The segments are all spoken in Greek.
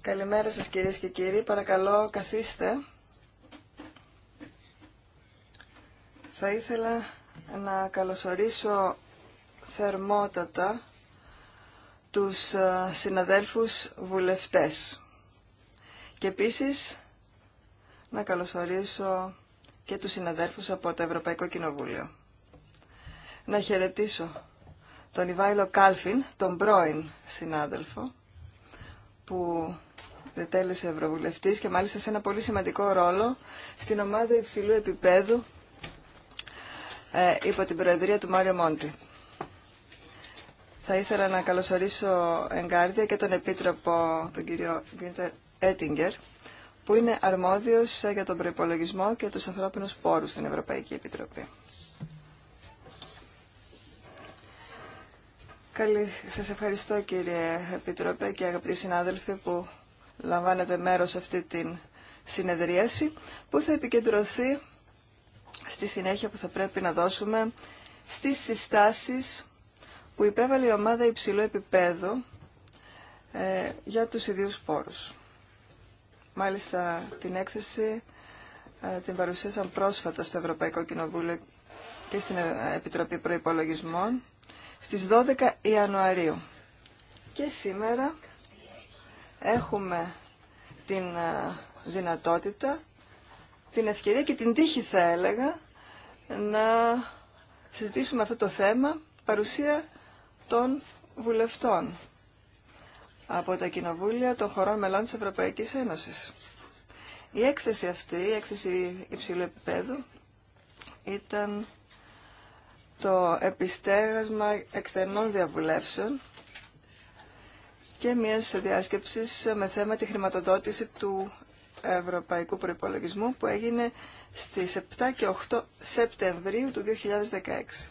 Καλημέρα σας κυρίες και κύριοι. Παρακαλώ καθίστε. Θα ήθελα να καλωσορίσω θερμότατα τους ε, συναδέλφους βουλευτές. Και επίσης να καλωσορίσω και τους συναδέλφους από το Ευρωπαϊκό Κοινοβούλιο. Να χαιρετήσω τον Ιβάιλο Κάλφιν, τον πρώην συνάδελφο, που δετέλεσε ευρωβουλευτής και μάλιστα σε ένα πολύ σημαντικό ρόλο στην ομάδα υψηλού επίπεδου ε, υπό την προεδρία του Μάριο Μόντι. Θα ήθελα να καλωσορίσω εγκάρδια και τον Επίτροπο, τον κύριο Γκίντερ Έτιγκερ, που είναι αρμόδιος για τον προϋπολογισμό και τους ανθρώπινους πόρους στην Ευρωπαϊκή Επιτροπή. Καλή. Σας ευχαριστώ κύριε Επιτρόπε και αγαπητοί συνάδελφοι που λαμβάνετε μέρος σε αυτή την συνεδρίαση που θα επικεντρωθεί στη συνέχεια που θα πρέπει να δώσουμε στις συστάσεις που υπέβαλε η ομάδα υψηλού επίπεδου ε, για τους ιδίους πόρους. Μάλιστα την έκθεση ε, την παρουσίασαν πρόσφατα στο Ευρωπαϊκό Κοινοβούλιο και στην ε, Επιτροπή Προϋπολογισμών στις 12 Ιανουαρίου. Και σήμερα έχουμε την ε, δυνατότητα, την ευκαιρία και την τύχη θα έλεγα να συζητήσουμε αυτό το θέμα παρουσία των βουλευτών από τα κοινοβούλια των χωρών μελών της Ευρωπαϊκής Ένωσης. Η έκθεση αυτή, η έκθεση υψηλού επίπεδου, ήταν το επιστέγασμα εκτενών διαβουλεύσεων και μια διάσκεψη με θέμα τη χρηματοδότηση του Ευρωπαϊκού Προϋπολογισμού που έγινε στις 7 και 8 Σεπτεμβρίου του 2016.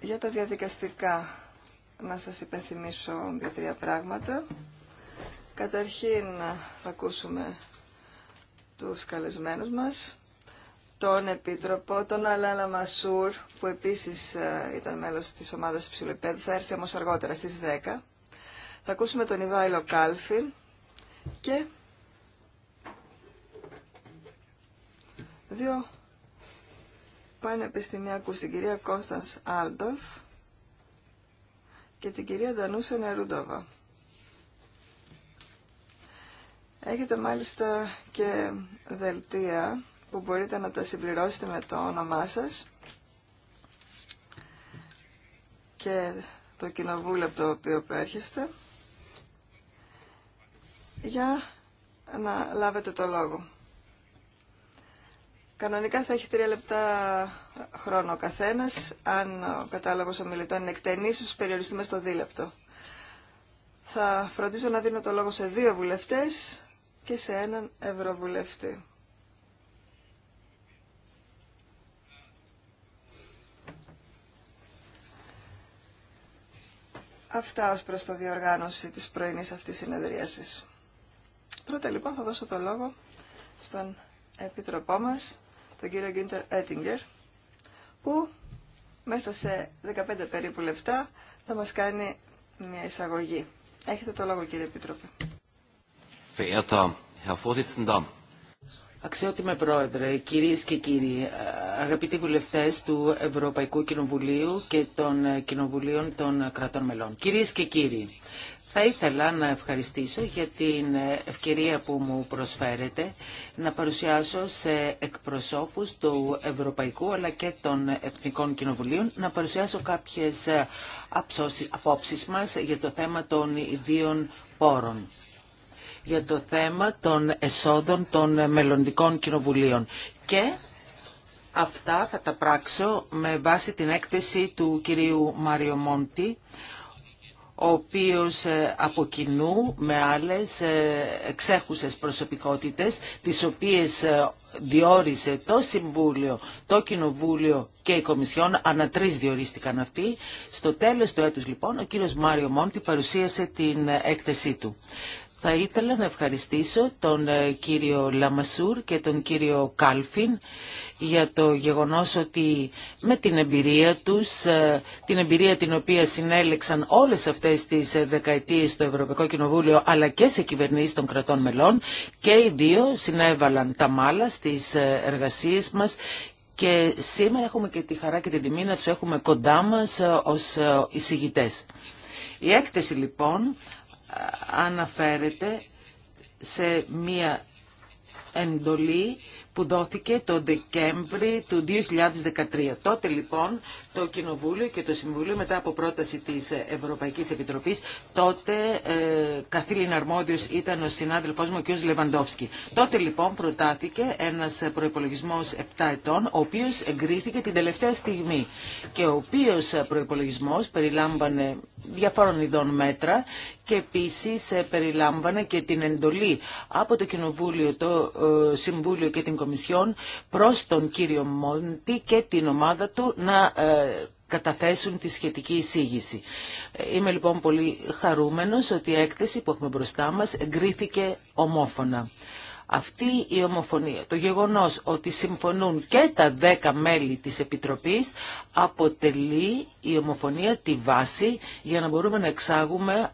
Για τα διαδικαστικά να σας υπενθυμίσω δύο-τρία πράγματα. Καταρχήν θα ακούσουμε τους καλεσμένους μας τον Επίτροπο, τον Αλάλα Μασούρ, που επίσης ε, ήταν μέλος της ομάδας υψηλοεπέδου, θα έρθει όμως αργότερα στις 10. Θα ακούσουμε τον Ιβάιλο Κάλφιν και δύο πανεπιστημιακούς, την κυρία Κώστας Άλντολφ και την κυρία Ντανούσα Νερούντοβα. Έχετε μάλιστα και δελτία που μπορείτε να τα συμπληρώσετε με το όνομά σας και το κοινοβούλιο από το οποίο προέρχεστε για να λάβετε το λόγο. Κανονικά θα έχει τρία λεπτά χρόνο ο καθένας. Αν ο κατάλογος ομιλητών είναι εκτενής, ίσως περιοριστούμε στο δίλεπτο. Θα φροντίσω να δίνω το λόγο σε δύο βουλευτές και σε έναν ευρωβουλευτή. Αυτά ως προς το διοργάνωση της πρωινής αυτής συνεδρίασης. Πρώτα λοιπόν θα δώσω το λόγο στον Επίτροπό μας, τον κύριο Γκίντερ Έτιγκερ, που μέσα σε 15 περίπου λεπτά θα μας κάνει μια εισαγωγή. Έχετε το λόγο κύριε Επίτροπε. Verehrter Herr Vorsitzender, Αξιότιμε Πρόεδρε, κυρίες και κύριοι, αγαπητοί βουλευτές του Ευρωπαϊκού Κοινοβουλίου και των Κοινοβουλίων των Κρατών Μελών. Κυρίες και κύριοι, θα ήθελα να ευχαριστήσω για την ευκαιρία που μου προσφέρετε να παρουσιάσω σε εκπροσώπους του Ευρωπαϊκού αλλά και των Εθνικών Κοινοβουλίων να παρουσιάσω κάποιες ε, απόψεις μας για το θέμα των ιδίων πόρων για το θέμα των εσόδων των μελλοντικών κοινοβουλίων. Και αυτά θα τα πράξω με βάση την έκθεση του κυρίου Μάριο Μόντι, ο οποίος ε, από κοινού με άλλες ε, εξέχουσες προσωπικότητες, τις οποίες ε, διόρισε το Συμβούλιο, το Κοινοβούλιο και η Κομισιόν, ανά τρεις διορίστηκαν αυτοί. Στο τέλος του έτους λοιπόν ο κύριος Μάριο Μόντι παρουσίασε την έκθεσή του. Θα ήθελα να ευχαριστήσω τον ε, κύριο Λαμασούρ και τον κύριο Κάλφιν για το γεγονός ότι με την εμπειρία τους, ε, την εμπειρία την οποία συνέλεξαν όλες αυτές τις ε, δεκαετίες στο Ευρωπαϊκό Κοινοβούλιο αλλά και σε κυβερνήσεις των κρατών μελών και οι δύο συνέβαλαν τα μάλα στις εργασίες μας και σήμερα έχουμε και τη χαρά και την τιμή να τους έχουμε κοντά μας ως εισηγητές. Η έκθεση λοιπόν αναφέρεται σε μία εντολή που δόθηκε το Δεκέμβρη του 2013. Τότε λοιπόν το Κοινοβούλιο και το Συμβούλιο μετά από πρόταση της Ευρωπαϊκής Επιτροπής τότε ε, αρμόδιος ήταν ο συνάδελφός μου ο κ. Λεβαντόφσκι. Τότε λοιπόν προτάθηκε ένας προϋπολογισμός 7 ετών ο οποίος εγκρίθηκε την τελευταία στιγμή και ο οποίος προϋπολογισμός περιλάμβανε διαφόρων ειδών μέτρα και επίσης ε, περιλάμβανε και την εντολή από το Κοινοβούλιο, το ε, Συμβούλιο και την Κομισιόν προς τον κύριο Μόντι και την ομάδα του να ε, καταθέσουν τη σχετική εισήγηση. Είμαι λοιπόν πολύ χαρούμενος ότι η έκθεση που έχουμε μπροστά μας εγκρίθηκε ομόφωνα. Αυτή η ομοφωνία, το γεγονός ότι συμφωνούν και τα δέκα μέλη της Επιτροπής αποτελεί η ομοφωνία τη βάση για να μπορούμε να εξάγουμε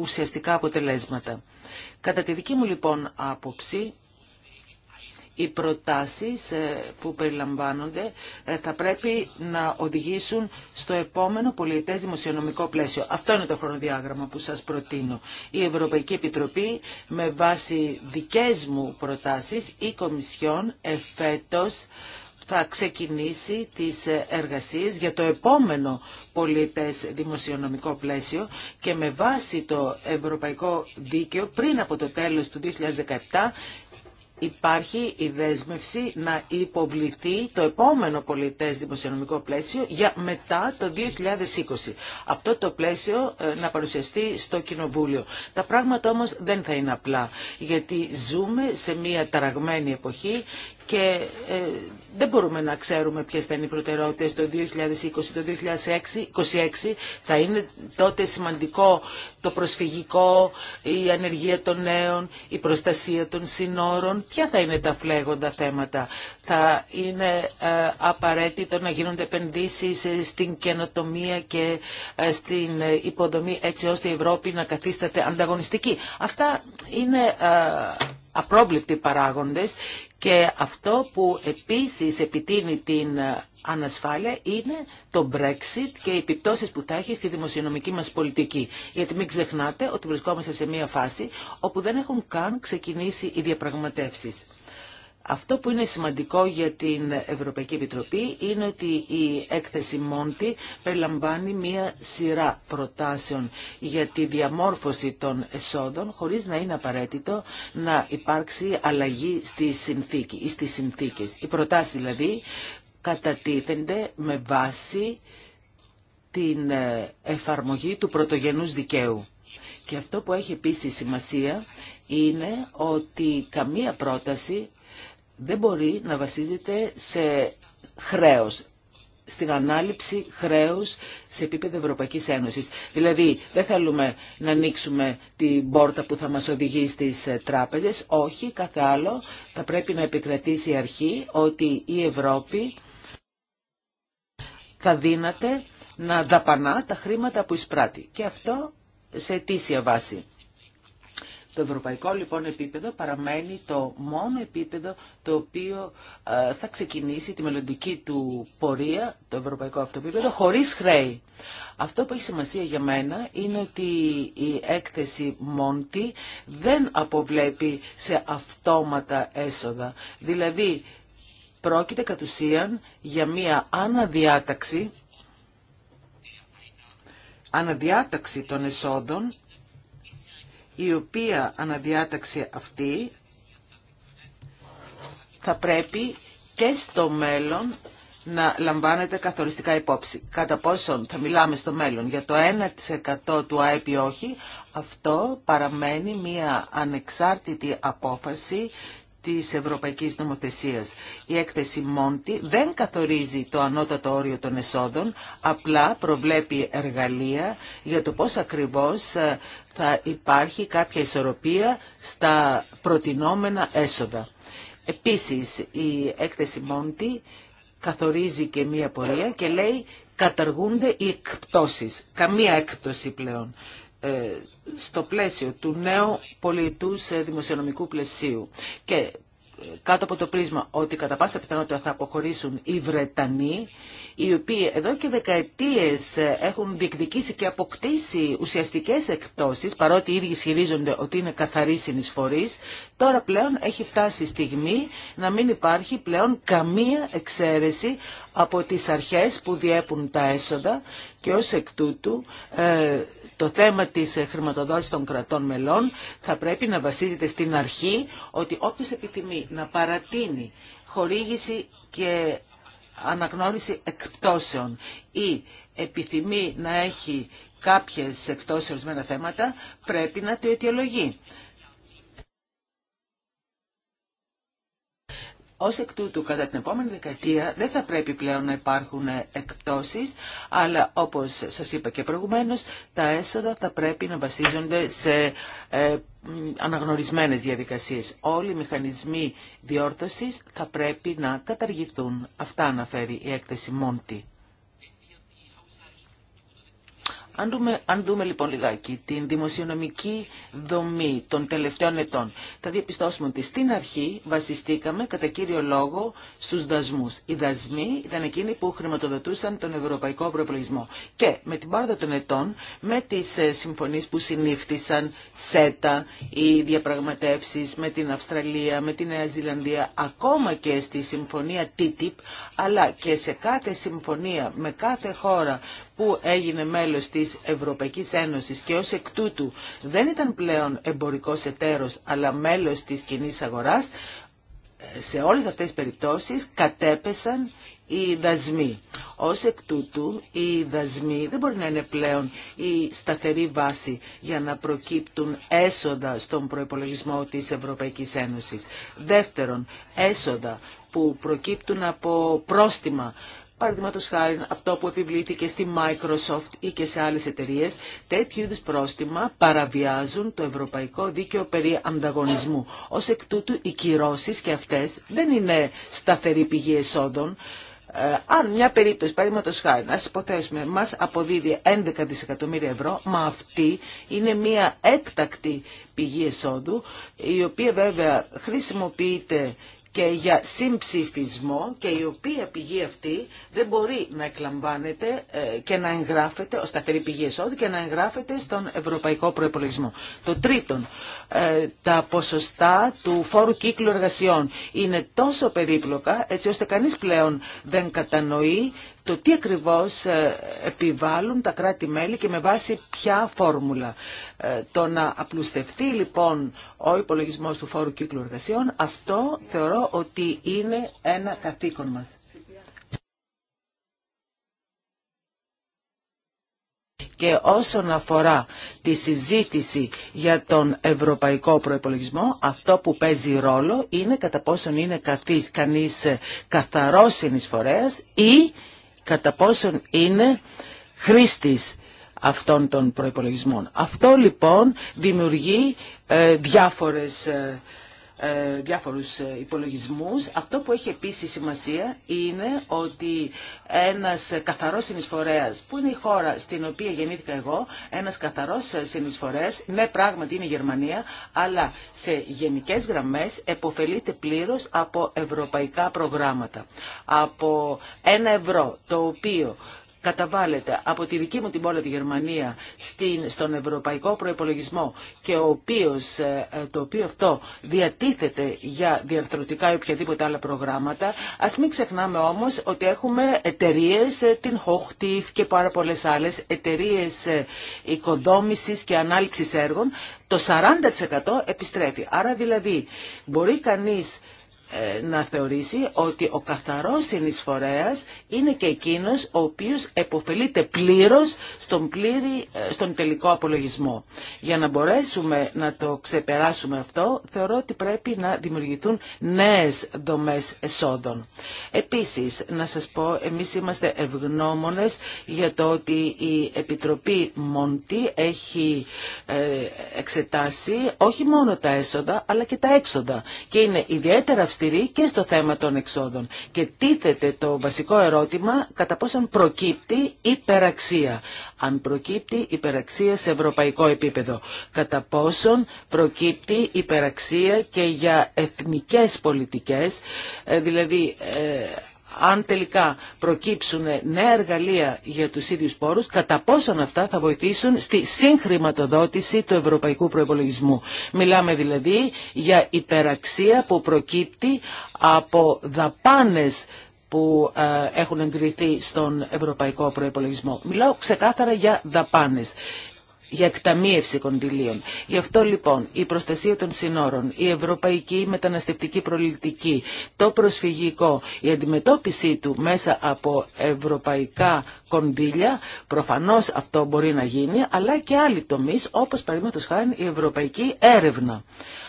ουσιαστικά αποτελέσματα. Κατά τη δική μου λοιπόν άποψη οι προτάσεις ε, που περιλαμβάνονται ε, θα πρέπει να οδηγήσουν στο επόμενο πολιτές δημοσιονομικό πλαίσιο. Αυτό είναι το χρονοδιάγραμμα που σας προτείνω. Η Ευρωπαϊκή Επιτροπή με βάση δικές μου προτάσεις ή κομισιόν εφέτος θα ξεκινήσει τις ε, εργασίες για το επόμενο πολίτες δημοσιονομικό πλαίσιο και με βάση το ευρωπαϊκό δίκαιο πριν από το τέλος του 2017 υπάρχει η δέσμευση να υποβληθεί το επόμενο πολιτές δημοσιονομικό πλαίσιο για μετά το 2020. Αυτό το πλαίσιο ε, να παρουσιαστεί στο Κοινοβούλιο. Τα πράγματα όμως δεν θα είναι απλά, γιατί ζούμε σε μια ταραγμένη εποχή και ε, δεν μπορούμε να ξέρουμε ποιε θα είναι οι προτεραιότητε το 2020, το 2026. Θα είναι τότε σημαντικό το προσφυγικό, η ανεργία των νέων, η προστασία των συνόρων. Ποια θα είναι τα φλέγοντα θέματα. Θα είναι ε, απαραίτητο να γίνονται επενδύσεις ε, στην καινοτομία και ε, στην υποδομή έτσι ώστε η Ευρώπη να καθίσταται ανταγωνιστική. Αυτά είναι απρόβλεπτοι παράγοντες και αυτό που επίσης επιτείνει την ε, ανασφάλεια είναι το Brexit και οι επιπτώσεις που θα έχει στη δημοσιονομική μας πολιτική. Γιατί μην ξεχνάτε ότι βρισκόμαστε σε μια φάση όπου δεν έχουν καν ξεκινήσει οι διαπραγματεύσεις. Αυτό που είναι σημαντικό για την Ευρωπαϊκή Επιτροπή είναι ότι η έκθεση Μόντι περιλαμβάνει μία σειρά προτάσεων για τη διαμόρφωση των εσόδων χωρίς να είναι απαραίτητο να υπάρξει αλλαγή στη συνθήκη ή στις συνθήκες. Οι προτάσεις δηλαδή κατατίθενται με βάση την ε, εφαρμογή του πρωτογενούς δικαίου. Και αυτό που έχει επίσης σημασία είναι ότι καμία πρόταση δεν μπορεί να βασίζεται σε χρέος στην ανάληψη χρέους σε επίπεδο Ευρωπαϊκής Ένωσης. Δηλαδή, δεν θέλουμε να ανοίξουμε την πόρτα που θα μας οδηγεί στις ε, τράπεζες. Όχι, κάθε άλλο, θα πρέπει να επικρατήσει η αρχή ότι η Ευρώπη θα δύναται να δαπανά τα χρήματα που εισπράττει. Και αυτό σε αιτήσια βάση. Το ευρωπαϊκό λοιπόν επίπεδο παραμένει το μόνο επίπεδο το οποίο ε, θα ξεκινήσει τη μελλοντική του πορεία, το ευρωπαϊκό αυτό επίπεδο, χωρίς χρέη. Αυτό που έχει σημασία για μένα είναι ότι η έκθεση Μόντι δεν αποβλέπει σε αυτόματα έσοδα. Δηλαδή πρόκειται κατ' ουσίαν για μία αναδιάταξη, αναδιάταξη των εσόδων η οποία αναδιάταξη αυτή θα πρέπει και στο μέλλον να λαμβάνεται καθοριστικά υπόψη. Κατά πόσον θα μιλάμε στο μέλλον για το 1% του ΑΕΠ όχι, αυτό παραμένει μια ανεξάρτητη απόφαση της Ευρωπαϊκής Νομοθεσίας. Η έκθεση Μόντι δεν καθορίζει το ανώτατο όριο των εσόδων, απλά προβλέπει εργαλεία για το πώς ακριβώς ε, θα υπάρχει κάποια ισορροπία στα προτινόμενα έσοδα. Επίσης, η έκθεση Μόντι καθορίζει και μία πορεία και λέει καταργούνται οι εκπτώσεις. Καμία έκπτωση πλέον. Ε, στο πλαίσιο του νέου πολιτούς δημοσιονομικού πλαισίου και ε, κάτω από το πρίσμα ότι κατά πάσα πιθανότητα θα αποχωρήσουν οι Βρετανοί, οι οποίοι εδώ και δεκαετίες ε, έχουν διεκδικήσει και αποκτήσει ουσιαστικές εκπτώσεις, παρότι οι ίδιοι ισχυρίζονται ότι είναι καθαρή συνεισφορής τώρα πλέον έχει φτάσει η στιγμή να μην υπάρχει πλέον καμία εξαίρεση από τις αρχές που διέπουν τα έσοδα και ως εκ τούτου το θέμα της ε, χρηματοδότησης των κρατών μελών θα πρέπει να βασίζεται στην αρχή ότι όποιος επιθυμεί να παρατείνει χορήγηση και αναγνώριση εκπτώσεων ή επιθυμεί να έχει κάποιες εκτός ορισμένα θέματα, πρέπει να το αιτιολογεί. Ως εκ τούτου, κατά την επόμενη δεκαετία δεν θα πρέπει πλέον να υπάρχουν εκπτώσεις, αλλά όπως σας είπα και προηγουμένως, τα έσοδα θα πρέπει να βασίζονται σε ε, αναγνωρισμένες διαδικασίες. Όλοι οι μηχανισμοί διόρθωσης θα πρέπει να καταργηθούν. Αυτά αναφέρει η έκθεση Μόντι. Αν δούμε, αν λοιπόν λιγάκι την δημοσιονομική δομή των τελευταίων ετών, θα διαπιστώσουμε ότι στην αρχή βασιστήκαμε κατά κύριο λόγο στους δασμούς. Οι δασμοί ήταν εκείνοι που χρηματοδοτούσαν τον ευρωπαϊκό προπολογισμό. Και με την πάρδα των ετών, με τις ε, συμφωνίες που συνήφθησαν, ΣΕΤΑ, οι διαπραγματεύσεις με την Αυστραλία, με την Νέα Ζηλανδία, ακόμα και στη συμφωνία TTIP, αλλά και σε κάθε συμφωνία με κάθε χώρα που έγινε μέλος της Ευρωπαϊκής Ένωσης και ως εκ τούτου δεν ήταν πλέον εμπορικός εταίρος αλλά μέλος της κοινή αγοράς, σε όλες αυτές τις περιπτώσεις κατέπεσαν οι δασμοί. Ως εκ τούτου, οι δασμοί δεν μπορεί να είναι πλέον η σταθερή βάση για να προκύπτουν έσοδα στον προϋπολογισμό της Ευρωπαϊκής Ένωσης. Δεύτερον, έσοδα που προκύπτουν από πρόστιμα Παραδείγματο χάρη αυτό που επιβλήθηκε στη Microsoft ή και σε άλλες εταιρείες, τέτοιου είδους πρόστιμα παραβιάζουν το ευρωπαϊκό δίκαιο περί ανταγωνισμού. Ως εκ τούτου οι κυρώσει και αυτές δεν είναι σταθερή πηγή εσόδων. Ε, αν μια περίπτωση, παραδείγματο χάρη, να υποθέσουμε, μα αποδίδει 11 δισεκατομμύρια ευρώ, μα αυτή είναι μια έκτακτη πηγή εσόδου, η οποία βέβαια χρησιμοποιείται και για συμψηφισμό και η οποία πηγή αυτή δεν μπορεί να εκλαμβάνεται ε, και να εγγράφεται, ως σταθερή πηγή εσόδου και να εγγράφεται στον ευρωπαϊκό προπολογισμό. Το τρίτον, ε, τα ποσοστά του φόρου κύκλου εργασιών είναι τόσο περίπλοκα έτσι ώστε κανείς πλέον δεν κατανοεί το τι ακριβώς ε, επιβάλλουν τα κράτη-μέλη και με βάση ποια φόρμουλα. Ε, το να απλουστευτεί λοιπόν ο υπολογισμός του φόρου κύκλου εργασιών, αυτό θεωρώ ότι είναι ένα καθήκον μας. Και όσον αφορά τη συζήτηση για τον ευρωπαϊκό προϋπολογισμό, αυτό που παίζει ρόλο είναι κατά πόσον είναι καθής, κανείς ε, καθαρός συνεισφορέας ή κατά πόσον είναι χρήστης αυτών των προϋπολογισμών. Αυτό λοιπόν δημιουργεί ε, διάφορες ε, ε, διάφορους ε, υπολογισμούς. Αυτό που έχει επίσης σημασία είναι ότι ένας καθαρός συνεισφορέας, που είναι η χώρα στην οποία γεννήθηκα εγώ, ένας καθαρός ε, συνεισφορέας, ναι πράγματι είναι η Γερμανία, αλλά σε γενικές γραμμές εποφελείται πλήρως από ευρωπαϊκά προγράμματα. Από ένα ευρώ το οποίο καταβάλλεται από τη δική μου την πόλη τη Γερμανία στην, στον ευρωπαϊκό προϋπολογισμό και ο οποίος, ε, ε, το οποίο αυτό διατίθεται για διαρθρωτικά ή οποιαδήποτε άλλα προγράμματα, ας μην ξεχνάμε όμως ότι έχουμε εταιρείε ε, την Hochtief και πάρα πολλές άλλες εταιρείε οικοδόμησης και ανάληψης έργων, το 40% επιστρέφει. Άρα δηλαδή μπορεί κανείς ε, να θεωρήσει ότι ο καθαρός συνεισφορέας είναι και εκείνος ο οποίος επωφελείται πλήρως στον, πλήρη, ε, στον τελικό απολογισμό. Για να μπορέσουμε να το ξεπεράσουμε αυτό, θεωρώ ότι πρέπει να δημιουργηθούν νέες δομές εσόδων. Επίσης, να σας πω, εμείς είμαστε ευγνώμονες για το ότι η Επιτροπή Μοντή έχει ε, εξετάσει όχι μόνο τα έσοδα, αλλά και τα έξοδα. Και είναι ιδιαίτερα αυστηρή και στο θέμα των εξόδων. Και τίθεται το βασικό ερώτημα κατά πόσον προκύπτει υπεραξία. Αν προκύπτει υπεραξία σε ευρωπαϊκό επίπεδο. Κατά πόσον προκύπτει υπεραξία και για εθνικές πολιτικές, ε, δηλαδή ε, αν τελικά προκύψουν νέα εργαλεία για τους ίδιους πόρους, κατά πόσον αυτά θα βοηθήσουν στη συγχρηματοδότηση του ευρωπαϊκού προϋπολογισμού. Μιλάμε δηλαδή για υπεραξία που προκύπτει από δαπάνες που ε, έχουν εγκριθεί στον ευρωπαϊκό προϋπολογισμό. Μιλάω ξεκάθαρα για δαπάνες για εκταμείευση κοντιλίων. Γι' αυτό λοιπόν η προστασία των συνόρων, η ευρωπαϊκή μεταναστευτική προληπτική, το προσφυγικό, η αντιμετώπιση του μέσα από ευρωπαϊκά κονδύλια, προφανώς αυτό μπορεί να γίνει, αλλά και άλλοι τομείς όπως παραδείγματος χάρη η ευρωπαϊκή έρευνα.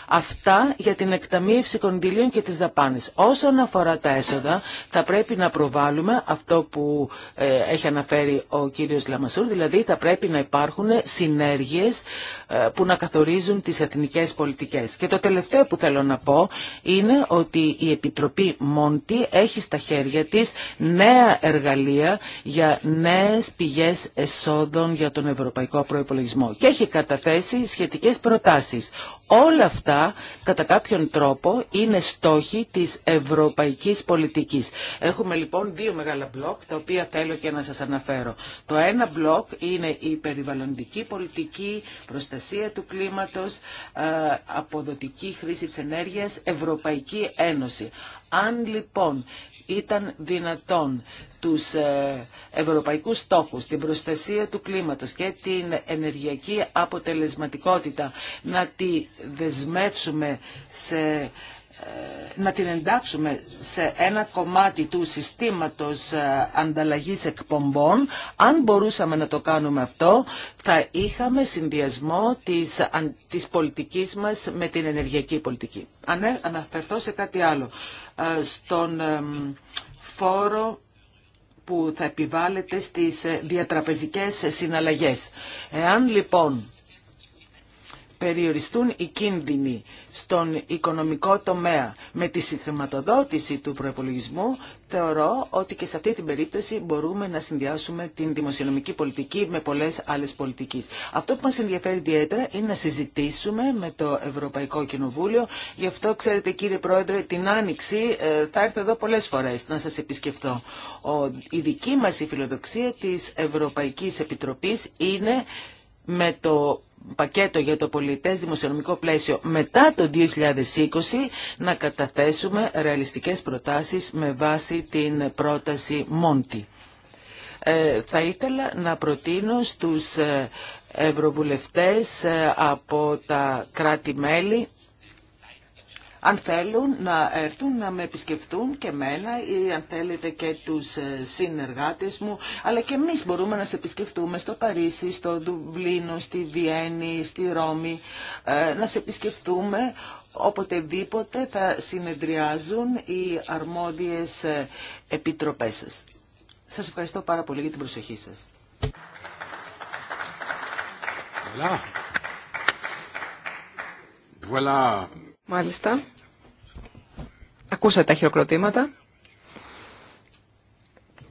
Αυτά για την εκταμείευση κονδυλίων και τις δαπάνες. Όσον αφορά τα έσοδα, θα πρέπει να προβάλλουμε αυτό που ε, έχει αναφέρει ο κύριος Λαμασούρ, δηλαδή θα πρέπει να υπάρχουν συνέργειες ε, που να καθορίζουν τις εθνικές πολιτικές. Και το τελευταίο που θέλω να πω είναι ότι η Επιτροπή Μόντι έχει στα χέρια της νέα εργαλεία για νέες πηγές εσόδων για τον ευρωπαϊκό προϋπολογισμό και έχει καταθέσει σχετικές προτάσεις. Όλα αυτά, κατά κάποιον τρόπο, είναι στόχοι της ευρωπαϊκής πολιτικής. Έχουμε λοιπόν δύο μεγάλα μπλοκ, τα οποία θέλω και να σας αναφέρω. Το ένα μπλοκ είναι η περιβαλλοντική πολιτική, προστασία του κλίματος, ε, αποδοτική χρήση της ενέργειας, Ευρωπαϊκή Ένωση. Αν λοιπόν ήταν δυνατόν τους ε, ευρωπαϊκούς στόχους, την προστασία του κλίματος και την ενεργειακή αποτελεσματικότητα να τη δεσμεύσουμε σε ε, να την εντάξουμε σε ένα κομμάτι του συστήματος ε, ανταλλαγής εκπομπών. Αν μπορούσαμε να το κάνουμε αυτό, θα είχαμε συνδυασμό της, της πολιτικής μας με την ενεργειακή πολιτική. Ναι, αναφερθώ σε κάτι άλλο, ε, στον φόρο που θα επιβάλλεται στις διατραπεζικές συναλλαγές. Εάν λοιπόν περιοριστούν οι κίνδυνοι στον οικονομικό τομέα με τη συγχρηματοδότηση του προπολογισμού, θεωρώ ότι και σε αυτή την περίπτωση μπορούμε να συνδυάσουμε την δημοσιονομική πολιτική με πολλέ άλλε πολιτικέ. Αυτό που μα ενδιαφέρει ιδιαίτερα είναι να συζητήσουμε με το Ευρωπαϊκό Κοινοβούλιο. Γι' αυτό, ξέρετε κύριε Πρόεδρε, την Άνοιξη ε, θα έρθω εδώ πολλέ φορέ να σα επισκεφτώ. η δική μα φιλοδοξία τη Ευρωπαϊκή Επιτροπή είναι με το πακέτο για το πολιτές δημοσιονομικό πλαίσιο μετά το 2020 να καταθέσουμε ρεαλιστικές προτάσεις με βάση την πρόταση Μόντι. Ε, θα ήθελα να προτείνω στους ε, ευρωβουλευτές ε, από τα κράτη-μέλη αν θέλουν να έρθουν να με επισκεφτούν και μένα ή αν θέλετε και τους ε, συνεργάτες μου, αλλά και εμείς μπορούμε να σε επισκεφτούμε στο Παρίσι, στο Δουβλίνο, στη Βιέννη, στη Ρώμη, ε, να σε επισκεφτούμε οποτεδήποτε θα συνεδριάζουν οι αρμόδιες ε, επιτροπές σας. Σας ευχαριστώ πάρα πολύ για την προσοχή σας. Μάλιστα. Ακούσατε τα χειροκροτήματα.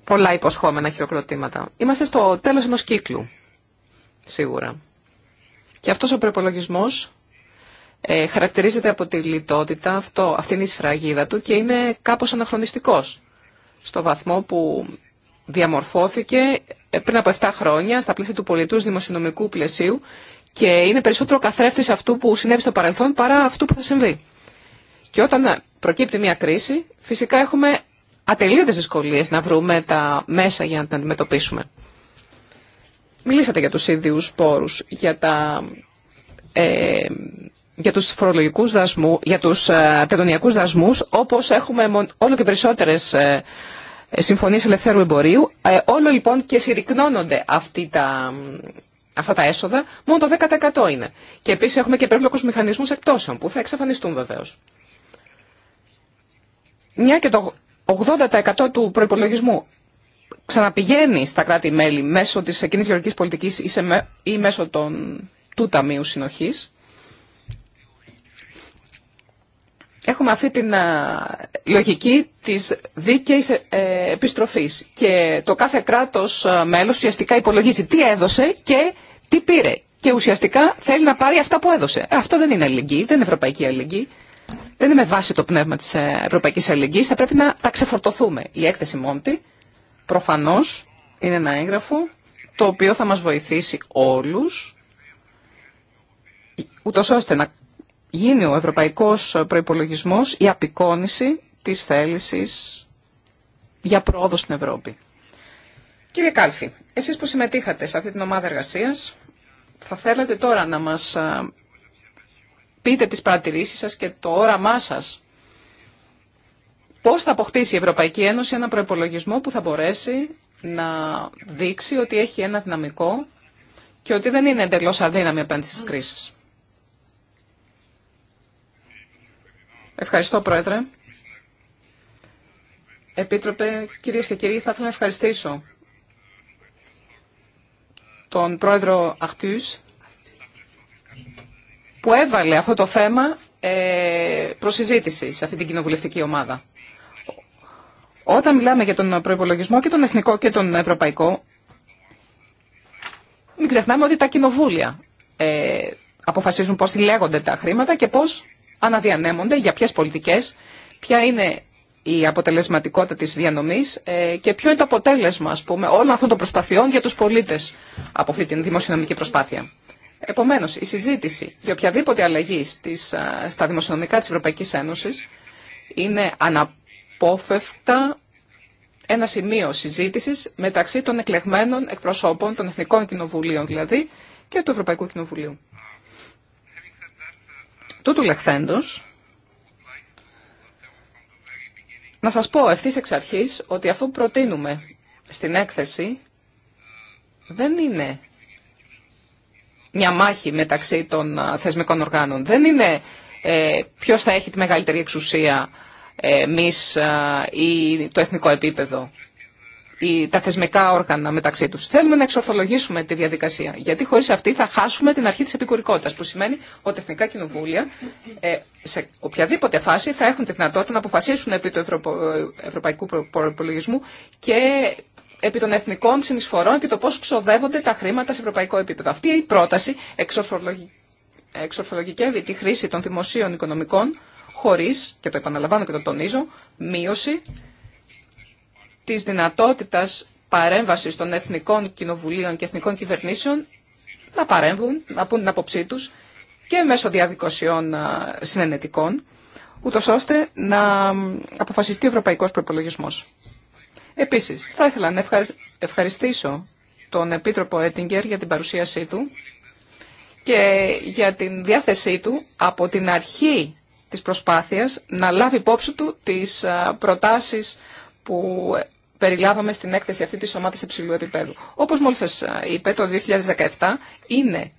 Πολλά υποσχόμενα χειροκροτήματα. Είμαστε στο τέλος ενός κύκλου, σίγουρα. Και αυτός ο προπολογισμό ε, χαρακτηρίζεται από τη λιτότητα, αυτό, αυτή είναι η σφραγίδα του και είναι κάπως αναχρονιστικός στο βαθμό που διαμορφώθηκε ε, πριν από 7 χρόνια στα πλαίσια του πολιτούς δημοσιονομικού πλαισίου και είναι περισσότερο καθρέφτης αυτού που συνέβη στο παρελθόν παρά αυτού που θα συμβεί. Και όταν προκύπτει μια κρίση, φυσικά έχουμε ατελείωτες δυσκολίες να βρούμε τα μέσα για να τα αντιμετωπίσουμε. Μιλήσατε για τους ίδιους πόρους, για, τα, ε, για τους φορολογικούς δασμούς, για τους ε, δασμούς, όπως έχουμε όλο και περισσότερες ε, ε συμφωνίες ελευθέρου εμπορίου. Ε, όλο λοιπόν και συρρυκνώνονται τα, αυτά τα έσοδα, μόνο το 10% είναι. Και επίσης έχουμε και περίπλοκους μηχανισμούς εκτόσεων, που θα εξαφανιστούν βεβαίως μια και το 80% του προπολογισμού ξαναπηγαίνει στα κράτη-μέλη μέσω της κοινή γεωργικής πολιτικής ή, μέσω των, του Ταμείου Συνοχής, έχουμε αυτή την λογική της δίκαιης ε, επιστροφής και το κάθε κράτος α, μέλος ουσιαστικά υπολογίζει τι έδωσε και τι πήρε και ουσιαστικά θέλει να πάρει αυτά που έδωσε. Αυτό δεν είναι αλληλεγγύη, δεν είναι ευρωπαϊκή αλληλεγγύη δεν είναι με βάση το πνεύμα της ε, Ευρωπαϊκής Αλληλεγγύης, θα πρέπει να τα ξεφορτωθούμε. Η έκθεση Μόντι προφανώς είναι ένα έγγραφο το οποίο θα μας βοηθήσει όλους, ούτω ώστε να γίνει ο ευρωπαϊκός προϋπολογισμός η απεικόνηση της θέλησης για πρόοδο στην Ευρώπη. Κύριε Κάλφη, εσείς που συμμετείχατε σε αυτή την ομάδα εργασίας, θα θέλατε τώρα να μας ε, πείτε τις παρατηρήσεις σας και το όραμά σας. Πώς θα αποκτήσει η Ευρωπαϊκή Ένωση ένα προπολογισμό που θα μπορέσει να δείξει ότι έχει ένα δυναμικό και ότι δεν είναι εντελώς αδύναμη απέναντι στις κρίσεις. Ευχαριστώ, Πρόεδρε. Επίτροπε, κυρίες και κύριοι, θα ήθελα να ευχαριστήσω τον Πρόεδρο Αχτούς που έβαλε αυτό το θέμα ε, προσυζήτηση σε αυτή την κοινοβουλευτική ομάδα. Όταν μιλάμε για τον προϋπολογισμό και τον εθνικό και τον ευρωπαϊκό, μην ξεχνάμε ότι τα κοινοβούλια ε, αποφασίζουν πώς λέγονται τα χρήματα και πώς αναδιανέμονται, για ποιες πολιτικές, ποια είναι η αποτελεσματικότητα της διανομής ε, και ποιο είναι το αποτέλεσμα, όλων αυτών των προσπαθειών για τους πολίτες από αυτή την δημοσιονομική προσπάθεια. Επομένως, η συζήτηση για οποιαδήποτε αλλαγή στις, στα δημοσιονομικά της Ευρωπαϊκής Ένωσης είναι αναπόφευκτα ένα σημείο συζήτησης μεταξύ των εκλεγμένων εκπροσώπων των Εθνικών Κοινοβουλίων δηλαδή και του Ευρωπαϊκού Κοινοβουλίου. Τούτου λεχθέντος, να σας πω ευθύ εξ αρχής ότι αυτό που προτείνουμε στην έκθεση δεν είναι μια μάχη μεταξύ των θεσμικών οργάνων. Δεν είναι ε, ποιος θα έχει τη μεγαλύτερη εξουσία ε, εμείς ή το εθνικό επίπεδο ή τα θεσμικά όργανα μεταξύ τους. Θέλουμε να εξορθολογήσουμε τη διαδικασία, γιατί χωρίς αυτή θα χάσουμε την αρχή της επικουρικότητας, που σημαίνει ότι εθνικά κοινοβούλια ε, σε οποιαδήποτε φάση θα έχουν τη δυνατότητα να αποφασίσουν επί του ε, ευρωπαϊκού προπολογισμού και επί των εθνικών συνεισφορών και το πώς ξοδεύονται τα χρήματα σε ευρωπαϊκό επίπεδο. Αυτή η πρόταση εξορθολογικεύει τη χρήση των δημοσίων οικονομικών χωρίς, και το επαναλαμβάνω και το τονίζω, μείωση της δυνατότητας παρέμβασης των εθνικών κοινοβουλίων και εθνικών κυβερνήσεων να παρέμβουν, να πούν την άποψή τους και μέσω διαδικασιών συνενετικών, ούτω ώστε να αποφασιστεί ο ευρωπαϊκός προπολογισμό. Επίσης, θα ήθελα να ευχαριστήσω τον Επίτροπο Έτιγκερ για την παρουσίασή του και για την διάθεσή του από την αρχή της προσπάθειας να λάβει υπόψη του τις προτάσεις που περιλάβαμε στην έκθεση αυτή της ομάδας υψηλού επίπεδου. Όπως μόλις σας είπε, το 2017 είναι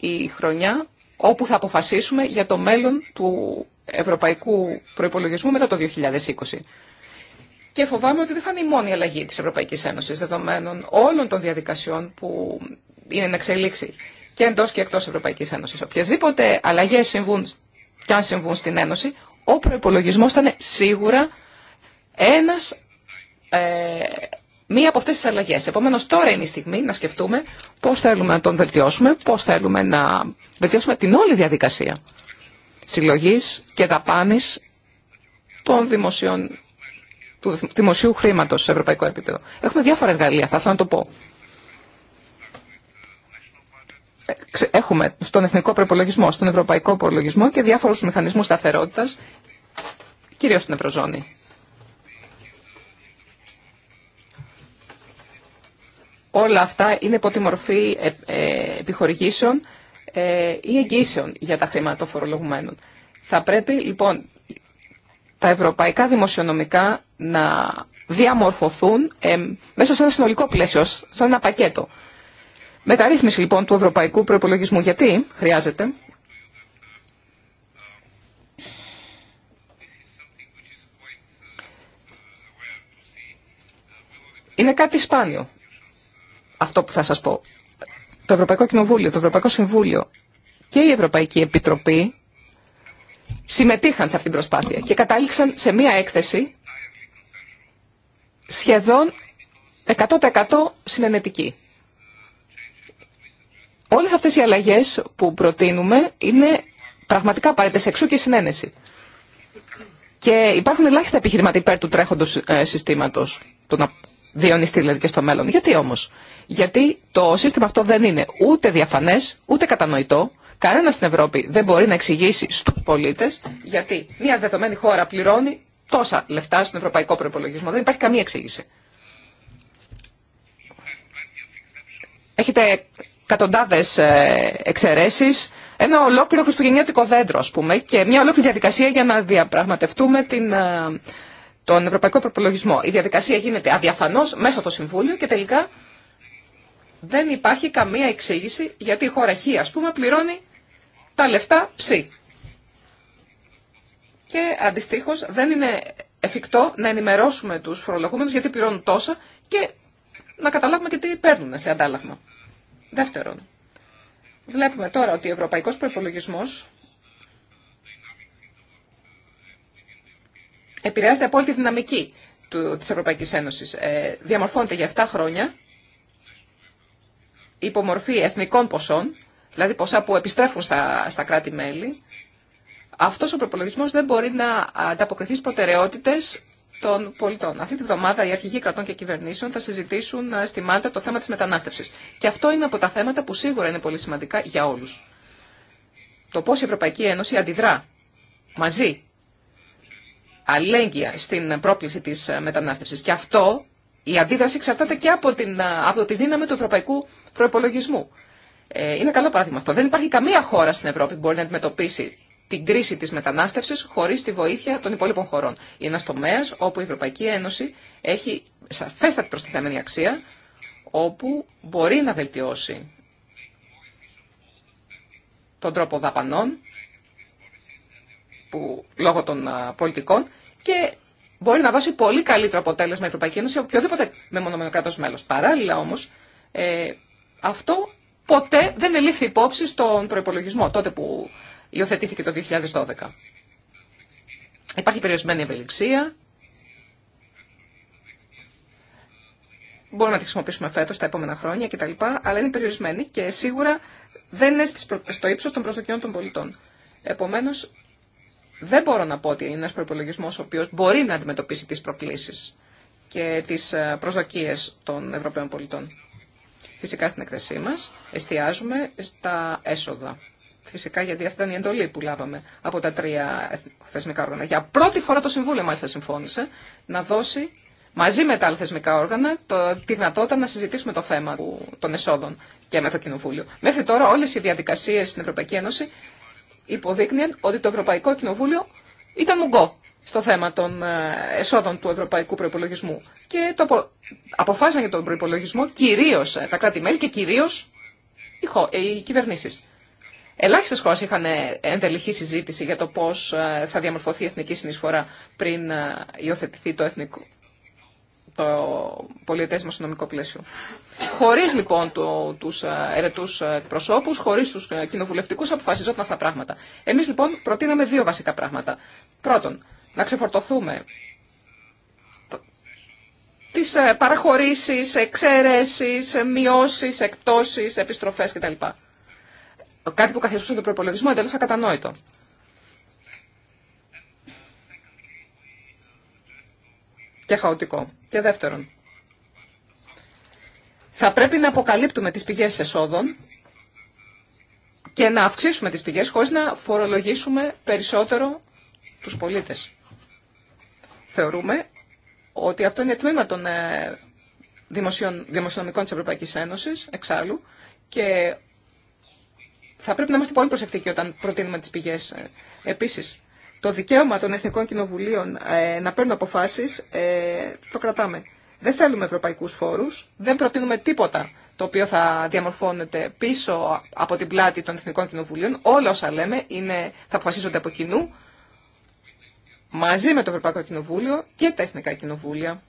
η χρονιά όπου θα αποφασίσουμε για το μέλλον του ευρωπαϊκού προϋπολογισμού μετά το 2020. Και φοβάμαι ότι δεν θα είναι η μόνη αλλαγή της Ευρωπαϊκής Ένωσης δεδομένων όλων των διαδικασιών που είναι να εξελίξει και εντός και εκτός Ευρωπαϊκής Ένωσης. Οποιασδήποτε αλλαγές συμβούν και αν συμβούν στην Ένωση, ο προπολογισμό θα είναι σίγουρα ένας, ε, μία από αυτές τις αλλαγές. Επομένως τώρα είναι η στιγμή να σκεφτούμε πώς θέλουμε να τον βελτιώσουμε, πώς θέλουμε να βελτιώσουμε την όλη διαδικασία συλλογής και δαπάνης των δημοσίων του δημοσίου χρήματος σε ευρωπαϊκό επίπεδο. Έχουμε διάφορα εργαλεία, θα ήθελα να το πω. Ε, έχουμε στον εθνικό προπολογισμό, στον ευρωπαϊκό προπολογισμό και διάφορους μηχανισμούς σταθερότητας, κυρίως στην Ευρωζώνη. Όλα αυτά είναι υπό τη μορφή ε, ε, επιχορηγήσεων ή εγγύσεων για τα χρήματα των φορολογουμένων. Θα πρέπει λοιπόν τα ευρωπαϊκά δημοσιονομικά να διαμορφωθούν ε, μέσα σε ένα συνολικό πλαίσιο, σαν ένα πακέτο. Μεταρρύθμιση λοιπόν του ευρωπαϊκού προπολογισμού γιατί χρειάζεται. Είναι κάτι σπάνιο αυτό που θα σας πω. Το Ευρωπαϊκό Κοινοβούλιο, το Ευρωπαϊκό Συμβούλιο και η Ευρωπαϊκή Επιτροπή συμμετείχαν σε αυτήν την προσπάθεια και κατάληξαν σε μία έκθεση σχεδόν 100% συνενετική. Όλες αυτές οι αλλαγές που προτείνουμε είναι πραγματικά απαραίτητες εξού και συνένεση. Και υπάρχουν ελάχιστα επιχειρηματικά υπέρ του τρέχοντος ε, συστήματος, του να διονυστεί δηλαδή και στο μέλλον. Γιατί όμως. Γιατί το σύστημα αυτό δεν είναι ούτε διαφανές, ούτε κατανοητό. Κανένα στην Ευρώπη δεν μπορεί να εξηγήσει στους πολίτες γιατί μια δεδομένη χώρα πληρώνει τόσα λεφτά στον ευρωπαϊκό προπολογισμό. Δεν υπάρχει καμία εξήγηση. Έχετε εκατοντάδε εξαιρέσει, ένα ολόκληρο χριστουγεννιάτικο δέντρο, α πούμε, και μια ολόκληρη διαδικασία για να διαπραγματευτούμε την, ε, τον ευρωπαϊκό προπολογισμό. Η διαδικασία γίνεται αδιαφανώ μέσα στο Συμβούλιο και τελικά δεν υπάρχει καμία εξήγηση γιατί η χώρα Χ, πούμε, πληρώνει τα λεφτά ψή και αντιστοίχω δεν είναι εφικτό να ενημερώσουμε του φορολογούμενου γιατί πληρώνουν τόσα και να καταλάβουμε και τι παίρνουν σε αντάλλαγμα. Δεύτερον, βλέπουμε τώρα ότι ο ευρωπαϊκό προπολογισμό επηρεάζεται από όλη τη δυναμική της Ευρωπαϊκής Ένωσης. Ε, διαμορφώνεται για 7 χρόνια υπομορφή εθνικών ποσών, δηλαδή ποσά που επιστρέφουν στα, στα κράτη-μέλη, αυτός ο προπολογισμός δεν μπορεί να ανταποκριθεί στις προτεραιότητες των πολιτών. Αυτή τη βδομάδα οι αρχηγοί κρατών και κυβερνήσεων θα συζητήσουν ε, στη Μάλτα το θέμα της μετανάστευσης. Και αυτό είναι από τα θέματα που σίγουρα είναι πολύ σημαντικά για όλους. Το πώς η Ευρωπαϊκή Ένωση αντιδρά μαζί αλλέγγυα στην πρόκληση της ε, μετανάστευσης. Και αυτό η αντίδραση εξαρτάται και από, την, ε, από τη δύναμη του ευρωπαϊκού προπολογισμού. Είναι καλό παράδειγμα αυτό. Δεν υπάρχει καμία χώρα στην Ευρώπη που μπορεί να αντιμετωπίσει την κρίση της μετανάστευσης χωρίς τη βοήθεια των υπόλοιπων χωρών. Είναι ένας τομέας όπου η Ευρωπαϊκή Ένωση έχει σαφέστατη προστιθέμενη αξία, όπου μπορεί να βελτιώσει τον τρόπο δαπανών, που, λόγω των πολιτικών, και μπορεί να δώσει πολύ καλύτερο αποτέλεσμα η Ευρωπαϊκή Ένωση από οποιοδήποτε μεμονωμένο κράτο μέλο. Παράλληλα όμω, ε, αυτό ποτέ δεν ελήφθη υπόψη στον προπολογισμό τότε που Υιοθετήθηκε το 2012. Υπάρχει περιορισμένη ευελιξία. Μπορούμε να τη χρησιμοποιήσουμε φέτο, τα επόμενα χρόνια κτλ. Αλλά είναι περιορισμένη και σίγουρα δεν είναι στο ύψο των προσδοκιών των πολιτών. Επομένω, δεν μπορώ να πω ότι είναι ένα προπολογισμό ο οποίο μπορεί να αντιμετωπίσει τι προκλήσει και τι ε, προσδοκίε των Ευρωπαίων πολιτών. Φυσικά στην εκθεσή μα εστιάζουμε στα έσοδα Φυσικά γιατί αυτή ήταν η εντολή που λάβαμε από τα τρία θεσμικά όργανα. Για πρώτη φορά το Συμβούλιο μάλιστα συμφώνησε να δώσει μαζί με τα άλλα θεσμικά όργανα το, τη δυνατότητα να συζητήσουμε το θέμα των εσόδων και με το Κοινοβούλιο. Μέχρι τώρα όλες οι διαδικασίες στην Ευρωπαϊκή Ένωση υποδείκνυαν ότι το Ευρωπαϊκό Κοινοβούλιο ήταν μουγκό στο θέμα των ε, εσόδων του ευρωπαϊκού προπολογισμού. Και το απο... αποφάσισαν για τον προπολογισμό κυρίω ε, τα κράτη-μέλη και κυρίω οι, οι κυβερνήσει. Ελάχιστε χώρε είχαν ε, εντελεχή συζήτηση για το πώ ε, θα διαμορφωθεί η εθνική συνεισφορά πριν ε, υιοθετηθεί το εθνικό το μας πλαίσιο. Χωρίς λοιπόν το, τους ερετούς προσώπους, χωρίς τους κοινοβουλευτικούς αποφασιζόταν αυτά τα πράγματα. Εμείς λοιπόν προτείναμε δύο βασικά πράγματα. Πρώτον, να ξεφορτωθούμε τι παραχωρήσεις, εξαιρέσεις, μειώσεις, εκτόσεις, επιστροφές κτλ κάτι που καθιστούσε τον προπολογισμό εντελώ ακατανόητο. Και χαοτικό. Και δεύτερον, θα πρέπει να αποκαλύπτουμε τις πηγές εσόδων και να αυξήσουμε τις πηγές χωρίς να φορολογήσουμε περισσότερο τους πολίτες. Θεωρούμε ότι αυτό είναι τμήμα των ε, δημοσιονομικών της Ευρωπαϊκής Ένωσης, εξάλλου, και θα πρέπει να είμαστε πολύ προσεκτικοί όταν προτείνουμε τι πηγέ. Ε, Επίση, το δικαίωμα των εθνικών κοινοβουλίων ε, να παίρνουν αποφάσεις ε, το κρατάμε. Δεν θέλουμε ευρωπαϊκού φόρου, δεν προτείνουμε τίποτα το οποίο θα διαμορφώνεται πίσω από την πλάτη των εθνικών κοινοβουλίων. Όλα όσα λέμε είναι, θα αποφασίζονται από κοινού, μαζί με το Ευρωπαϊκό Κοινοβούλιο και τα εθνικά κοινοβούλια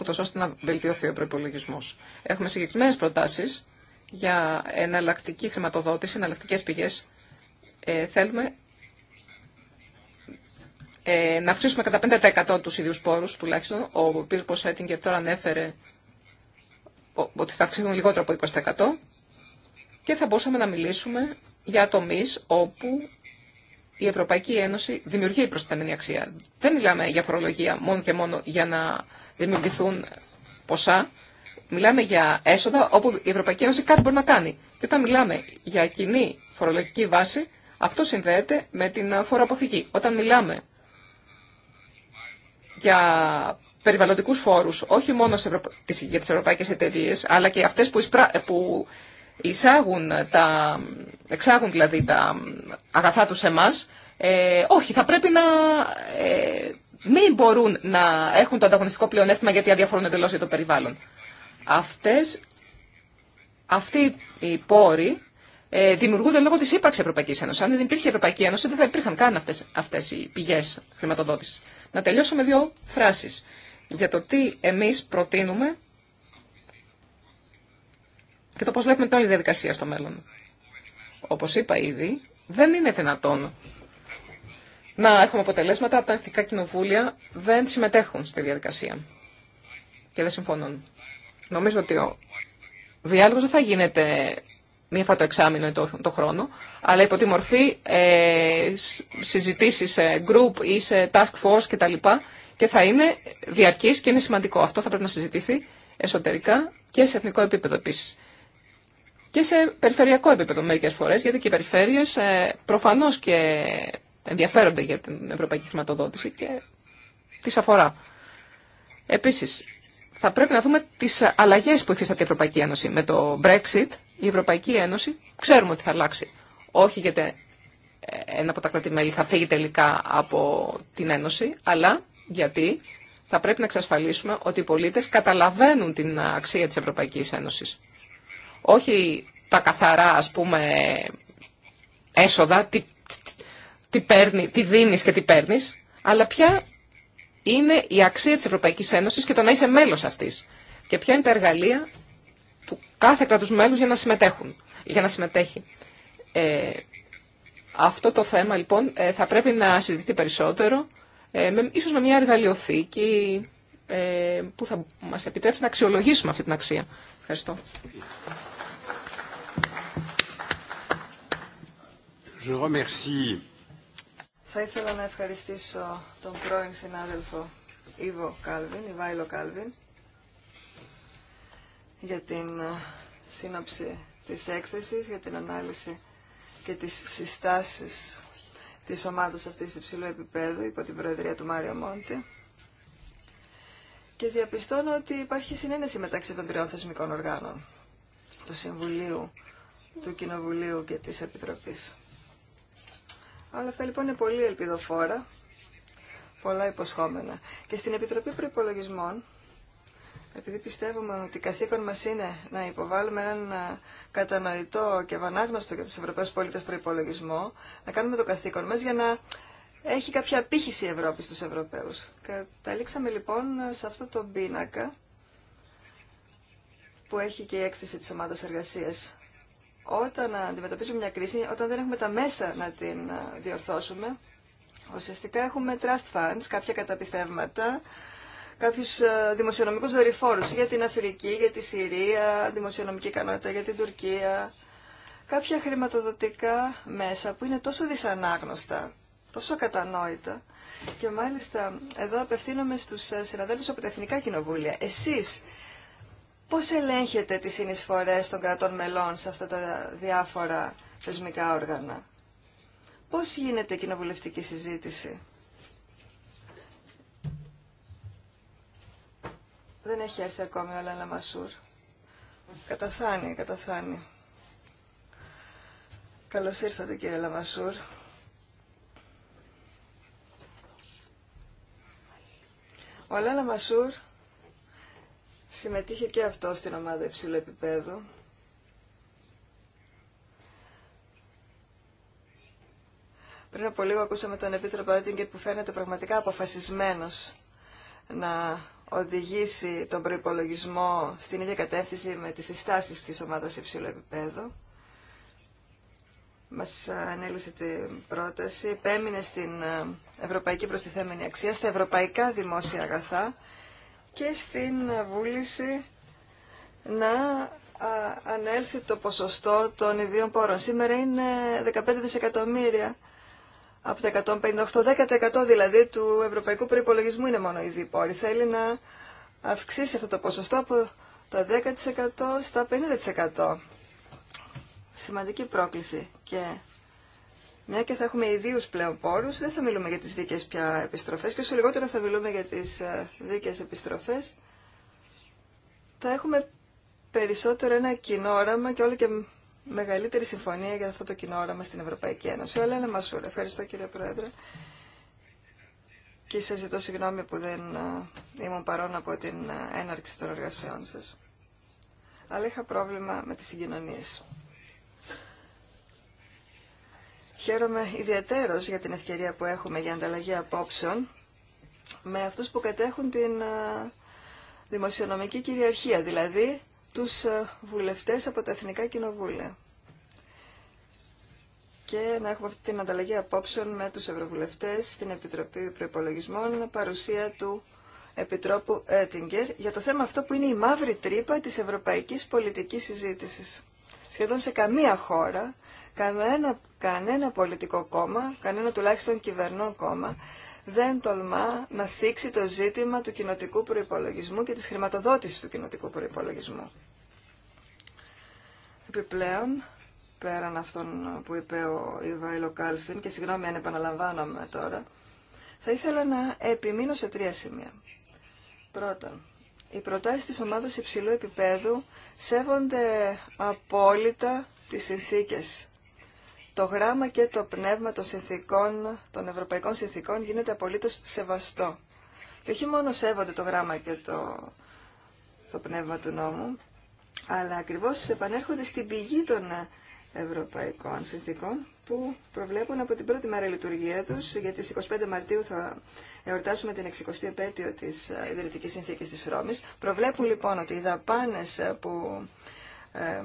ούτως ώστε να βελτιωθεί ο προπολογισμό. Έχουμε συγκεκριμένε προτάσει για εναλλακτική χρηματοδότηση, εναλλακτικές πηγές. Ε, θέλουμε ε, να αυξήσουμε κατά 5% τους ίδιους πόρους τουλάχιστον. Ο Πίρπος και τώρα ανέφερε ότι θα αυξηθούν λιγότερο από 20% και θα μπορούσαμε να μιλήσουμε για τομεί όπου η Ευρωπαϊκή Ένωση δημιουργεί προστιθέμενη αξία. Δεν μιλάμε για φορολογία μόνο και μόνο για να δημιουργηθούν ποσά μιλάμε για έσοδα όπου η Ευρωπαϊκή Ένωση κάτι μπορεί να κάνει. Και όταν μιλάμε για κοινή φορολογική βάση, αυτό συνδέεται με την φοροαποφυγή. Όταν μιλάμε για περιβαλλοντικούς φόρους, όχι μόνο για τις ευρωπαϊκές εταιρείες, αλλά και αυτές που, εισάγουν τα... εξάγουν δηλαδή τα αγαθά τους σε εμάς, ε, όχι, θα πρέπει να ε, μην μπορούν να έχουν το ανταγωνιστικό πλεονέκτημα γιατί αδιαφορούν εντελώς για το περιβάλλον. Αυτές, αυτοί οι πόροι ε, δημιουργούνται λόγω της ύπαρξης Ευρωπαϊκής Ένωση. Αν δεν υπήρχε η Ευρωπαϊκή Ένωση, δεν θα υπήρχαν καν αυτές αυτές οι πηγές χρηματοδότησης. Να τελειώσω με δύο φράσεις για το τι εμείς προτείνουμε και το πώς βλέπουμε τώρα η διαδικασία στο μέλλον. Όπως είπα ήδη, δεν είναι δυνατόν να έχουμε αποτελέσματα τα εθνικά κοινοβούλια δεν συμμετέχουν στη διαδικασία και δεν συμφωνούν. Νομίζω ότι ο διάλογος δεν θα γίνεται μία φορά το εξάμεινο ή το, χρόνο, αλλά υπό τη μορφή ε, συζητήσεις σε group ή σε task force κτλ. Και θα είναι διαρκής και είναι σημαντικό. Αυτό θα πρέπει να συζητηθεί εσωτερικά και σε εθνικό επίπεδο επίση. Και σε περιφερειακό επίπεδο μερικές φορές, γιατί και οι περιφέρειες ε, προφανώς και ενδιαφέρονται για την ευρωπαϊκή χρηματοδότηση και τις αφορά. Επίσης, θα πρέπει να δούμε τις αλλαγές που υφίσταται η Ευρωπαϊκή Ένωση. Με το Brexit η Ευρωπαϊκή Ένωση ξέρουμε ότι θα αλλάξει. Όχι γιατί ένα από τα κράτη-μέλη θα φύγει τελικά από την Ένωση, αλλά γιατί θα πρέπει να εξασφαλίσουμε ότι οι πολίτες καταλαβαίνουν την αξία της Ευρωπαϊκής Ένωσης. Όχι τα καθαρά, ας πούμε, έσοδα, τι, τι, τι, δίνεις και τι παίρνει, αλλά ποια είναι η αξία της Ευρωπαϊκής Ένωσης και το να είσαι μέλος αυτής. Και ποια είναι τα εργαλεία του κάθε κράτους μέλους για να, συμμετέχουν, για να συμμετέχει. Ε, αυτό το θέμα λοιπόν ε, θα πρέπει να συζητηθεί περισσότερο, ε, με, ίσως με μια εργαλειοθήκη ε, που θα μας επιτρέψει να αξιολογήσουμε αυτή την αξία. Ευχαριστώ. Je remercie. Θα ήθελα να ευχαριστήσω τον πρώην συνάδελφο Ιβο Κάλβιν, Ιβάιλο Κάλβιν, για την ε, σύνοψη της έκθεσης, για την ανάλυση και τις συστάσεις της ομάδας αυτής υψηλού επίπεδου υπό την Προεδρία του Μάριο Μόντι. Και διαπιστώνω ότι υπάρχει συνένεση μεταξύ των τριών θεσμικών οργάνων, του Συμβουλίου, του Κοινοβουλίου και της Επιτροπής. Όλα αυτά λοιπόν είναι πολύ ελπιδοφόρα, πολλά υποσχόμενα. Και στην Επιτροπή Προπολογισμών, επειδή πιστεύουμε ότι καθήκον μας είναι να υποβάλουμε έναν ε, κατανοητό και βανάγνωστο για τους Ευρωπαίους πολίτες προϋπολογισμό, να κάνουμε το καθήκον μας για να έχει κάποια απήχηση η Ευρώπη στους Ευρωπαίους. Καταλήξαμε λοιπόν σε αυτό το πίνακα που έχει και η έκθεση της ομάδας εργασίας όταν αντιμετωπίζουμε μια κρίση, όταν δεν έχουμε τα μέσα να την διορθώσουμε, ουσιαστικά έχουμε trust funds, κάποια καταπιστεύματα, κάποιου δημοσιονομικού δορυφόρου για την Αφρική, για τη Συρία, δημοσιονομική ικανότητα για την Τουρκία, κάποια χρηματοδοτικά μέσα που είναι τόσο δυσανάγνωστα, τόσο κατανόητα. Και μάλιστα εδώ απευθύνομαι στους ε, συναδέλφους από τα Εθνικά Κοινοβούλια. Εσείς Πώς ελέγχεται τις συνεισφορές των κρατών μελών σε αυτά τα διάφορα θεσμικά όργανα. Πώς γίνεται η κοινοβουλευτική συζήτηση. Δεν έχει έρθει ακόμη ο Αλένα Μασούρ. Καταφθάνει, καταφθάνει. Καλώς ήρθατε κύριε Λαμασούρ. Ο Αλένα Μασούρ συμμετείχε και αυτό στην ομάδα υψηλού επίπεδου. Πριν από λίγο ακούσαμε τον Επίτροπο Ότιγκερ που φαίνεται πραγματικά αποφασισμένος να οδηγήσει τον προϋπολογισμό στην ίδια κατεύθυνση με τις συστάσεις της ομάδας υψηλού επίπεδου. Μας ανέλησε την πρόταση, επέμεινε στην ε, ευρωπαϊκή προστιθέμενη αξία, στα ευρωπαϊκά δημόσια αγαθά και στην βούληση να ανέλθει το ποσοστό των ιδίων πόρων. Σήμερα είναι 15 δισεκατομμύρια από τα 158, 10% δηλαδή του ευρωπαϊκού προϋπολογισμού είναι μόνο ιδίοι πόροι. Θέλει να αυξήσει αυτό το ποσοστό από τα 10% στα 50%. Σημαντική πρόκληση και μια ναι, και θα έχουμε ιδίου πλέον πόρου, δεν θα μιλούμε για τι δίκαιε πια επιστροφέ και όσο λιγότερο θα μιλούμε για τι ε, δίκαιε επιστροφέ, θα έχουμε περισσότερο ένα κοινό όραμα και όλο και μεγαλύτερη συμφωνία για αυτό το κοινό όραμα στην Ευρωπαϊκή Ένωση. Όλα είναι μασούρα. Ευχαριστώ κύριε Πρόεδρε. Και σα ζητώ συγγνώμη που δεν ε, ήμουν παρόν από την ε, έναρξη των εργασιών σα. Αλλά είχα πρόβλημα με τι συγκοινωνίες. Χαίρομαι ιδιαίτερος για την ευκαιρία που έχουμε για ανταλλαγή απόψεων με αυτούς που κατέχουν την ε, δημοσιονομική κυριαρχία, δηλαδή τους ε, βουλευτές από τα Εθνικά Κοινοβούλια. Και να έχουμε αυτή την ανταλλαγή απόψεων με τους ευρωβουλευτές στην Επιτροπή Προϋπολογισμών, παρουσία του Επιτρόπου Έτιγκερ, για το θέμα αυτό που είναι η μαύρη τρύπα της ευρωπαϊκής πολιτικής συζήτησης. Σχεδόν σε καμία χώρα Κανένα, κανένα πολιτικό κόμμα, κανένα τουλάχιστον κυβερνών κόμμα, δεν τολμά να θίξει το ζήτημα του κοινοτικού προϋπολογισμού και της χρηματοδότησης του κοινοτικού προϋπολογισμού. Επιπλέον, πέραν αυτών που είπε ο Ιβάιλο Κάλφιν, και συγγνώμη αν επαναλαμβάνομαι τώρα, θα ήθελα να επιμείνω σε τρία σημεία. Πρώτον, οι προτάσεις της ομάδας υψηλού επίπεδου σέβονται απόλυτα τις συνθήκες το γράμμα και το πνεύμα των, ευρωπαϊκών συνθήκων γίνεται απολύτως σεβαστό. Και όχι μόνο σέβονται το γράμμα και το, το πνεύμα του νόμου, αλλά ακριβώς επανέρχονται στην πηγή των ευρωπαϊκών συνθήκων που προβλέπουν από την πρώτη μέρα λειτουργία τους, γιατί στις 25 Μαρτίου θα εορτάσουμε την 60η επέτειο της ε, Ιδρυτικής Συνθήκης της Ρώμης. Προβλέπουν λοιπόν ότι οι δαπάνες που ε,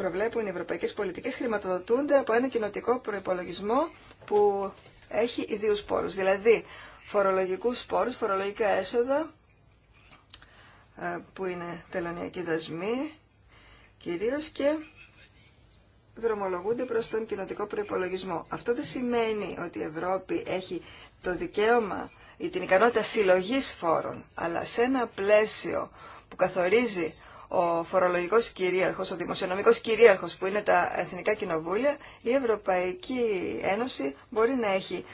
προβλέπουν οι ευρωπαϊκές πολιτικέ χρηματοδοτούνται από ένα κοινοτικό προπολογισμό που έχει ιδίου πόρου, δηλαδή φορολογικού πόρου, φορολογικά έσοδα ε, που είναι τελωνιακοί δασμοί κυρίω και δρομολογούνται προς τον κοινοτικό προϋπολογισμό. Αυτό δεν σημαίνει ότι η Ευρώπη έχει το δικαίωμα ή την ικανότητα συλλογής φόρων, αλλά σε ένα πλαίσιο που καθορίζει ο φορολογικός κυρίαρχος, ο δημοσιονομικός κυρίαρχος που είναι τα Εθνικά Κοινοβούλια, η Ευρωπαϊκή Ένωση μπορεί να έχει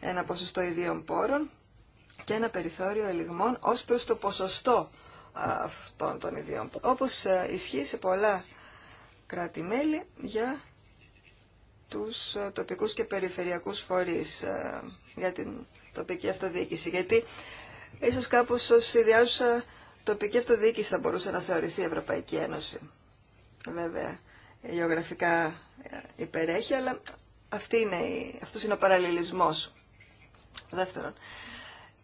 ένα ποσοστό ιδίων πόρων και ένα περιθώριο ελιγμών ως προς το ποσοστό αυτών των ιδίων πόρων. Όπως ε, ισχύει σε πολλά κράτη-μέλη για τους ε, τοπικούς και περιφερειακούς φορείς ε, για την τοπική αυτοδιοίκηση. Γιατί ίσως κάπως ως ιδιάζουσα τοπική αυτοδιοίκηση θα μπορούσε να θεωρηθεί η Ευρωπαϊκή Ένωση. Βέβαια, γεωγραφικά ε, υπερέχει, αλλά αυτή είναι, αυτός είναι ο παραλληλισμός. Δεύτερον,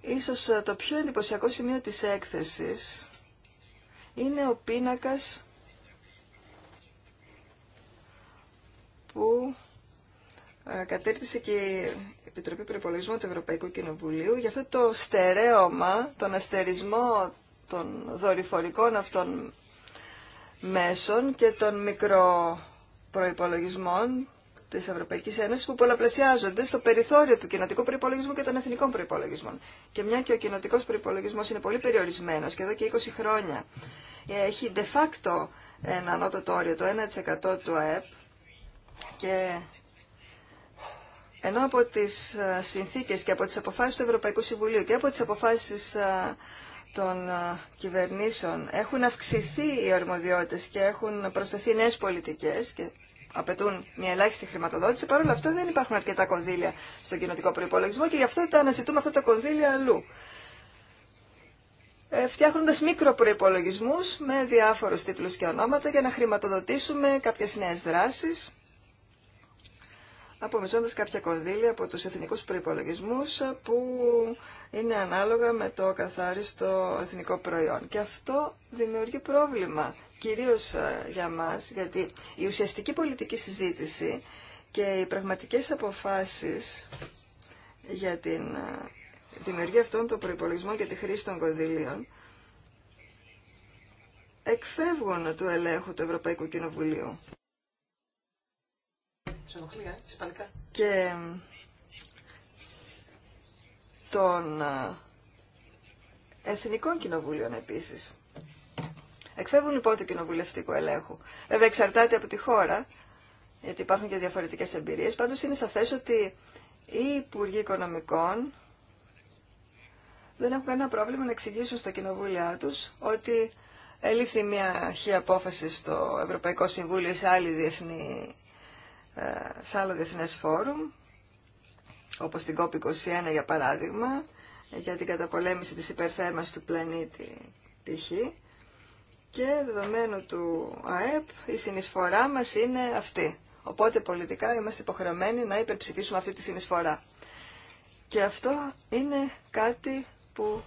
ίσως ε, το πιο εντυπωσιακό σημείο της έκθεσης είναι ο πίνακας που ε, κατέρτισε και η Επιτροπή Προπολογισμού του Ευρωπαϊκού Κοινοβουλίου για αυτό το στερέωμα, τον αστερισμό των δορυφορικών αυτών μέσων και των μικροπροϋπολογισμών της Ευρωπαϊκής Ένωσης που πολλαπλασιάζονται στο περιθώριο του κοινοτικού προϋπολογισμού και των εθνικών προϋπολογισμών. Και μια και ο κοινοτικό προπολογισμό είναι πολύ περιορισμένος και εδώ και 20 χρόνια έχει de facto ένα ανώτατο όριο το 1% του ΑΕΠ και ενώ από τις συνθήκες και από τις αποφάσεις του Ευρωπαϊκού Συμβουλίου και από τις αποφάσεις των κυβερνήσεων έχουν αυξηθεί οι αρμοδιότητες και έχουν προσθεθεί νέες πολιτικές και απαιτούν μια ελάχιστη χρηματοδότηση, παρόλα αυτά δεν υπάρχουν αρκετά κονδύλια στον κοινοτικό προϋπολογισμό και γι' αυτό τα αναζητούμε αυτά τα κονδύλια αλλού. Ε, φτιάχνοντας μικροπροϋπολογισμούς με διάφορους τίτλους και ονόματα για να χρηματοδοτήσουμε κάποιες νέες δράσεις απομειζώντας κάποια κονδύλια από τους εθνικούς προϋπολογισμούς που είναι ανάλογα με το καθάριστο εθνικό προϊόν. Και αυτό δημιουργεί πρόβλημα, κυρίως ε, για μας, γιατί η ουσιαστική πολιτική συζήτηση και οι πραγματικές αποφάσεις για την ε, δημιουργία αυτών των προϋπολογισμών και τη χρήση των κονδυλίων εκφεύγουν του ελέγχου του Ευρωπαϊκού Κοινοβουλίου και των ε, εθνικών κοινοβουλίων επίσης. Εκφεύγουν λοιπόν του κοινοβουλευτικού ελέγχου. Βέβαια εξαρτάται από τη χώρα, γιατί υπάρχουν και διαφορετικές εμπειρίες. Πάντως είναι σαφές ότι οι Υπουργοί Οικονομικών δεν έχουν κανένα πρόβλημα να εξηγήσουν στα κοινοβούλια τους ότι ελήφθη μια χή απόφαση στο Ευρωπαϊκό Συμβούλιο ή σε άλλη διεθνή ε, σε άλλο διεθνές φόρουμ, όπως την COP21 για παράδειγμα, για την καταπολέμηση της υπερθέρμανσης του πλανήτη π.χ. Και δεδομένου του ΑΕΠ η συνεισφορά μας είναι αυτή. Οπότε πολιτικά είμαστε υποχρεωμένοι να υπερψηφίσουμε αυτή τη συνεισφορά. Και αυτό είναι κάτι που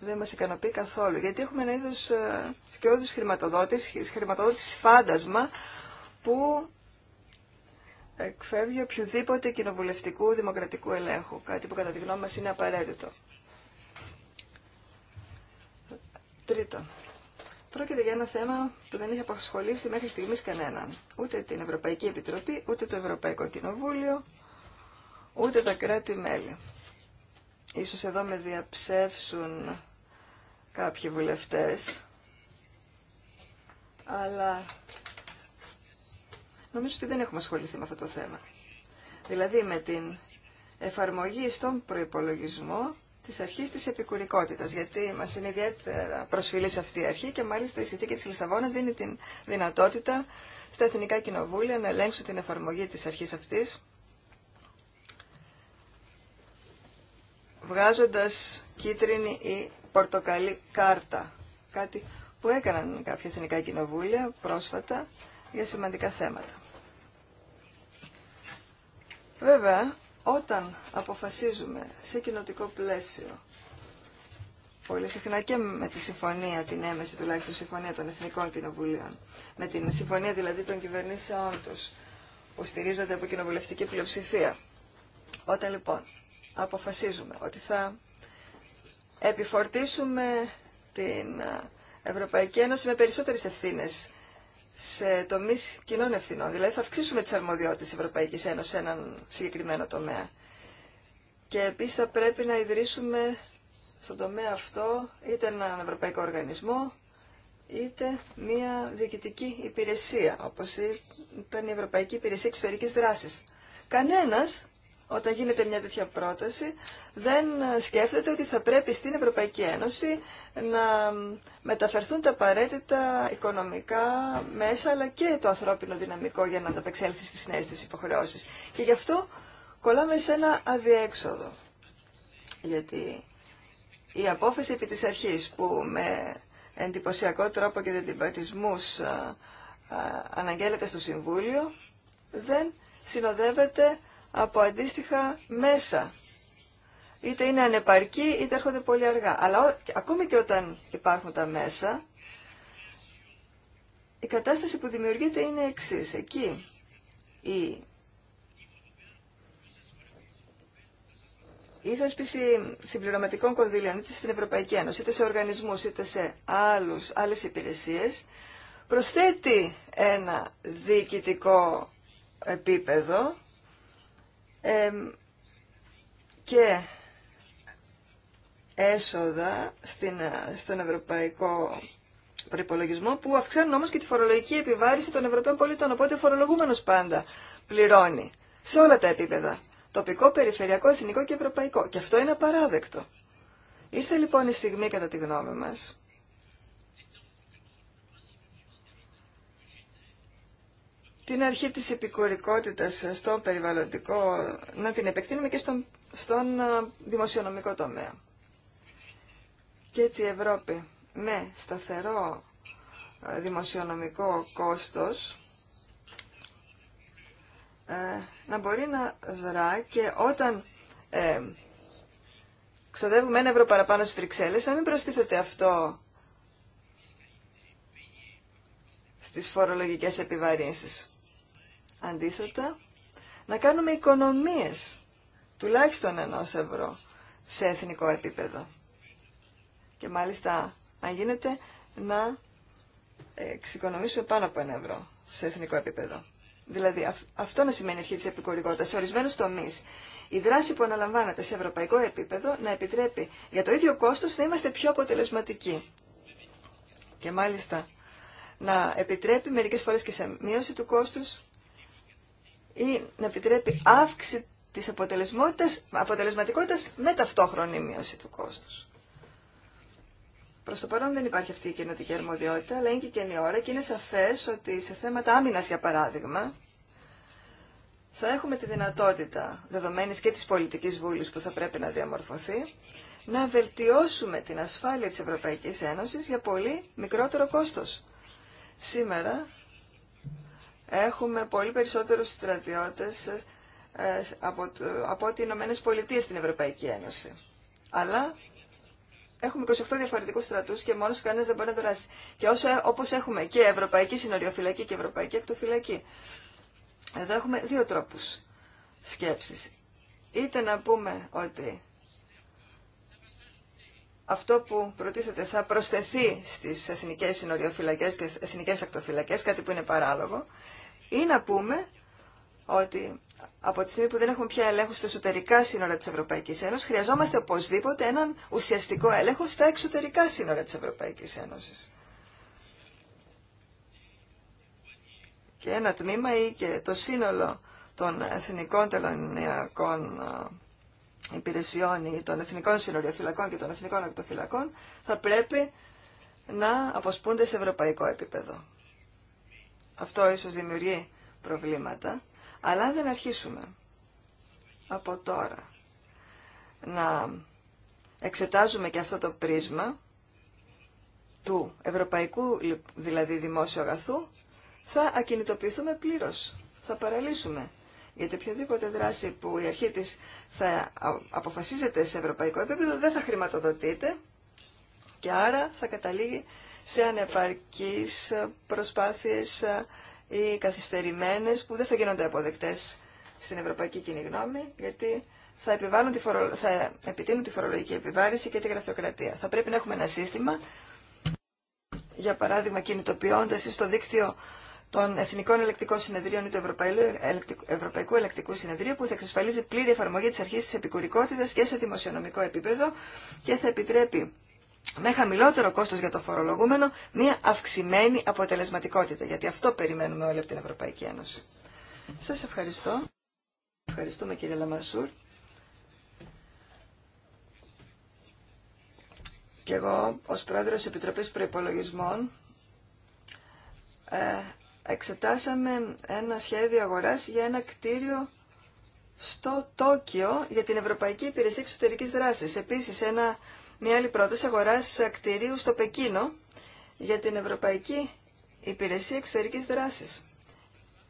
δεν μας ικανοποιεί καθόλου. Γιατί έχουμε ένα είδος ε, σκιώδους χρηματοδότης, χρηματοδότηση φάντασμα που εκφεύγει οποιοδήποτε κοινοβουλευτικού δημοκρατικού ελέγχου, κάτι που κατά τη γνώμη μας είναι απαραίτητο. Τρίτον, πρόκειται για ένα θέμα που δεν είχε απασχολήσει μέχρι στιγμής κανέναν. Ούτε την Ευρωπαϊκή Επιτροπή, ούτε το Ευρωπαϊκό Κοινοβούλιο, ούτε τα κράτη-μέλη. Ίσως εδώ με διαψεύσουν κάποιοι βουλευτές, αλλά νομίζω ότι δεν έχουμε ασχοληθεί με αυτό το θέμα. Δηλαδή με την εφαρμογή στον προϋπολογισμό της αρχής της επικουρικότητας, γιατί μας είναι ιδιαίτερα προσφυλής αυτή η αρχή και μάλιστα η συνθήκη της Λισαβόνας δίνει την δυνατότητα στα Εθνικά Κοινοβούλια να ελέγξουν την εφαρμογή της αρχής αυτής, βγάζοντας κίτρινη ή πορτοκαλί κάρτα, κάτι που έκαναν κάποια Εθνικά Κοινοβούλια πρόσφατα για σημαντικά θέματα. Βέβαια, όταν αποφασίζουμε σε κοινοτικό πλαίσιο, πολύ συχνά και με τη συμφωνία, την έμεση τουλάχιστον συμφωνία των Εθνικών Κοινοβουλίων, με την συμφωνία δηλαδή των κυβερνήσεών τους, που στηρίζονται από κοινοβουλευτική πλειοψηφία. Όταν λοιπόν αποφασίζουμε ότι θα επιφορτήσουμε την Ευρωπαϊκή Ένωση με περισσότερες ευθύνες σε τομεί κοινών ευθυνών. Δηλαδή θα αυξήσουμε τι αρμοδιότητε τη Ευρωπαϊκή Ένωση σε έναν συγκεκριμένο τομέα. Και επίση θα πρέπει να ιδρύσουμε στον τομέα αυτό είτε έναν ευρωπαϊκό οργανισμό, είτε μια διοικητική υπηρεσία, όπως ήταν η Ευρωπαϊκή Υπηρεσία Εξωτερικής Δράσης. Κανένας όταν γίνεται μια τέτοια πρόταση, δεν σκέφτεται ότι θα πρέπει στην Ευρωπαϊκή Ένωση να μεταφερθούν τα απαραίτητα οικονομικά μέσα, αλλά και το ανθρώπινο δυναμικό για να ανταπεξέλθει στις νέες της υποχρεώσεις. Και γι' αυτό κολλάμε σε ένα αδιέξοδο. Γιατί η απόφαση επί της αρχής που με εντυπωσιακό τρόπο και διατυπατισμούς αναγγέλλεται στο Συμβούλιο, δεν συνοδεύεται από αντίστοιχα μέσα. Είτε είναι ανεπαρκή είτε έρχονται πολύ αργά. Αλλά ακόμη και όταν υπάρχουν τα μέσα, η κατάσταση που δημιουργείται είναι εξή. Εκεί η η θεσπίση συμπληρωματικών κονδύλων είτε στην Ευρωπαϊκή Ένωση, είτε σε οργανισμούς, είτε σε άλλους, άλλες υπηρεσίες, προσθέτει ένα διοικητικό επίπεδο και έσοδα στην, ε, στον ευρωπαϊκό προπολογισμό που αυξάνουν όμως και τη φορολογική επιβάρηση των Ευρωπαίων πολιτών. Οπότε ο φορολογούμενος πάντα πληρώνει σε όλα τα επίπεδα. Τοπικό, περιφερειακό, εθνικό και ευρωπαϊκό. Και αυτό είναι απαράδεκτο. Ήρθε λοιπόν η στιγμή κατά τη γνώμη μας την αρχή της επικουρικότητας στο περιβαλλοντικό να την επεκτείνουμε και στον, στον ε, δημοσιονομικό τομέα. Και έτσι η Ευρώπη με σταθερό ε, δημοσιονομικό κόστος ε, να μπορεί να δρά και όταν ε, ξοδεύουμε ένα ευρώ παραπάνω στις Βρυξέλλες να μην προστίθεται αυτό στις φορολογικές επιβαρύνσεις. Αντίθετα, να κάνουμε οικονομίες τουλάχιστον ενός ευρώ σε εθνικό επίπεδο. Και μάλιστα, αν γίνεται, να εξοικονομήσουμε πάνω από ένα ευρώ σε εθνικό επίπεδο. Δηλαδή, αυτό να σημαίνει η αρχή τη επικουρικότητα. Σε ορισμένου τομεί, η δράση που αναλαμβάνεται σε ευρωπαϊκό επίπεδο να επιτρέπει για το ίδιο κόστο να είμαστε πιο αποτελεσματικοί. Και μάλιστα, να επιτρέπει μερικέ φορέ και σε μείωση του κόστου ή να επιτρέπει αύξηση της αποτελεσματικότητας, με ταυτόχρονη μείωση του κόστους. Προς το παρόν δεν υπάρχει αυτή η κοινωτική αρμοδιότητα, αλλά είναι και καινή ώρα και είναι σαφές ότι σε θέματα άμυνας, για παράδειγμα, θα έχουμε τη δυνατότητα, δεδομένης και της πολιτικής βούλης που θα πρέπει να διαμορφωθεί, να βελτιώσουμε την ασφάλεια της Ευρωπαϊκής Ένωσης για πολύ μικρότερο κόστος. Σήμερα έχουμε πολύ περισσότερους στρατιώτες ε, από, από ό,τι οι Ηνωμένε Πολιτείε στην Ευρωπαϊκή Ένωση. Αλλά έχουμε 28 διαφορετικού στρατού και μόνο κανένα δεν μπορεί να δράσει. Και όπω έχουμε και Ευρωπαϊκή Συνοριοφυλακή και Ευρωπαϊκή Ακτοφυλακή. Εδώ έχουμε δύο τρόπου σκέψη. Είτε να πούμε ότι αυτό που προτίθεται θα προσθεθεί στις εθνικές συνοριοφυλακές και εθνικές ακτοφυλακές, κάτι που είναι παράλογο, ή να πούμε ότι από τη στιγμή που δεν έχουμε πια ελέγχου στα εσωτερικά σύνορα της Ευρωπαϊκής Ένωσης, χρειαζόμαστε οπωσδήποτε έναν ουσιαστικό έλεγχο στα εξωτερικά σύνορα της Ευρωπαϊκής Ένωσης. Και ένα τμήμα ή και το σύνολο των εθνικών τελωνιακών ε, υπηρεσιών ή των εθνικών συνοριοφυλακών και των εθνικών ακτοφυλακών θα πρέπει να αποσπούνται σε ευρωπαϊκό επίπεδο. Αυτό ίσως δημιουργεί προβλήματα, αλλά αν δεν αρχίσουμε από τώρα να εξετάζουμε και αυτό το πρίσμα του ευρωπαϊκού δηλαδή δημόσιου αγαθού, θα ακινητοποιηθούμε πλήρως, θα παραλύσουμε. Γιατί οποιαδήποτε δράση που η αρχή της θα αποφασίζεται σε ευρωπαϊκό επίπεδο δεν θα χρηματοδοτείται και άρα θα καταλήγει σε ανεπαρκείς προσπάθειες ή ε, καθυστερημένες που δεν θα γίνονται αποδεκτές στην ευρωπαϊκή κοινή γνώμη, γιατί θα, επιβάλλουν τη θα επιτείνουν τη φορολογική επιβάρηση και τη γραφειοκρατία. Θα πρέπει να έχουμε ένα σύστημα, για παράδειγμα κινητοποιώντα στο δίκτυο των Εθνικών Ελεκτικών Συνεδρίων ή του Ευρωπαϊκού Ελεκτικού Συνεδρίου που θα εξασφαλίζει πλήρη εφαρμογή της αρχής της επικουρικότητας και σε δημοσιονομικό επίπεδο και θα επιτρέπει με χαμηλότερο κόστος για το φορολογούμενο, μια αυξημένη αποτελεσματικότητα, γιατί αυτό περιμένουμε όλοι από την Ευρωπαϊκή Ένωση. Σας ευχαριστώ. Ευχαριστούμε κύριε Λαμασούρ. Και εγώ ως πρόεδρος Επιτροπής Προϋπολογισμών ε, εξετάσαμε ένα σχέδιο αγοράς για ένα κτίριο στο Τόκιο για την Ευρωπαϊκή Υπηρεσία Εξωτερικής Δράσης. Επίσης ένα μια άλλη πρόταση αγοράς κτηρίου στο Πεκίνο για την Ευρωπαϊκή Υπηρεσία Εξωτερικής Δράσης.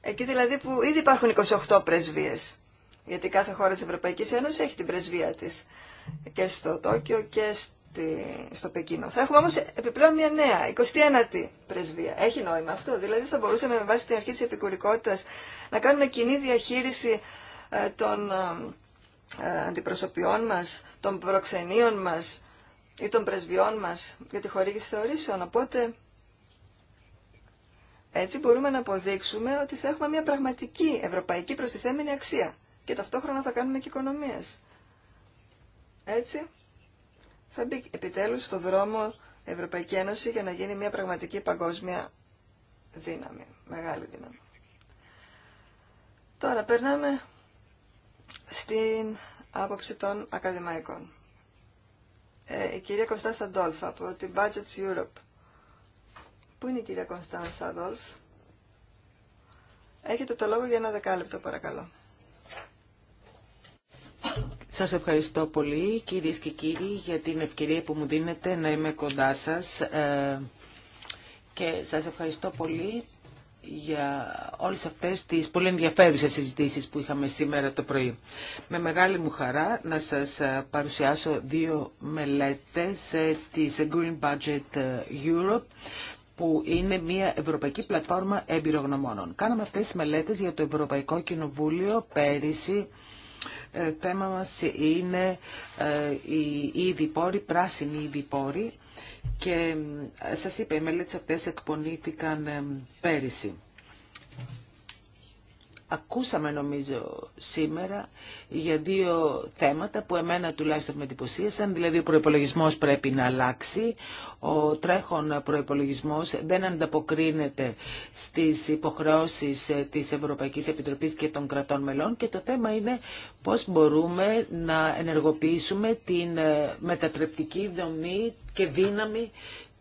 Εκεί δηλαδή που ήδη υπάρχουν 28 πρεσβείες, γιατί κάθε χώρα της Ευρωπαϊκής Ένωσης έχει την πρεσβεία της και στο Τόκιο και στο Πεκίνο. Θα έχουμε όμως επιπλέον μια νέα, 29η πρεσβεία. Έχει νόημα αυτό, δηλαδή θα μπορούσαμε με βάση την αρχή της επικουρικότητας να κάνουμε κοινή διαχείριση ε, των ε, ε, αντιπροσωπιών μας, των προξενείων μας, ή των πρεσβειών μας για τη χορήγηση θεωρήσεων. Οπότε έτσι μπορούμε να αποδείξουμε ότι θα έχουμε μια πραγματική ευρωπαϊκή προστιθέμενη αξία και ταυτόχρονα θα κάνουμε και οικονομίες. Έτσι θα μπει επιτέλους στο δρόμο η Ευρωπαϊκή Ένωση για να γίνει μια πραγματική παγκόσμια δύναμη, μεγάλη δύναμη. Τώρα περνάμε στην άποψη των ακαδημαϊκών. Ε, η κυρία Κωνσταντ Αντόλφ από την Budgets Europe. Πού είναι η κυρία Κωνσταντ Αντόλφ? Έχετε το λόγο για ένα δεκάλεπτο παρακαλώ. Σας ευχαριστώ πολύ κυρίες και κύριοι για την ευκαιρία που μου δίνετε να είμαι κοντά σας ε, και σας ευχαριστώ πολύ για όλες αυτές τις πολύ ενδιαφέρουσες συζητήσεις που είχαμε σήμερα το πρωί. Με μεγάλη μου χαρά να σας ε, παρουσιάσω δύο μελέτες ε, της Green Budget ε, Europe που είναι μια ευρωπαϊκή πλατφόρμα εμπειρογνωμόνων. Κάναμε αυτές τις μελέτες για το Ευρωπαϊκό Κοινοβούλιο πέρυσι ε, θέμα μας είναι ε, οι είδη πόροι, πράσινοι ήδη και ε, σας είπα, οι μελέτες αυτές εκπονήθηκαν πέρυσι. Ακούσαμε νομίζω σήμερα για δύο θέματα που εμένα τουλάχιστον με εντυπωσίασαν, δηλαδή ο προϋπολογισμός πρέπει να αλλάξει, ο τρέχον προϋπολογισμός δεν ανταποκρίνεται στις υποχρεώσεις ε, της Ευρωπαϊκής Επιτροπής και των κρατών μελών και το θέμα είναι πώς μπορούμε να ενεργοποιήσουμε την ε, μετατρεπτική δομή και δύναμη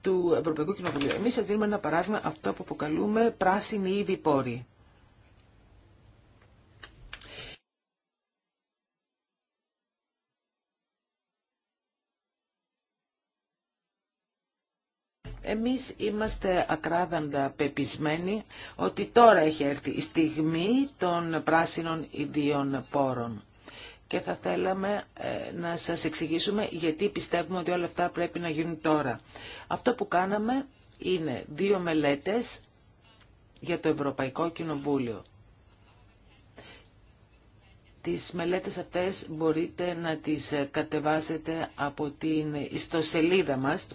του Ευρωπαϊκού Κοινοβουλίου. Εμείς σας δίνουμε ένα παράδειγμα αυτό που αποκαλούμε πράσινη ήδη πόρη. Εμείς είμαστε ακράδαντα πεπισμένοι ότι τώρα έχει έρθει η στιγμή των πράσινων ιδίων πόρων. Και θα θέλαμε ε, να σας εξηγήσουμε γιατί πιστεύουμε ότι όλα αυτά πρέπει να γίνουν τώρα. Αυτό που κάναμε είναι δύο μελέτες για το Ευρωπαϊκό Κοινοβούλιο. Τις μελέτες αυτές μπορείτε να τις κατεβάσετε από την ιστοσελίδα μας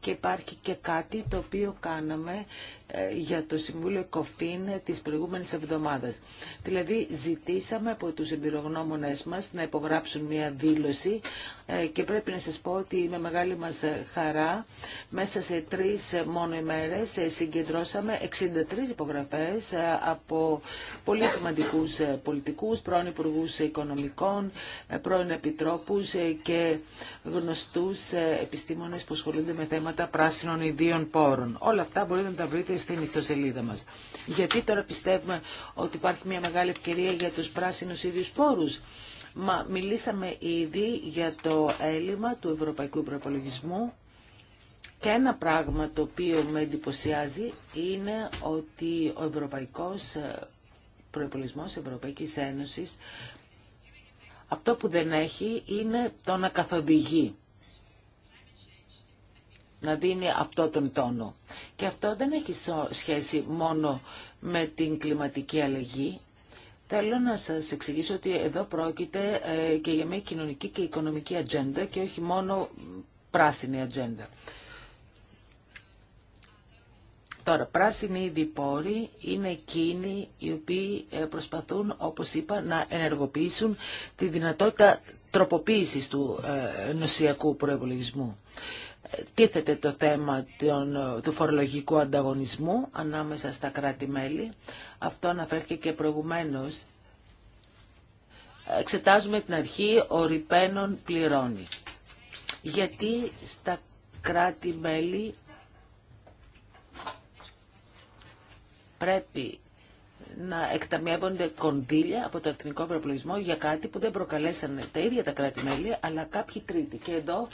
και υπάρχει και κάτι το οποίο κάναμε ε, για το Συμβούλιο Κοφίν της προηγούμενης εβδομάδας. Δηλαδή ζητήσαμε από τους εμπειρογνώμονες μας να υπογράψουν μια δήλωση ε, και πρέπει να σας πω ότι με μεγάλη μας χαρά μέσα σε τρεις μόνο ημέρες ε, συγκεντρώσαμε 63 υπογραφές από πολύ σημαντικούς πολιτικούς, πρώην υπουργού οικονομικών, πρώην επιτρόπους και γνωστούς επιστήμονες που ασχολούνται με θέματα τα πράσινων ιδίων πόρων. Όλα αυτά μπορείτε να τα βρείτε στην ιστοσελίδα μας. Γιατί τώρα πιστεύουμε ότι υπάρχει μια μεγάλη ευκαιρία για τους πράσινους ίδιους πόρους. Μα μιλήσαμε ήδη για το έλλειμμα του ευρωπαϊκού προπολογισμού και ένα πράγμα το οποίο με εντυπωσιάζει είναι ότι ο ευρωπαϊκός ε, προϋπολογισμός Ευρωπαϊκής Ένωσης αυτό που δεν έχει είναι το να καθοδηγεί να δίνει αυτό τον τόνο. Και αυτό δεν έχει σχέση μόνο με την κλιματική αλλαγή. Θέλω να σας εξηγήσω ότι εδώ πρόκειται ε, και για μια κοινωνική και οικονομική ατζέντα και όχι μόνο πράσινη ατζέντα. Τώρα, πράσινοι διπόροι είναι εκείνοι οι οποίοι ε, προσπαθούν, όπως είπα, να ενεργοποιήσουν τη δυνατότητα τροποποίησης του ε, νοσιακού προϋπολογισμού τίθεται το θέμα του φορολογικού ανταγωνισμού ανάμεσα στα κράτη-μέλη. Αυτό αναφέρθηκε και προηγουμένως. Εξετάζουμε την αρχή «Οριπένων πληρώνει». Γιατί στα κράτη-μέλη πρέπει να εκταμιεύονται κονδύλια από το εθνικό προπολογισμό για κάτι που δεν προκαλέσανε τα ίδια τα κράτη-μέλη, αλλά κάποιοι τρίτοι. Και εδώ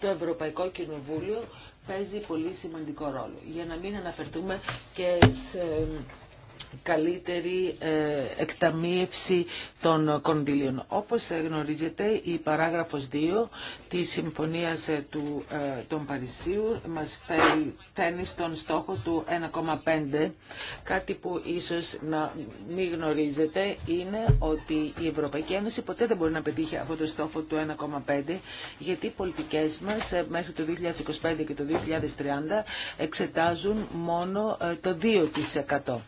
το Ευρωπαϊκό Κοινοβούλιο παίζει πολύ σημαντικό ρόλο. Για να μην αναφερθούμε και σε καλύτερη ε, εκταμίευση των κονδυλίων. Όπως ε, γνωρίζετε, η παράγραφος 2 της Συμφωνίας ε, του, των Παρισίου μας φέρει, φέρνει στον στόχο του 1,5. Κάτι που ίσως να μην γνωρίζετε είναι ότι η Ευρωπαϊκή Ένωση ποτέ δεν μπορεί να πετύχει αυτό το στόχο του 1,5 γιατί οι πολιτικές μας μέχρι το 2025 και το 2030 εξετάζουν μόνο το 2%.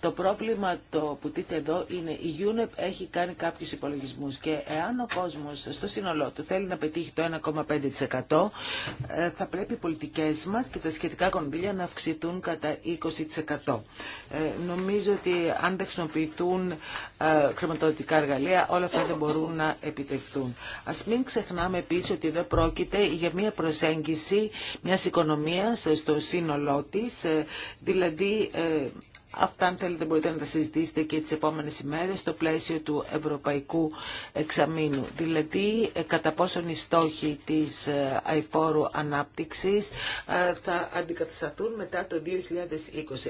Το πρόβλημα το που δείτε εδώ είναι η UNEP έχει κάνει κάποιους υπολογισμούς και εάν ο κόσμος στο σύνολό του θέλει να πετύχει το 1,5% ε, θα πρέπει οι πολιτικές μας και τα σχετικά κονδύλια να αυξηθούν κατά 20%. Ε, νομίζω ότι αν δεν χρησιμοποιηθούν ε, χρηματοδοτικά εργαλεία όλα αυτά δεν μπορούν να επιτευχθούν. Ας μην ξεχνάμε επίσης ότι δεν πρόκειται για μια προσέγγιση μιας οικονομίας στο σύνολό της, δηλαδή Αυτά αν θέλετε μπορείτε να τα συζητήσετε και τις επόμενες ημέρες στο πλαίσιο του Ευρωπαϊκού Εξαμήνου. Δηλαδή ε, κατά πόσον οι στόχοι της ε, αηφόρου ανάπτυξης ε, θα αντικατασταθούν μετά το 2020.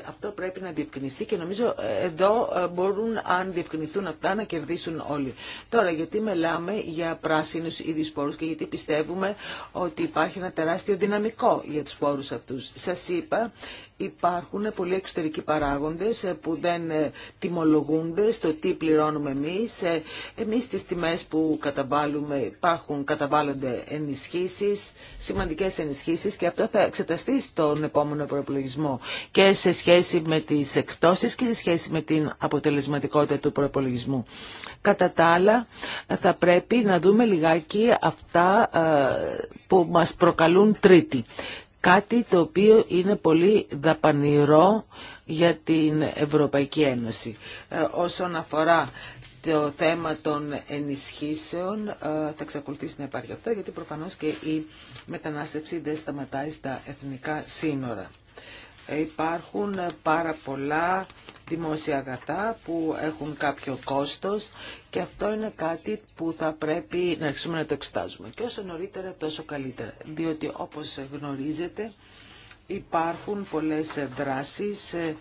Αυτό πρέπει να διευκρινιστεί και νομίζω εδώ μπορούν αν διευκρινιστούν αυτά να κερδίσουν όλοι. Τώρα γιατί μιλάμε για πράσινους ήδη πόρους και γιατί πιστεύουμε ότι υπάρχει ένα τεράστιο δυναμικό για τους πόρους αυτούς. Σας είπα υπάρχουν πολλοί εξωτερικοί παράγοντες ε, που δεν ε, τιμολογούνται στο τι πληρώνουμε εμείς. Ε, εμείς τις τιμές που καταβάλουμε υπάρχουν, καταβάλλονται ενισχύσεις, σημαντικές ενισχύσεις και αυτό θα εξεταστεί στον επόμενο προπολογισμό και σε σχέση με τις εκπτώσεις και σε σχέση με την αποτελεσματικότητα του προπολογισμού. Κατά τα άλλα θα πρέπει να δούμε λιγάκι αυτά που μας προκαλούν τρίτη κάτι το οποίο είναι πολύ δαπανηρό για την Ευρωπαϊκή Ένωση. Ε, όσον αφορά το θέμα των ενισχύσεων ε, θα εξακολουθήσει να υπάρχει αυτό γιατί προφανώς και η μετανάστευση δεν σταματάει στα εθνικά σύνορα. Υπάρχουν πάρα πολλά δημόσια αγατά που έχουν κάποιο κόστος και αυτό είναι κάτι που θα πρέπει να αρχίσουμε να το εξετάζουμε. Και όσο νωρίτερα τόσο καλύτερα, διότι όπως γνωρίζετε υπάρχουν πολλές δράσεις ε,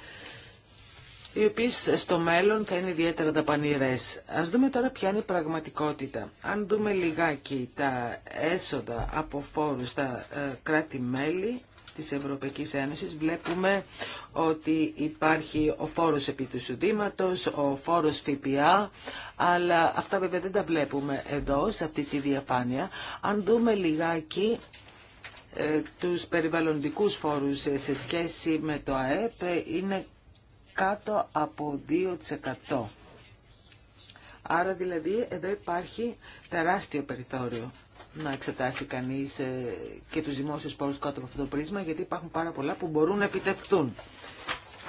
οι οποίε στο μέλλον θα είναι ιδιαίτερα δαπανήρες Ας δούμε τώρα ποια είναι η πραγματικότητα. Αν δούμε λιγάκι τα έσοδα από φόρους στα ε, κράτη-μέλη, της Ευρωπαϊκής Ένωσης βλέπουμε ότι υπάρχει ο φόρος επί του ο φόρος ΦΠΑ, αλλά αυτά βέβαια δεν τα βλέπουμε εδώ, σε αυτή τη διαφάνεια. Αν δούμε λιγάκι ε, τους περιβαλλοντικούς φόρους ε, σε σχέση με το ΑΕΠ, είναι κάτω από 2%. Άρα δηλαδή εδώ υπάρχει τεράστιο περιθώριο να εξετάσει κανείς ε, και τους δημόσιους πόρους κάτω από αυτό το πρίσμα, γιατί υπάρχουν πάρα πολλά που μπορούν να επιτευχθούν.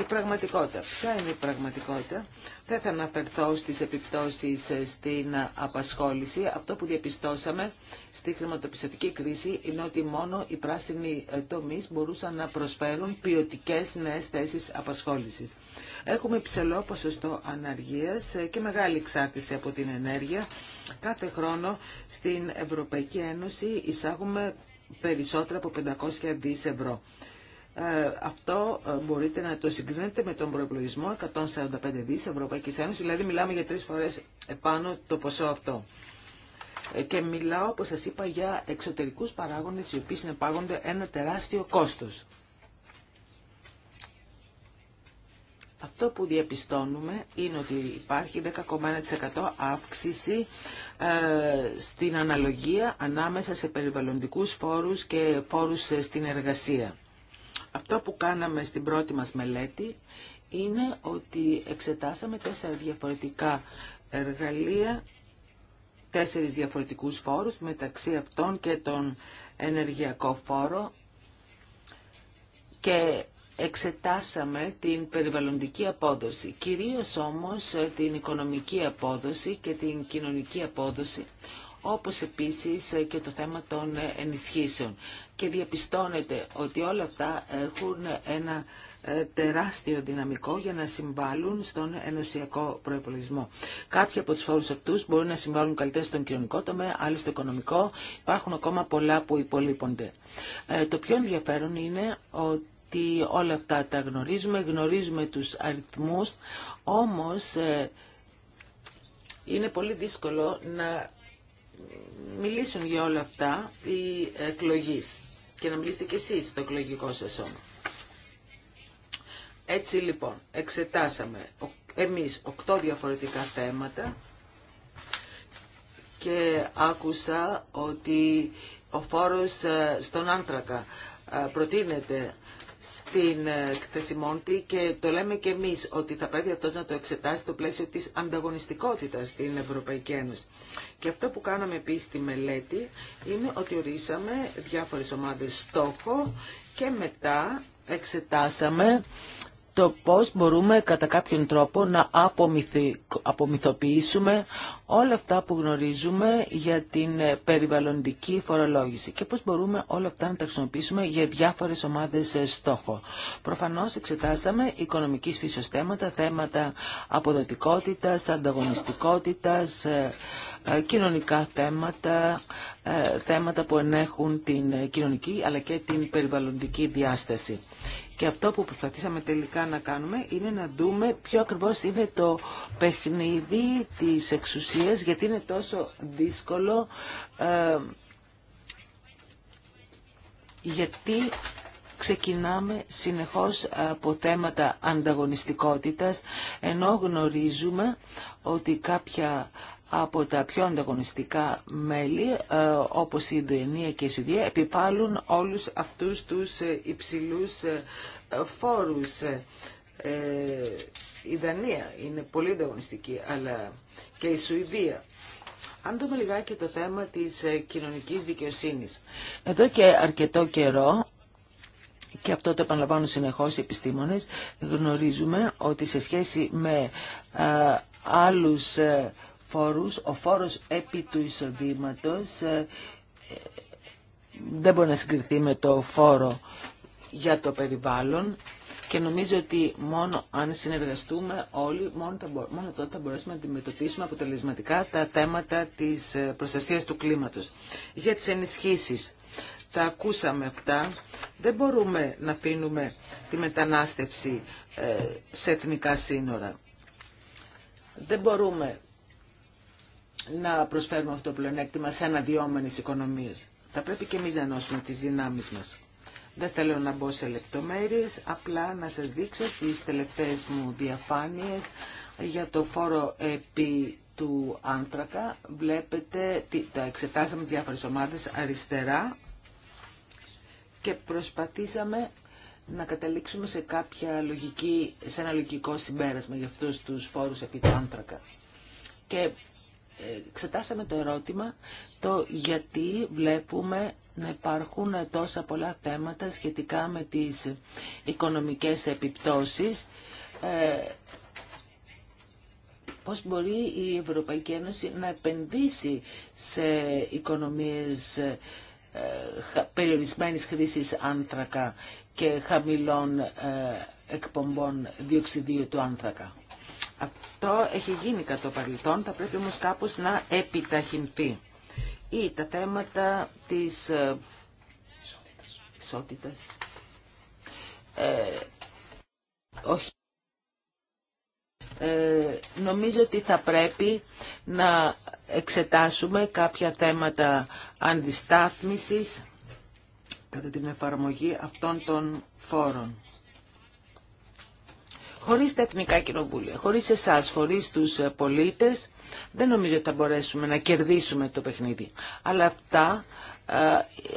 Η πραγματικότητα. Ποια είναι η πραγματικότητα. Δεν θα αναφερθώ στις επιπτώσεις ε, στην απασχόληση. Αυτό που διαπιστώσαμε στη χρηματοπιστωτική κρίση είναι ότι μόνο οι πράσινοι ε, τομείς μπορούσαν να προσφέρουν ποιοτικές νέες θέσεις απασχόλησης. Έχουμε υψηλό ποσοστό αναργίας ε, και μεγάλη εξάρτηση από την ενέργεια. Κάθε χρόνο στην Ευρωπαϊκή Ένωση εισάγουμε περισσότερα από 500 δις ευρώ. Ε, αυτό ε, μπορείτε να το συγκρίνετε με τον προεπλογισμό 145 δις Ευρωπαϊκής Ένωσης, δηλαδή μιλάμε για τρεις φορές επάνω το ποσό αυτό. Ε, και μιλάω, όπως σας είπα, για εξωτερικούς παράγοντες οι οποίοι συνεπάγονται ένα τεράστιο κόστος. Αυτό που διαπιστώνουμε είναι ότι υπάρχει 10,1% αύξηση στην αναλογία ανάμεσα σε περιβαλλοντικούς φόρους και φόρους στην εργασία. Αυτό που κάναμε στην πρώτη μας μελέτη είναι ότι εξετάσαμε τέσσερα διαφορετικά εργαλεία, τέσσερις διαφορετικούς φόρους, μεταξύ αυτών και τον ενεργειακό φόρο και εξετάσαμε την περιβαλλοντική απόδοση, κυρίως όμως την οικονομική απόδοση και την κοινωνική απόδοση, όπως επίσης και το θέμα των ενισχύσεων. Και διαπιστώνεται ότι όλα αυτά έχουν ένα ε, τεράστιο δυναμικό για να συμβάλλουν στον ενωσιακό προπολογισμό. Κάποιοι από του φόρους αυτούς μπορούν να συμβάλλουν καλύτερα στον κοινωνικό τομέα, άλλοι στο οικονομικό. Υπάρχουν ακόμα πολλά που υπολείπονται. Ε, το πιο ενδιαφέρον είναι ότι όλα αυτά τα γνωρίζουμε, γνωρίζουμε τους αριθμούς, όμως ε, είναι πολύ δύσκολο να μιλήσουν για όλα αυτά οι εκλογείς και να μιλήσετε και εσείς στο εκλογικό σας σώμα. Έτσι λοιπόν, εξετάσαμε εμείς οκτώ διαφορετικά θέματα και άκουσα ότι ο φόρος ε, στον άνθρακα ε, προτείνεται στην εκθεσιμόντη και το λέμε και εμείς ότι θα πρέπει αυτός να το εξετάσει στο πλαίσιο της ανταγωνιστικότητας στην Ευρωπαϊκή Ένωση. Και αυτό που κάναμε επίση στη μελέτη είναι ότι ορίσαμε διάφορες ομάδες στόχο και μετά εξετάσαμε το πώς μπορούμε κατά κάποιον τρόπο να απομυθοποιήσουμε όλα αυτά που γνωρίζουμε για την ε, περιβαλλοντική φορολόγηση και πώς μπορούμε όλα αυτά να τα χρησιμοποιήσουμε για διάφορες ομάδες ε, στόχο. Προφανώς εξετάσαμε οικονομικής φύσεως θέματα, θέματα αποδοτικότητας, ανταγωνιστικότητας, ε, κοινωνικά θέματα, θέματα που ενέχουν την κοινωνική αλλά και την περιβαλλοντική διάσταση. Και αυτό που προσπαθήσαμε τελικά να κάνουμε είναι να δούμε ποιο ακριβώς είναι το παιχνίδι της εξουσίας, γιατί είναι τόσο δύσκολο, ε, γιατί ξεκινάμε συνεχώς από θέματα ανταγωνιστικότητας, ενώ γνωρίζουμε ότι κάποια από τα πιο ανταγωνιστικά μέλη ε, όπως η Ινδονία και η Σουηδία, επιπάλλουν όλους αυτούς τους ε, υψηλούς ε, φόρους. Η Δανία είναι πολύ ανταγωνιστική αλλά και η Σουηδία. Αν δούμε λιγάκι το θέμα της κοινωνικής δικαιοσύνης. Εδώ και αρκετό καιρό και αυτό το επαναλαμβάνουν συνεχώς οι επιστήμονες, γνωρίζουμε ότι σε σχέση με άλλους φόρους. Ο φόρος επί του εισοδήματος ε, δεν μπορεί να συγκριθεί με το φόρο για το περιβάλλον και νομίζω ότι μόνο αν συνεργαστούμε όλοι, μόνο, θα μόνο τότε θα μπορέσουμε να αντιμετωπίσουμε αποτελεσματικά τα θέματα της ε, προστασίας του κλίματος. Για τις ενισχύσεις, τα ακούσαμε αυτά, δεν μπορούμε να αφήνουμε τη μετανάστευση ε, σε εθνικά σύνορα. Δεν μπορούμε να προσφέρουμε αυτό το πλεονέκτημα σε αναδυόμενες οικονομίες. Θα πρέπει και εμείς να ενώσουμε τις δυνάμεις μας. Δεν θέλω να μπω σε λεπτομέρειες, απλά να σας δείξω τις τελευταίες μου διαφάνειες για το φόρο επί του άνθρακα. Βλέπετε, τα εξετάσαμε τις διάφορες ομάδες αριστερά και προσπαθήσαμε να καταλήξουμε σε κάποια λογική, σε ένα λογικό συμπέρασμα για αυτούς τους φόρους επί του άνθρακα. Και εξετάσαμε το ερώτημα το γιατί βλέπουμε να υπάρχουν τόσα πολλά θέματα σχετικά με τις οικονομικές επιπτώσεις ε, πώς μπορεί η Ευρωπαϊκή Ένωση να επενδύσει σε οικονομίες ε, περιορισμένης χρήσης άνθρακα και χαμηλών ε, εκπομπών διοξιδίου του άνθρακα. Αυτό έχει γίνει κατά το παρελθόν, θα πρέπει όμως κάπως να επιταχυνθεί. Ή τα θέματα της ε, ισότητας. Ε, όχι. Ε, νομίζω ότι θα πρέπει να εξετάσουμε κάποια θέματα αντιστάθμισης κατά την εφαρμογή αυτών των φόρων. Χωρίς τα εθνικά κοινοβούλια, χωρίς εσάς, χωρίς τους ε, πολίτες, δεν νομίζω ότι θα μπορέσουμε να κερδίσουμε το παιχνίδι. Αλλά αυτά ε,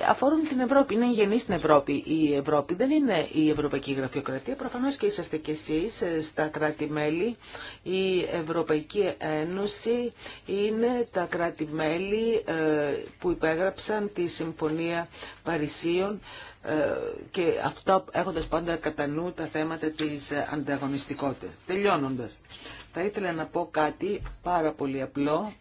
αφορούν την Ευρώπη, είναι γεννή στην Ευρώπη. Η Ευρώπη δεν είναι η Ευρωπαϊκή Γραφειοκρατία, προφανώς και είσαστε κι εσείς ε, στα κράτη-μέλη. Η Ευρωπαϊκή Ένωση είναι τα κράτη-μέλη που υπέγραψαν τη Συμφωνία Παρισίων ε, και αυτό έχοντας πάντα κατά νου τα θέματα της ανταγωνιστικότητας. Τελειώνοντας, θα ήθελα να πω κάτι πάρα πολύ απλό.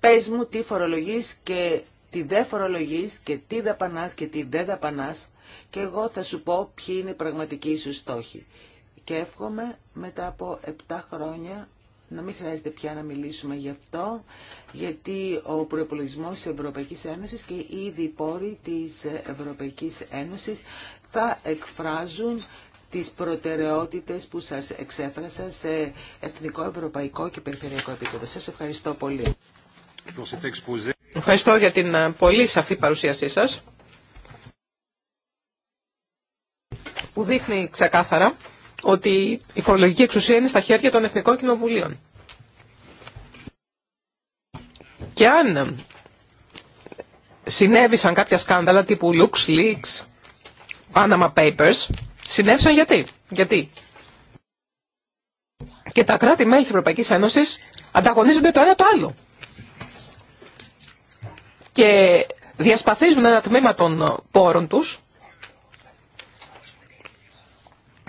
Πες μου τι φορολογείς και τι δεν φορολογείς και τι δαπανάς και τι δεν δαπανάς και εγώ θα σου πω ποιοι είναι οι πραγματικοί σου στόχοι. Και εύχομαι μετά από 7 χρόνια να μην χρειάζεται πια να μιλήσουμε γι' αυτό, γιατί ο προπολογισμό της Ευρωπαϊκής Ένωσης και ήδη οι πόροι της Ευρωπαϊκής Ένωσης θα εκφράζουν τις προτεραιότητες που σας εξέφρασα σε εθνικό, ευρωπαϊκό και περιφερειακό επίπεδο. Σας ευχαριστώ πολύ. Ευχαριστώ για την ε, πολύ σαφή παρουσίασή σας, που δείχνει ξεκάθαρα ότι η φορολογική εξουσία είναι στα χέρια των Εθνικών Κοινοβουλίων. Και αν συνέβησαν κάποια σκάνδαλα τύπου LuxLeaks, Panama Papers, συνέβησαν γιατί. Γιατί. Και τα κράτη-μέλη της Ευρωπαϊκής Ένωσης ανταγωνίζονται το ένα το άλλο. Και διασπαθίζουν ένα τμήμα των πόρων τους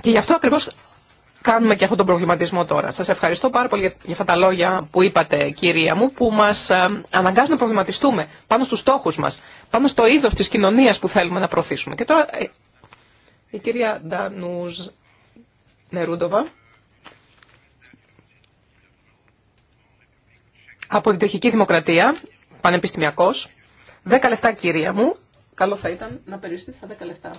Και γι' αυτό ακριβώς κάνουμε και αυτόν τον προβληματισμό τώρα. Σας ευχαριστώ πάρα πολύ για αυτά τα λόγια που είπατε, κυρία μου, που μας αναγκάζουν να προβληματιστούμε πάνω στους στόχους μας, πάνω στο είδος της κοινωνίας που θέλουμε να προωθήσουμε. Και τώρα ε, η κυρία Ντανούζ Νερούντοβα από την Τεχική Δημοκρατία, πανεπιστημιακός. Δέκα λεφτά, κυρία μου. Καλό θα ήταν να περιοριστείτε στα δέκα λεφτά.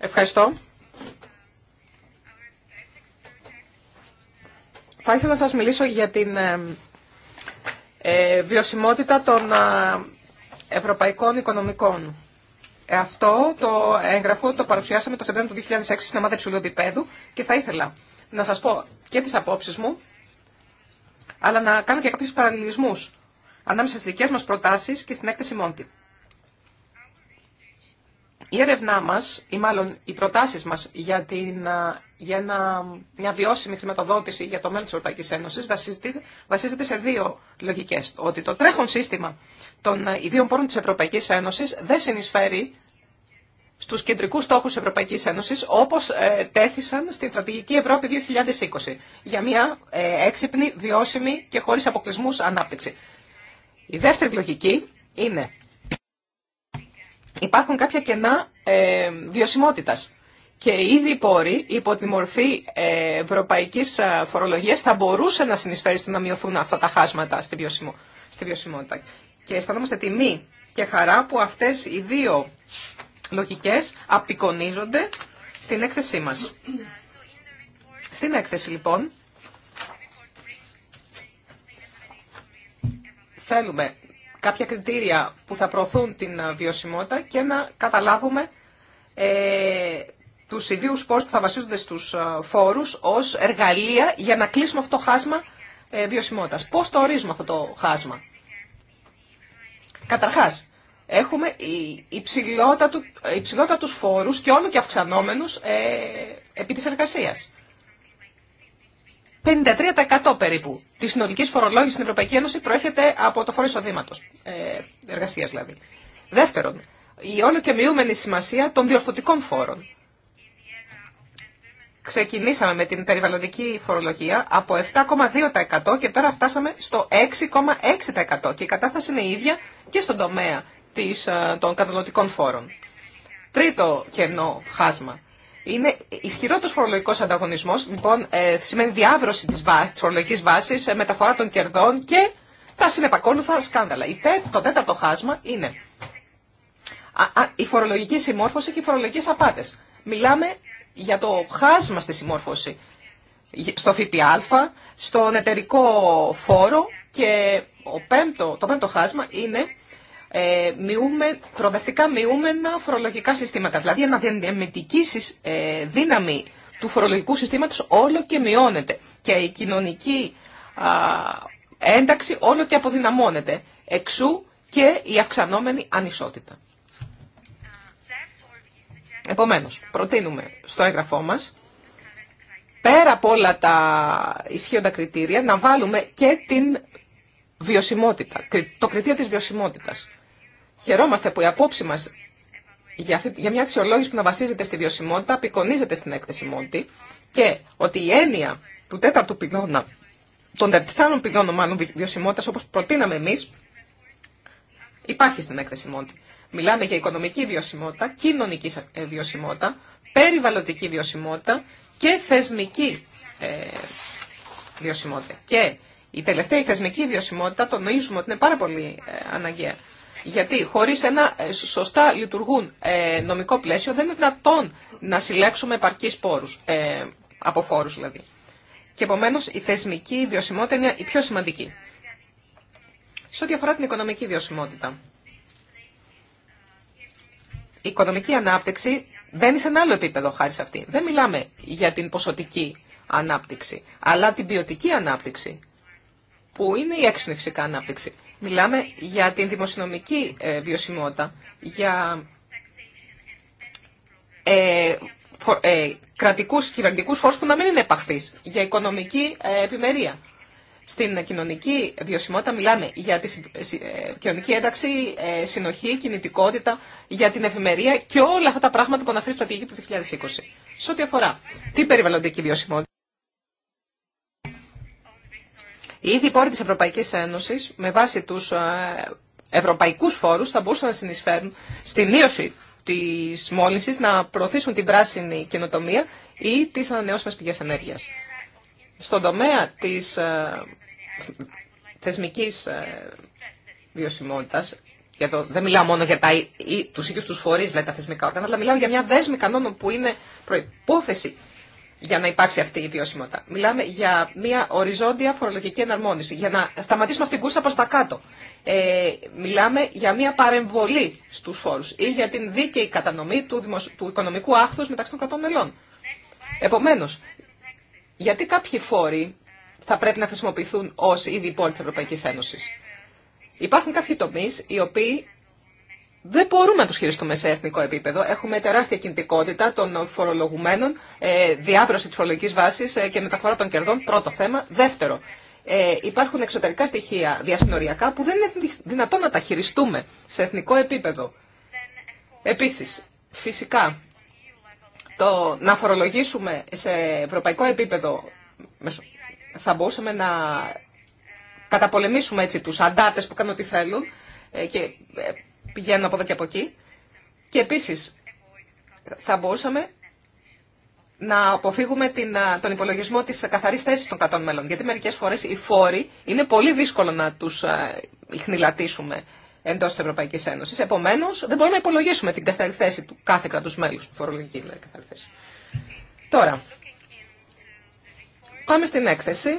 Ευχαριστώ. Θα ήθελα να σας μιλήσω για την ε, ε βιωσιμότητα των ε, ευρωπαϊκών οικονομικών. Ε, αυτό το έγγραφο το παρουσιάσαμε το Σεπτέμβριο του 2006 στην ομάδα υψηλού επίπεδου και θα ήθελα να σας πω και τις απόψεις μου, αλλά να κάνω και κάποιους παραλληλισμούς ανάμεσα στι δικέ μα προτάσει και στην έκθεση Μόντι. Η έρευνά μα, ή μάλλον οι προτάσει μα για, την, για μια βιώσιμη χρηματοδότηση για το μέλλον τη Ευρωπαϊκή Ένωση, βασίζεται, βασίζεται σε δύο λογικέ. Ότι το τρέχον σύστημα των ιδίων πόρων τη Ευρωπαϊκή Ένωση δεν συνεισφέρει στους κεντρικούς στόχους της Ευρωπαϊκής Ένωσης, όπως ε, τέθησαν στην Στρατηγική Ευρώπη 2020, για μια ε, έξυπνη, βιώσιμη και χωρίς αποκλεισμούς ανάπτυξη. Η δεύτερη λογική είναι υπάρχουν κάποια κενά ε, βιωσιμότητας και ήδη οι πόροι υπό τη μορφή ε, ευρωπαϊκής ε, φορολογίας θα μπορούσε να συνεισφέρει στο να μειωθούν αυτά τα χάσματα στη, βιωσιμο, στη βιωσιμότητα. Και αισθανόμαστε τιμή και χαρά που αυτές οι δύο λογικές απεικονίζονται στην έκθεσή μας. Στην έκθεση λοιπόν Θέλουμε κάποια κριτήρια που θα προωθούν την ε, βιωσιμότητα και να καταλάβουμε ε, τους ιδίους πόρους που θα βασίζονται στους ε, φόρους ως εργαλεία για να κλείσουμε αυτό το χάσμα ε, βιωσιμότητας. Πώς το ορίζουμε αυτό το χάσμα. Καταρχάς, έχουμε ε, υψηλότατους φόρους και όλο και αυξανόμενους επί της εργασίας. 53% περίπου τη συνολική φορολόγηση στην Ευρωπαϊκή Ένωση προέρχεται από το φόρο εισοδήματο. Ε, Εργασία δηλαδή. Δεύτερον, η όλο και μειούμενη σημασία των διορθωτικών φόρων. Ξεκινήσαμε με την περιβαλλοντική φορολογία από 7,2% και τώρα φτάσαμε στο 6,6% και η κατάσταση είναι η ίδια και στον τομέα ε, των καταναλωτικών φόρων. Τρίτο κενό χάσμα είναι ισχυρότερο φορολογικό ανταγωνισμό, λοιπόν, ε, σημαίνει διάβρωση τη φορολογική βάση, ε, μεταφορά των κερδών και τα συνεπακόλουθα σκάνδαλα. Η τέ, το τέταρτο χάσμα είναι η φορολογική συμμόρφωση και οι φορολογικέ απάτε. Μιλάμε για το χάσμα στη συμμόρφωση στο ΦΠΑ, στον εταιρικό φόρο και πέμπτο, το πέμπτο χάσμα είναι ε, μειούμε, προοδευτικά μειούμενα φορολογικά συστήματα. Δηλαδή ένα διαμετική ε, δύναμη του φορολογικού συστήματος όλο και μειώνεται και η κοινωνική ένταξη όλο και αποδυναμώνεται. Εξού και η αυξανόμενη ανισότητα. Επομένως, προτείνουμε στο έγγραφό μας, πέρα από όλα τα ισχύοντα κριτήρια, να βάλουμε και την βιωσιμότητα, το κριτήριο της βιωσιμότητας. Χαιρόμαστε που η απόψη μας για μια αξιολόγηση που να βασίζεται στη βιωσιμότητα απεικονίζεται στην έκθεση Μόντι και ότι η έννοια του τέταρτου πυλώνα, των τεσσάρων πυλώνων μάλλον βιωσιμότητας όπως προτείναμε εμείς, υπάρχει στην έκθεση Μόντι. Μιλάμε για οικονομική βιωσιμότητα, κοινωνική ε, βιωσιμότητα, περιβαλλοντική βιωσιμότητα και θεσμική ε, βιωσιμότητα. Και η τελευταία η θεσμική βιωσιμότητα τονίζουμε ότι είναι πάρα πολύ ε, αναγκαία. Γιατί χωρί ένα ε, σωστά λειτουργούν ε, νομικό πλαίσιο δεν είναι δυνατόν να συλλέξουμε επαρκή πόρους, ε, από φόρου, δηλαδή. Και επομένω, η θεσμική βιωσιμότητα είναι η πιο σημαντική. Σε ό,τι αφορά την οικονομική βιωσιμότητα. Η οικονομική ανάπτυξη μπαίνει σε ένα άλλο επίπεδο χάρη σε αυτή. Δεν μιλάμε για την ποσοτική ανάπτυξη, αλλά την ποιοτική ανάπτυξη, που είναι η έξυπνη φυσικά ανάπτυξη. Μιλάμε για την δημοσιονομική ε, βιωσιμότητα, για ε, φο, ε, κρατικούς κυβερνητικούς φόρους που να μην είναι επαχθείς, για οικονομική ε, ευημερία. Στην κοινωνική βιωσιμότητα μιλάμε για τη ε, κοινωνική ένταξη, συνοχή, κινητικότητα, για την ευημερία και όλα αυτά τα πράγματα που αναφέρει η στρατηγική του 2020. Σε ό,τι αφορά την περιβαλλοντική βιωσιμότητα. Ήδη πόροι τη Ευρωπαϊκής Ένωση, με βάση τους ε, ευρωπαϊκούς φόρους θα μπορούσαν να συνεισφέρουν στη μείωση της μόλυνσης, να προωθήσουν την πράσινη καινοτομία ή τις ανανεώσιμες πηγές ενέργειας. Στον τομέα της ε, θεσμικής ε, βιωσιμότητα, για το, δεν μιλάω μόνο για τα, ή, τους ίδιους τους φορείς, δηλαδή τα θεσμικά όργανα, αλλά μιλάω για μια δέσμη κανόνων που είναι προϋπόθεση για να υπάρξει αυτή η βιωσιμότητα. Μιλάμε για μια οριζόντια φορολογική εναρμόνιση, για να σταματήσουμε αυτήν την κούρσα προς τα κάτω. Ε, μιλάμε για μια παρεμβολή στους φόρους ή για την δίκαιη κατανομή του, του οικονομικού άχθους μεταξύ των κρατών μελών. Επομένως, γιατί κάποιοι φόροι θα πρέπει να χρησιμοποιηθούν ως ήδη υπόλοιπη της Ευρωπαϊκής Ένωσης. Υπάρχουν κάποιοι τομείς οι οποίοι δεν μπορούμε να του χειριστούμε σε εθνικό επίπεδο. Έχουμε τεράστια κινητικότητα των φορολογουμένων, ε, διάβρωση της φορολογικής βάσης ε, και μεταφορά των κερδών, πρώτο θέμα. Δεύτερο, ε, υπάρχουν εξωτερικά στοιχεία διασυνοριακά που δεν είναι δυνατόν να τα χειριστούμε σε εθνικό επίπεδο. Επίσης, φυσικά, το να φορολογήσουμε σε ευρωπαϊκό επίπεδο θα μπορούσαμε να καταπολεμήσουμε έτσι τους αντάτες που κάνουν ό,τι θέλουν και πηγαίνουν από εδώ και από εκεί. Και επίσης θα μπορούσαμε να αποφύγουμε την, τον υπολογισμό της καθαρής θέσης των κρατών μέλων. Γιατί μερικές φορές οι φόροι είναι πολύ δύσκολο να τους ιχνηλατήσουμε εντός της Ευρωπαϊκής Ένωσης. Επομένως δεν μπορούμε να υπολογίσουμε την καθαρή θέση του κάθε κράτου μέλους. Φορολογική δηλαδή καθαρή Τώρα, πάμε στην έκθεση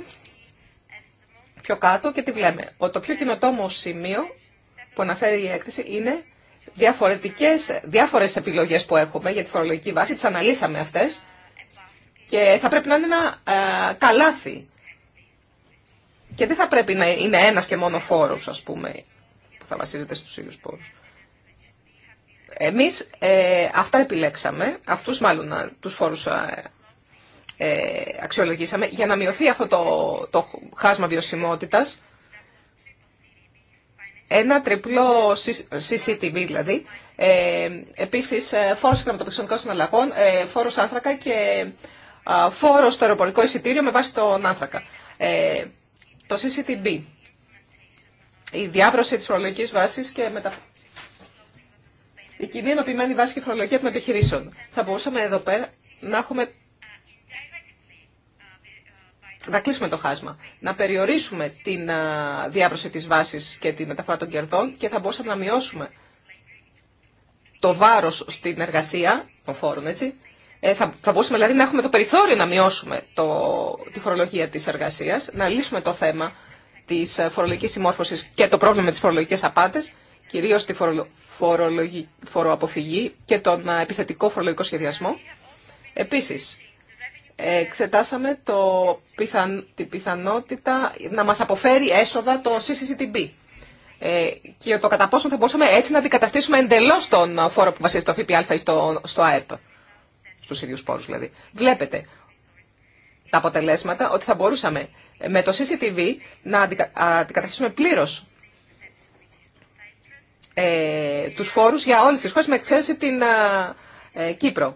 πιο κάτω και τι βλέπουμε. Το πιο κοινοτόμο σημείο που αναφέρει η έκθεση είναι διαφορετικές, διάφορες επιλογές που έχουμε για τη φορολογική βάση. Τις αναλύσαμε αυτές και θα πρέπει να είναι ένα ε, καλάθι. Και δεν θα πρέπει να είναι ένας και μόνο φόρος, ας πούμε, που θα βασίζεται στους ίδιους πόρους. Εμείς ε, αυτά επιλέξαμε, αυτούς μάλλον ε, τους φόρους ε, αξιολογήσαμε, για να μειωθεί αυτό το, το χάσμα βιωσιμότητας ένα τριπλό CCTV δηλαδή, ε, επίσης ε, φόρος χρηματοπιστωτικών συναλλαγών, ε, φόρος άνθρακα και φόρος στο αεροπορικό εισιτήριο με βάση τον άνθρακα. Ε, το CCTV, η διάβρωση της φορολογικής βάσης και μετα... η κοινή ενωπημένη βάση και φορολογία των επιχειρήσεων. Θα μπορούσαμε εδώ πέρα να έχουμε να κλείσουμε το χάσμα, να περιορίσουμε την διάβρωση της βάσης και τη μεταφορά των κερδών και θα μπορούσαμε να μειώσουμε το βάρος στην εργασία των φόρων, έτσι. Ε, θα, θα μπορούσαμε δηλαδή να έχουμε το περιθώριο να μειώσουμε το, τη φορολογία της εργασίας, να λύσουμε το θέμα της ε, φορολογικής συμμόρφωσης και το πρόβλημα της φορολογικής απάτες, κυρίως τη φορολογική, φοροαποφυγή και τον επιθετικό φορολογικό σχεδιασμό. Επίσης, εξετάσαμε το πιθαν, την πιθανότητα να μας αποφέρει έσοδα το CCCTB ε, και το κατά πόσο θα μπορούσαμε έτσι να αντικαταστήσουμε εντελώς τον φόρο που βασίζεται στο ΦΠΑ στο, στο ΑΕΠ, στους ίδιους πόρους δηλαδή. Βλέπετε τα αποτελέσματα ότι θα μπορούσαμε με το CCTV να αντικαταστήσουμε πλήρως ε, τους φόρους για όλες τις χώρες με εξαίρεση την ε, Κύπρο.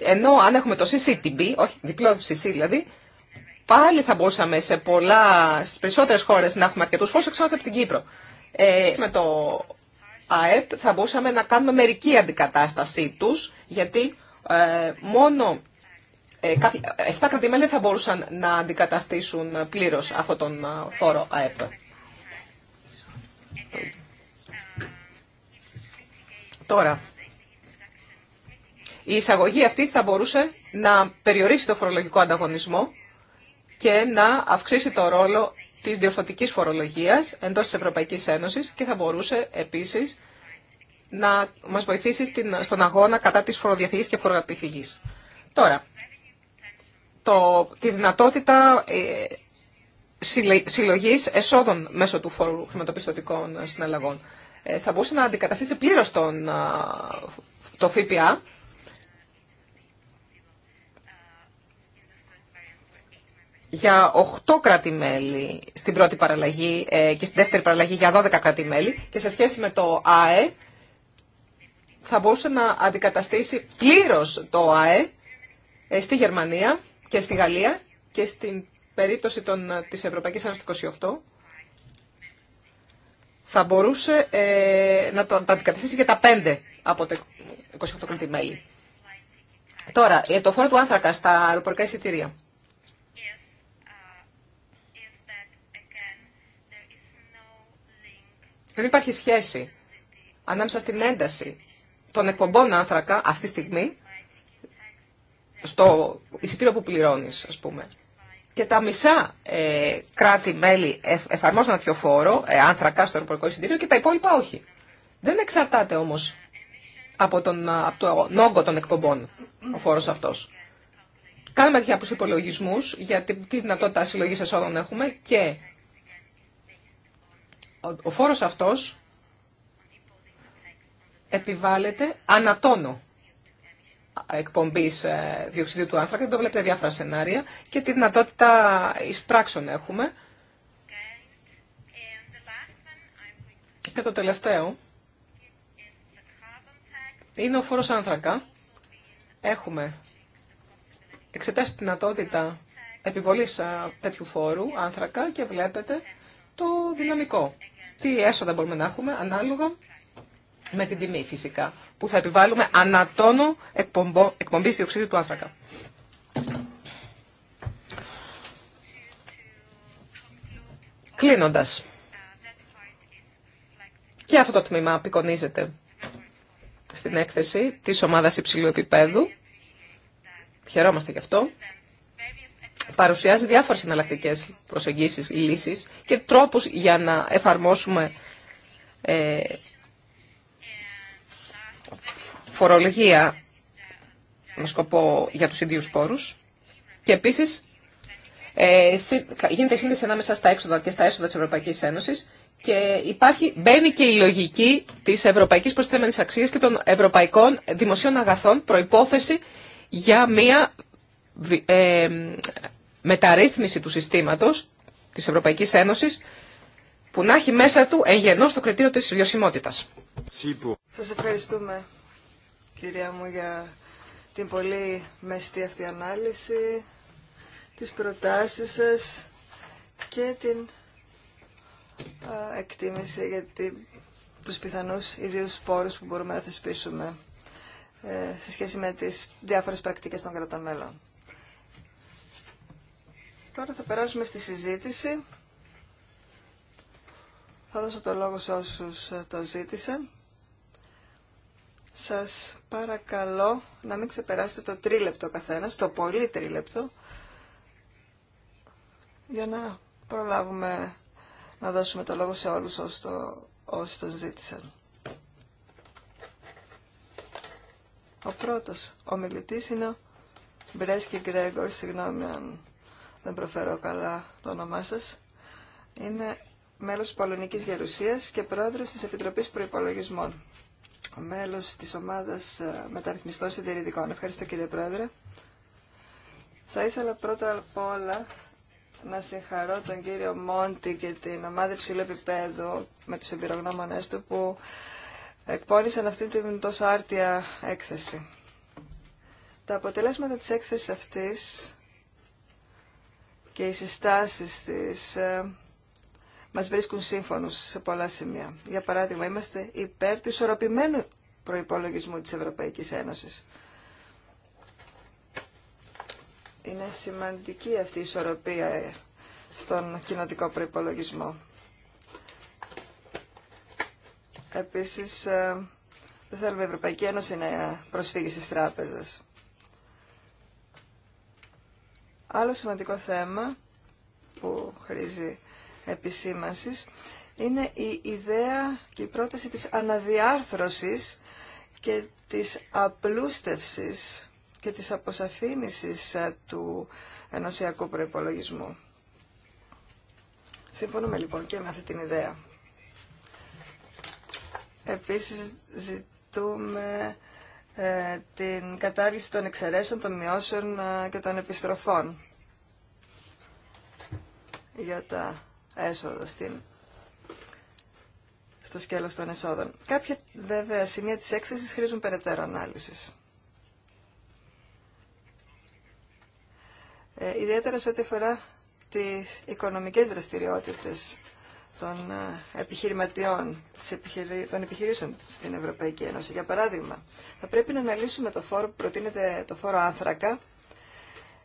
Ενώ αν έχουμε το CCTB, όχι διπλό CC δηλαδή, πάλι θα μπορούσαμε σε πολλά, στις περισσότερες χώρες να έχουμε αρκετούς φόρους, εξαρτάται από την Κύπρο. Ε, με το ΑΕΠ θα μπορούσαμε να κάνουμε μερική αντικατάστασή τους, γιατί ε, μόνο ε, κάποια, 7 δεν θα μπορούσαν να αντικαταστήσουν πλήρως αυτόν τον ε, φόρο ΑΕΠ. Τώρα, η εισαγωγή αυτή θα μπορούσε να περιορίσει το φορολογικό ανταγωνισμό και να αυξήσει το ρόλο της διορθωτικής φορολογίας εντός της Ευρωπαϊκής Ένωσης και θα μπορούσε επίσης να μας βοηθήσει στον αγώνα κατά της φοροδιαφυγής και φοροαπηφυγής. Τώρα, το, τη δυνατότητα ε, συλλογής εσόδων μέσω του φόρου χρηματοπιστωτικών συναλλαγών ε, θα μπορούσε να αντικαταστήσει πλήρως τον, το ΦΠΑ για 8 κράτη-μέλη στην πρώτη παραλλαγή ε, και στην δεύτερη παραλλαγή για 12 κράτη-μέλη και σε σχέση με το ΑΕ θα μπορούσε να αντικαταστήσει πλήρως το ΑΕ ε, στη Γερμανία και στη Γαλλία και στην περίπτωση των, ε, της Ευρωπαϊκής Ένωσης του 28 θα μπορούσε να το να αντικαταστήσει για τα 5 από τα 28 κράτη-μέλη. Τώρα, το φόρο του άνθρακα στα αεροπορικά εισιτήρια. Δεν υπάρχει σχέση ανάμεσα στην ένταση των εκπομπών άνθρακα αυτή τη στιγμή στο εισιτήριο που πληρώνεις, ας πούμε. Και τα μισά ε, κράτη-μέλη εφαρμόζουν τέτοιο φόρο, ε, άνθρακα στο ευρωπαϊκό εισιτήριο και τα υπόλοιπα όχι. Δεν εξαρτάται όμως από τον, από το όγκο των εκπομπών ο φόρος αυτός. Κάνουμε του υπολογισμού για τη δυνατότητα συλλογή εσόδων έχουμε και ο φόρος αυτός επιβάλλεται ανατόνο εκπομπής ε, διοξιδίου του άνθρακα, δεν το βλέπετε διάφορα σενάρια και τη δυνατότητα εισπράξεων έχουμε. Και το τελευταίο είναι ο φόρος άνθρακα. Έχουμε εξετάσει τη δυνατότητα επιβολής ε, τέτοιου φόρου άνθρακα και βλέπετε το δυναμικό τι έσοδα μπορούμε να έχουμε ανάλογα με την τιμή φυσικά που θα επιβάλλουμε ανατόνο εκπομπής διοξίδιου του άνθρακα. Κλείνοντας, και αυτό το τμήμα απεικονίζεται στην έκθεση της ομάδας υψηλού επίπεδου. Χαιρόμαστε γι' αυτό παρουσιάζει διάφορες εναλλακτικέ προσεγγίσεις, λύσεις και τρόπους για να εφαρμόσουμε ε, φορολογία με σκοπό για τους ίδιους πόρους και επίσης ε, γίνεται σύνδεση ανάμεσα στα έξοδα και στα έσοδα της Ευρωπαϊκής Ένωσης και υπάρχει, μπαίνει και η λογική της ευρωπαϊκής προσθέμενης αξίας και των ευρωπαϊκών δημοσίων αγαθών προϋπόθεση για μια μεταρρύθμιση του συστήματος της Ευρωπαϊκής Ένωσης που να έχει μέσα του εγγενώς το κριτήριο της βιωσιμότητας. Σας ευχαριστούμε κυρία μου για την πολύ μεστή αυτή ανάλυση, τις προτάσεις σας και την εκτίμηση για του τους πιθανούς ιδίους πόρους που μπορούμε να θεσπίσουμε ε, σε σχέση με τις διάφορες πρακτικές των κρατών μέλων. Τώρα θα περάσουμε στη συζήτηση. Θα δώσω το λόγο σε όσους ε, το ζήτησαν. Σας παρακαλώ να μην ξεπεράσετε το τρίλεπτο καθένας, το πολύ τρίλεπτο, για να προλάβουμε να δώσουμε το λόγο σε όλους όσοι το, το ζήτησαν. Ο πρώτος ομιλητής είναι ο Μπρέσκι Γκρέγκορ, συγγνώμη αν δεν προφέρω καλά το όνομά σα. είναι μέλος τη Πολωνικής Γερουσίας και πρόεδρος της Επιτροπής Προϋπολογισμών, μέλος της ομάδας ε, μεταρρυθμιστών συντηρητικών. Ευχαριστώ κύριε Πρόεδρε. Θα ήθελα πρώτα απ' όλα να συγχαρώ τον κύριο Μόντι και την ομάδα υψηλού επίπεδου με τους εμπειρογνώμονές του που εκπώνησαν αυτή την τόσο άρτια έκθεση. Τα αποτελέσματα της έκθεσης αυτής και οι συστάσεις της ε, μας βρίσκουν σύμφωνους σε πολλά σημεία. Για παράδειγμα, είμαστε υπέρ του ισορροπημένου προϋπολογισμού της Ευρωπαϊκής Ένωσης. Είναι σημαντική αυτή η ισορροπία ε, στον κοινοτικό προϋπολογισμό. Επίσης, ε, δεν θέλουμε η Ευρωπαϊκή Ένωση να προσφύγει στις τράπεζες. Άλλο σημαντικό θέμα που χρήζει επισήμανσης είναι η ιδέα και η πρόταση της αναδιάρθρωσης και της απλούστευσης και της αποσαφήνισης ε, του ενωσιακού προϋπολογισμού. Συμφωνούμε λοιπόν και με αυτή την ιδέα. Επίσης ζητούμε ε, την κατάργηση των εξαιρέσεων, των μειώσεων ε, και των επιστροφών για τα έσοδα στην, στο σκέλος των εσόδων. Κάποια βέβαια σημεία της έκθεσης χρήζουν περαιτέρω ανάλυσης. Ε, ιδιαίτερα σε ό,τι αφορά τις οικονομικές δραστηριότητες των ε, επιχειρηματιών, των επιχειρήσεων στην Ευρωπαϊκή Ένωση. Για παράδειγμα, θα πρέπει να αναλύσουμε το φόρο που προτείνεται το φόρο άνθρακα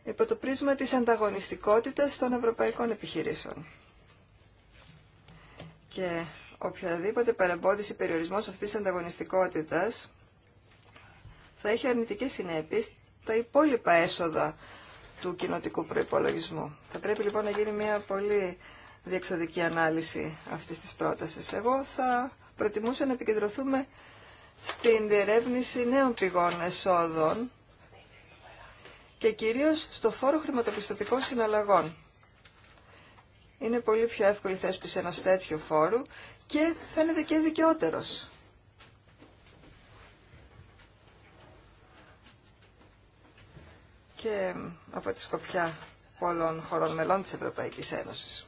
υπό το πρίσμα της ανταγωνιστικότητας των ευρωπαϊκών επιχειρήσεων. Και οποιαδήποτε παρεμπόδιση περιορισμός αυτής της ανταγωνιστικότητας θα έχει αρνητικές συνέπειες τα υπόλοιπα έσοδα του κοινοτικού προϋπολογισμού. Θα πρέπει λοιπόν να γίνει μια πολύ διεξοδική ανάλυση αυτής της πρότασης. Εγώ θα προτιμούσα να επικεντρωθούμε στην διερεύνηση νέων πηγών εσόδων και κυρίως στο φόρο χρηματοπιστωτικών συναλλαγών. Είναι πολύ πιο εύκολη θέσπιση ενός τέτοιου φόρου και φαίνεται και δικαιότερος. και από τη σκοπιά πολλών χωρών μελών της Ευρωπαϊκής Ένωσης.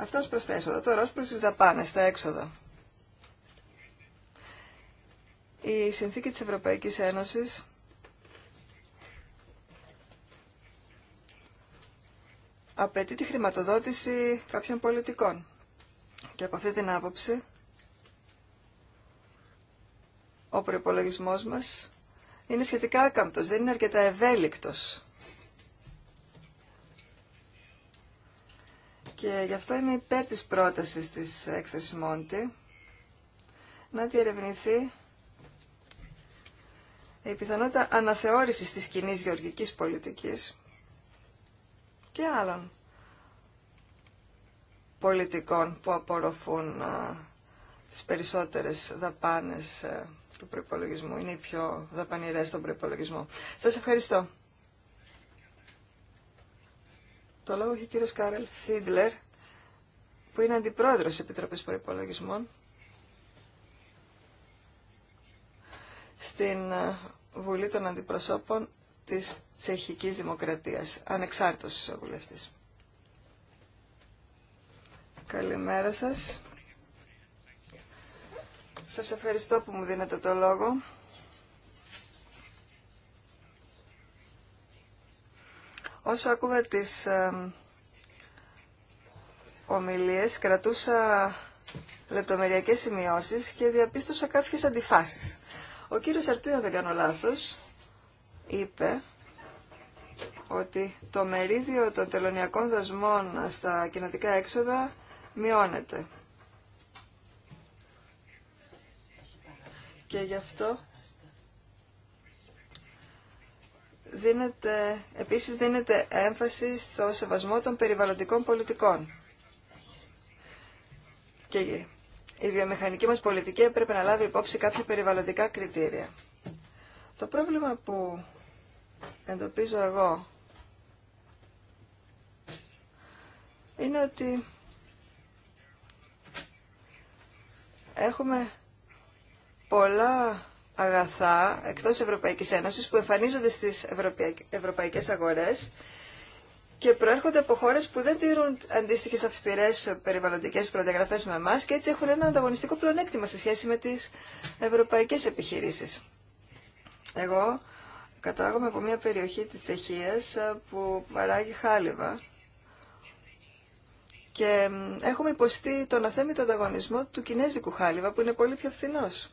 Αυτός προς τα έσοδα. Τώρα ως προς τις δαπάνες, τα έξοδα. Η συνθήκη της Ευρωπαϊκής Ένωσης απαιτεί τη χρηματοδότηση κάποιων πολιτικών. Και από αυτή την άποψη ο προπολογισμό μας είναι σχετικά άκαμπτος, δεν είναι αρκετά ευέλικτος. Και γι' αυτό είμαι υπέρ της πρότασης της έκθεσης Μόντι να διερευνηθεί η πιθανότητα αναθεώρησης της κοινή γεωργικής πολιτικής και άλλων πολιτικών που απορροφούν α, τις περισσότερες δαπάνες ε, του προϋπολογισμού. Είναι οι πιο δαπανηρές στον προϋπολογισμό. Σας ευχαριστώ. Το λόγο έχει ο κύριος Κάρελ Φίντλερ, που είναι αντιπρόεδρος της Επιτροπής Προϋπολογισμών. Στην ε, Βουλή των Αντιπροσώπων της Τσεχικής Δημοκρατίας, ανεξάρτητος βουλευτής. Καλημέρα σας. Σας ευχαριστώ που μου δίνετε το λόγο. Όσο άκουγα τις ομιλίες, κρατούσα λεπτομεριακές σημειώσεις και διαπίστωσα κάποιες αντιφάσεις. Ο κύριος Αρτούια, αν δεν κάνω λάθος, είπε ότι το μερίδιο των τελωνιακών δασμών στα κοινοτικά έξοδα μειώνεται. Και γι' αυτό δίνεται, επίσης δίνεται έμφαση στο σεβασμό των περιβαλλοντικών πολιτικών. Και η βιομηχανική μας πολιτική έπρεπε να λάβει υπόψη κάποια περιβαλλοντικά κριτήρια. Το πρόβλημα που εντοπίζω εγώ είναι ότι έχουμε πολλά αγαθά εκτός Ευρωπαϊκής Ένωσης που εμφανίζονται στις ευρωπαϊκές αγορές και προέρχονται από χώρες που δεν τηρούν αντίστοιχες αυστηρές περιβαλλοντικές προδιαγραφές με εμά και έτσι έχουν ένα ανταγωνιστικό πλονέκτημα σε σχέση με τις ευρωπαϊκές επιχειρήσεις. Εγώ κατάγομαι από μια περιοχή της Τσεχίας ε, που παράγει χάλιβα και έχουμε υποστεί τον αθέμητο ανταγωνισμό του κινέζικου χάλιβα που είναι πολύ πιο φθηνός.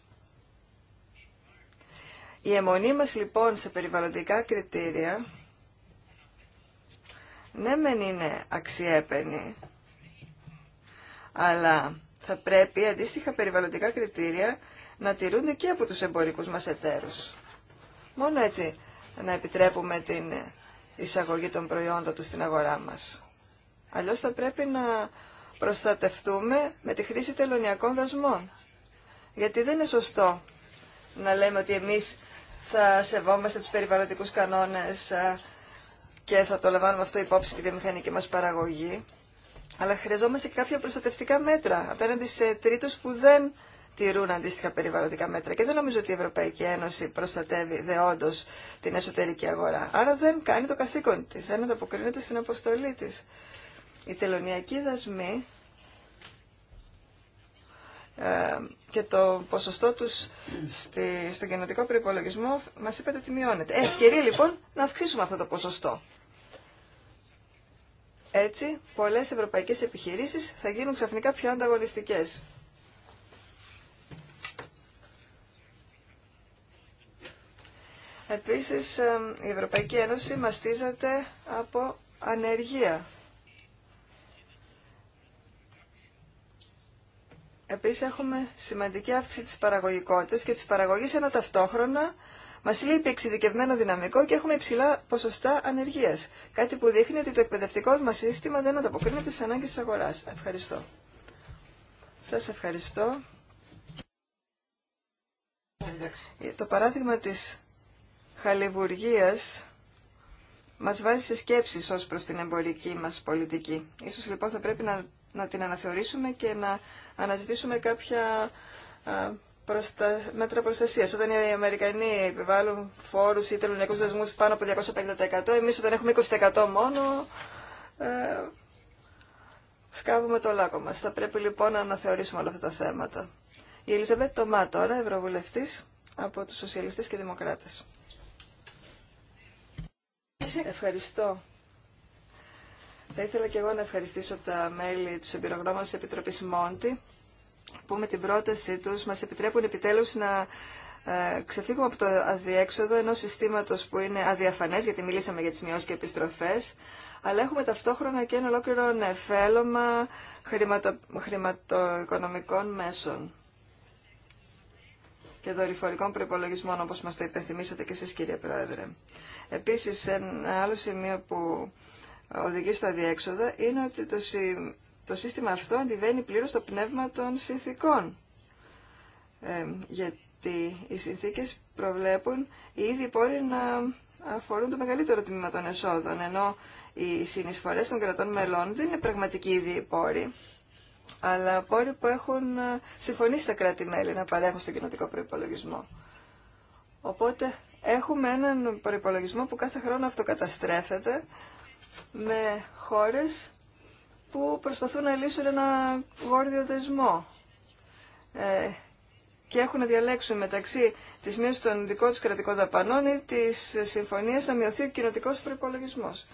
Η αιμονή μας λοιπόν σε περιβαλλοντικά κριτήρια ναι μεν είναι αξιέπαινη, αλλά θα πρέπει αντίστοιχα περιβαλλοντικά κριτήρια να τηρούνται και από τους εμπορικούς μας εταίρους. Μόνο έτσι να επιτρέπουμε την εισαγωγή των προϊόντων του στην αγορά μας. Αλλιώς θα πρέπει να προστατευτούμε με τη χρήση τελωνιακών δασμών. Γιατί δεν είναι σωστό να λέμε ότι εμείς θα σεβόμαστε τους περιβαλλοντικούς κανόνες ε, και θα το λαμβάνουμε αυτό υπόψη στη βιομηχανική μας παραγωγή. Αλλά χρειαζόμαστε και κάποια προστατευτικά μέτρα απέναντι σε τρίτους που δεν τηρούν αντίστοιχα περιβαλλοντικά μέτρα. Και δεν νομίζω ότι η Ευρωπαϊκή Ένωση προστατεύει δεόντως την εσωτερική αγορά. Άρα δεν κάνει το καθήκον της, δεν ανταποκρίνεται στην αποστολή της. Οι τελωνιακοί δασμοί ε, και το ποσοστό τους στη, στον κοινοτικό προϋπολογισμό μας είπατε ότι μειώνεται. Ε, ευκαιρία λοιπόν να αυξήσουμε αυτό το ποσοστό. Έτσι, πολλές ευρωπαϊκές επιχειρήσεις θα γίνουν ξαφνικά πιο ανταγωνιστικές. Επίσης, ε, η Ευρωπαϊκή Ένωση μαστίζεται από ανεργία Επίσης έχουμε σημαντική αύξηση της παραγωγικότητας και της παραγωγής ενώ ταυτόχρονα μας λείπει εξειδικευμένο δυναμικό και έχουμε υψηλά ποσοστά ανεργίας. Κάτι που δείχνει ότι το εκπαιδευτικό μας σύστημα δεν ανταποκρίνεται στις ανάγκες της αγοράς. Ευχαριστώ. Σας ευχαριστώ. Εντάξει. Το παράδειγμα της χαλιβουργίας μας βάζει σε σκέψεις ως προς την εμπορική μας πολιτική. Ίσως λοιπόν θα πρέπει να να την αναθεωρήσουμε και να αναζητήσουμε κάποια μέτρα προστασίας. Όταν οι Αμερικανοί επιβάλλουν φόρους ή τελωνιακούς δεσμούς πάνω από 250%, εμείς όταν έχουμε 20% μόνο, ε, σκάβουμε το λάκκο μας. Θα πρέπει λοιπόν να αναθεωρήσουμε όλα αυτά τα θέματα. Η Ελισάβετ Τωμά τώρα, Ευρωβουλευτής από τους Σοσιαλιστές και Δημοκράτες. Ευχαριστώ. Θα ήθελα και εγώ να ευχαριστήσω τα μέλη του εμπειρογνώμων τη Επιτροπής Μόντι που με την πρότασή του μα επιτρέπουν επιτέλου να ε, ξεφύγουμε από το αδιέξοδο ενό συστήματο που είναι αδιαφανέ, γιατί μιλήσαμε για τι μειώσει και επιστροφές, αλλά έχουμε ταυτόχρονα και ένα ολόκληρο νεφέλωμα χρηματο, χρηματοοικονομικών μέσων και δορυφορικών προπολογισμών, όπω μα το υπενθυμίσατε και εσεί, κύριε Πρόεδρε. Επίση, ένα άλλο σημείο που οδηγεί στο αδιέξοδο είναι ότι το, το σύστημα αυτό αντιβαίνει πλήρως το πνεύμα των συνθήκων. γιατί οι συνθήκες προβλέπουν οι ίδιοι πόροι να αφορούν το μεγαλύτερο τμήμα των εσόδων, ενώ οι συνεισφορές των κρατών μελών δεν είναι πραγματικοί ίδιοι πόροι, αλλά πόροι που έχουν ε, συμφωνήσει τα κράτη-μέλη να παρέχουν στον κοινοτικό προϋπολογισμό. Οπότε έχουμε έναν προϋπολογισμό που κάθε χρόνο αυτοκαταστρέφεται, με χώρες που προσπαθούν να λύσουν ένα γόρδιο δεσμό ε, και έχουν να διαλέξουν μεταξύ της μείωσης των δικών τους κρατικών δαπανών ή της συμφωνίας να μειωθεί ο κοινοτικός προϋπολογισμός.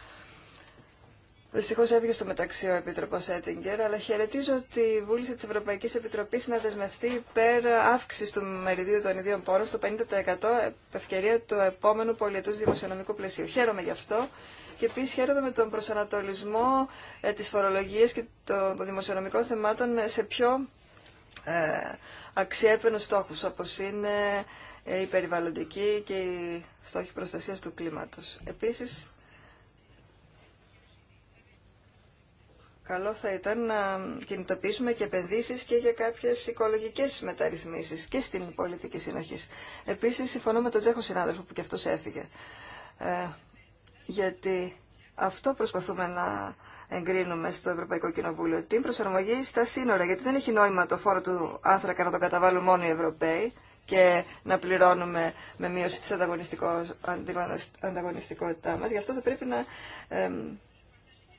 Δυστυχώ έβγε στο μεταξύ ο Επίτροπο Έτιγκερ, αλλά χαιρετίζω τη βούληση τη Ευρωπαϊκή Επιτροπή να δεσμευτεί υπέρ αύξηση του μεριδίου των ιδίων πόρων στο 50% ευκαιρία του επόμενου πολιετού δημοσιονομικού πλαισίου. Χαίρομαι γι' αυτό και επίση χαίρομαι με τον προσανατολισμό ε, τη φορολογία και των δημοσιονομικών θεμάτων ε, σε πιο ε, αξιέπαινου στόχου, όπω είναι η περιβαλλοντική και η στόχη προστασία του κλίματο. Επίση, καλό θα ήταν να κινητοποιήσουμε και επενδύσεις και για κάποιες οικολογικές μεταρρυθμίσεις και στην πολιτική συνοχή. Επίσης, συμφωνώ με τον Τζέχο συνάδελφο που και αυτός έφυγε γιατί αυτό προσπαθούμε να εγκρίνουμε στο Ευρωπαϊκό Κοινοβούλιο, την προσαρμογή στα σύνορα, γιατί δεν έχει νόημα το φόρο του άνθρακα να τον καταβάλουν μόνο οι Ευρωπαίοι και να πληρώνουμε με μείωση της ανταγωνιστικότητά μας. Γι' αυτό θα πρέπει να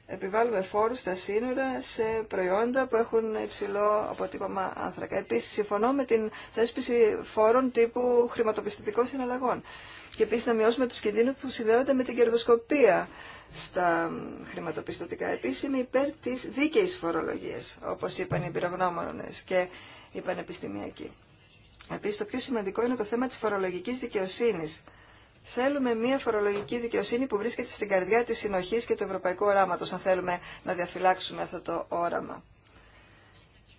επιβάλλουμε φόρους στα σύνορα σε προϊόντα που έχουν υψηλό αποτύπωμα άνθρακα. Επίσης, συμφωνώ με την θέσπιση φόρων τύπου χρηματοπιστωτικών συναλλαγών και επίση να μειώσουμε τους κινδύνου που συνδέονται με την κερδοσκοπία στα χρηματοπιστωτικά. επίσημη είμαι υπέρ τη δίκαιη φορολογία, όπως είπαν οι εμπειρογνώμονε και οι πανεπιστημιακοί. Επίση το πιο σημαντικό είναι το θέμα της φορολογική δικαιοσύνης. Θέλουμε μια φορολογική δικαιοσύνη που βρίσκεται στην καρδιά της συνοχής και του ευρωπαϊκού οράματος, αν θέλουμε να διαφυλάξουμε αυτό το όραμα.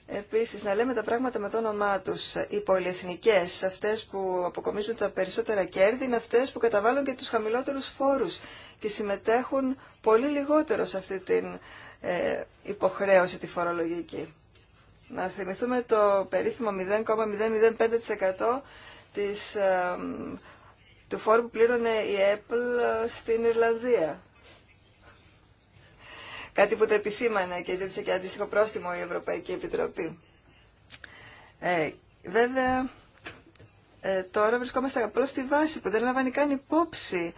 Επίσης, να λέμε τα πράγματα με το όνομά τους. Οι πολυεθνικές, αυτές που αποκομίζουν τα περισσότερα κέρδη, είναι αυτές που καταβάλουν και τους χαμηλότερους φόρους και συμμετέχουν πολύ λιγότερο σε αυτή την ε, υποχρέωση τη φορολογική. Να θυμηθούμε το περίφημο 0,005% της, ε, του φόρου που πλήρωνε η Apple στην Ιρλανδία. Κάτι που το επισήμανε και ζήτησε και αντίστοιχο πρόστιμο η Ευρωπαϊκή Επιτροπή. Ε, βέβαια, ε, τώρα βρισκόμαστε απλώς στη βάση που δεν λαμβάνει καν υπόψη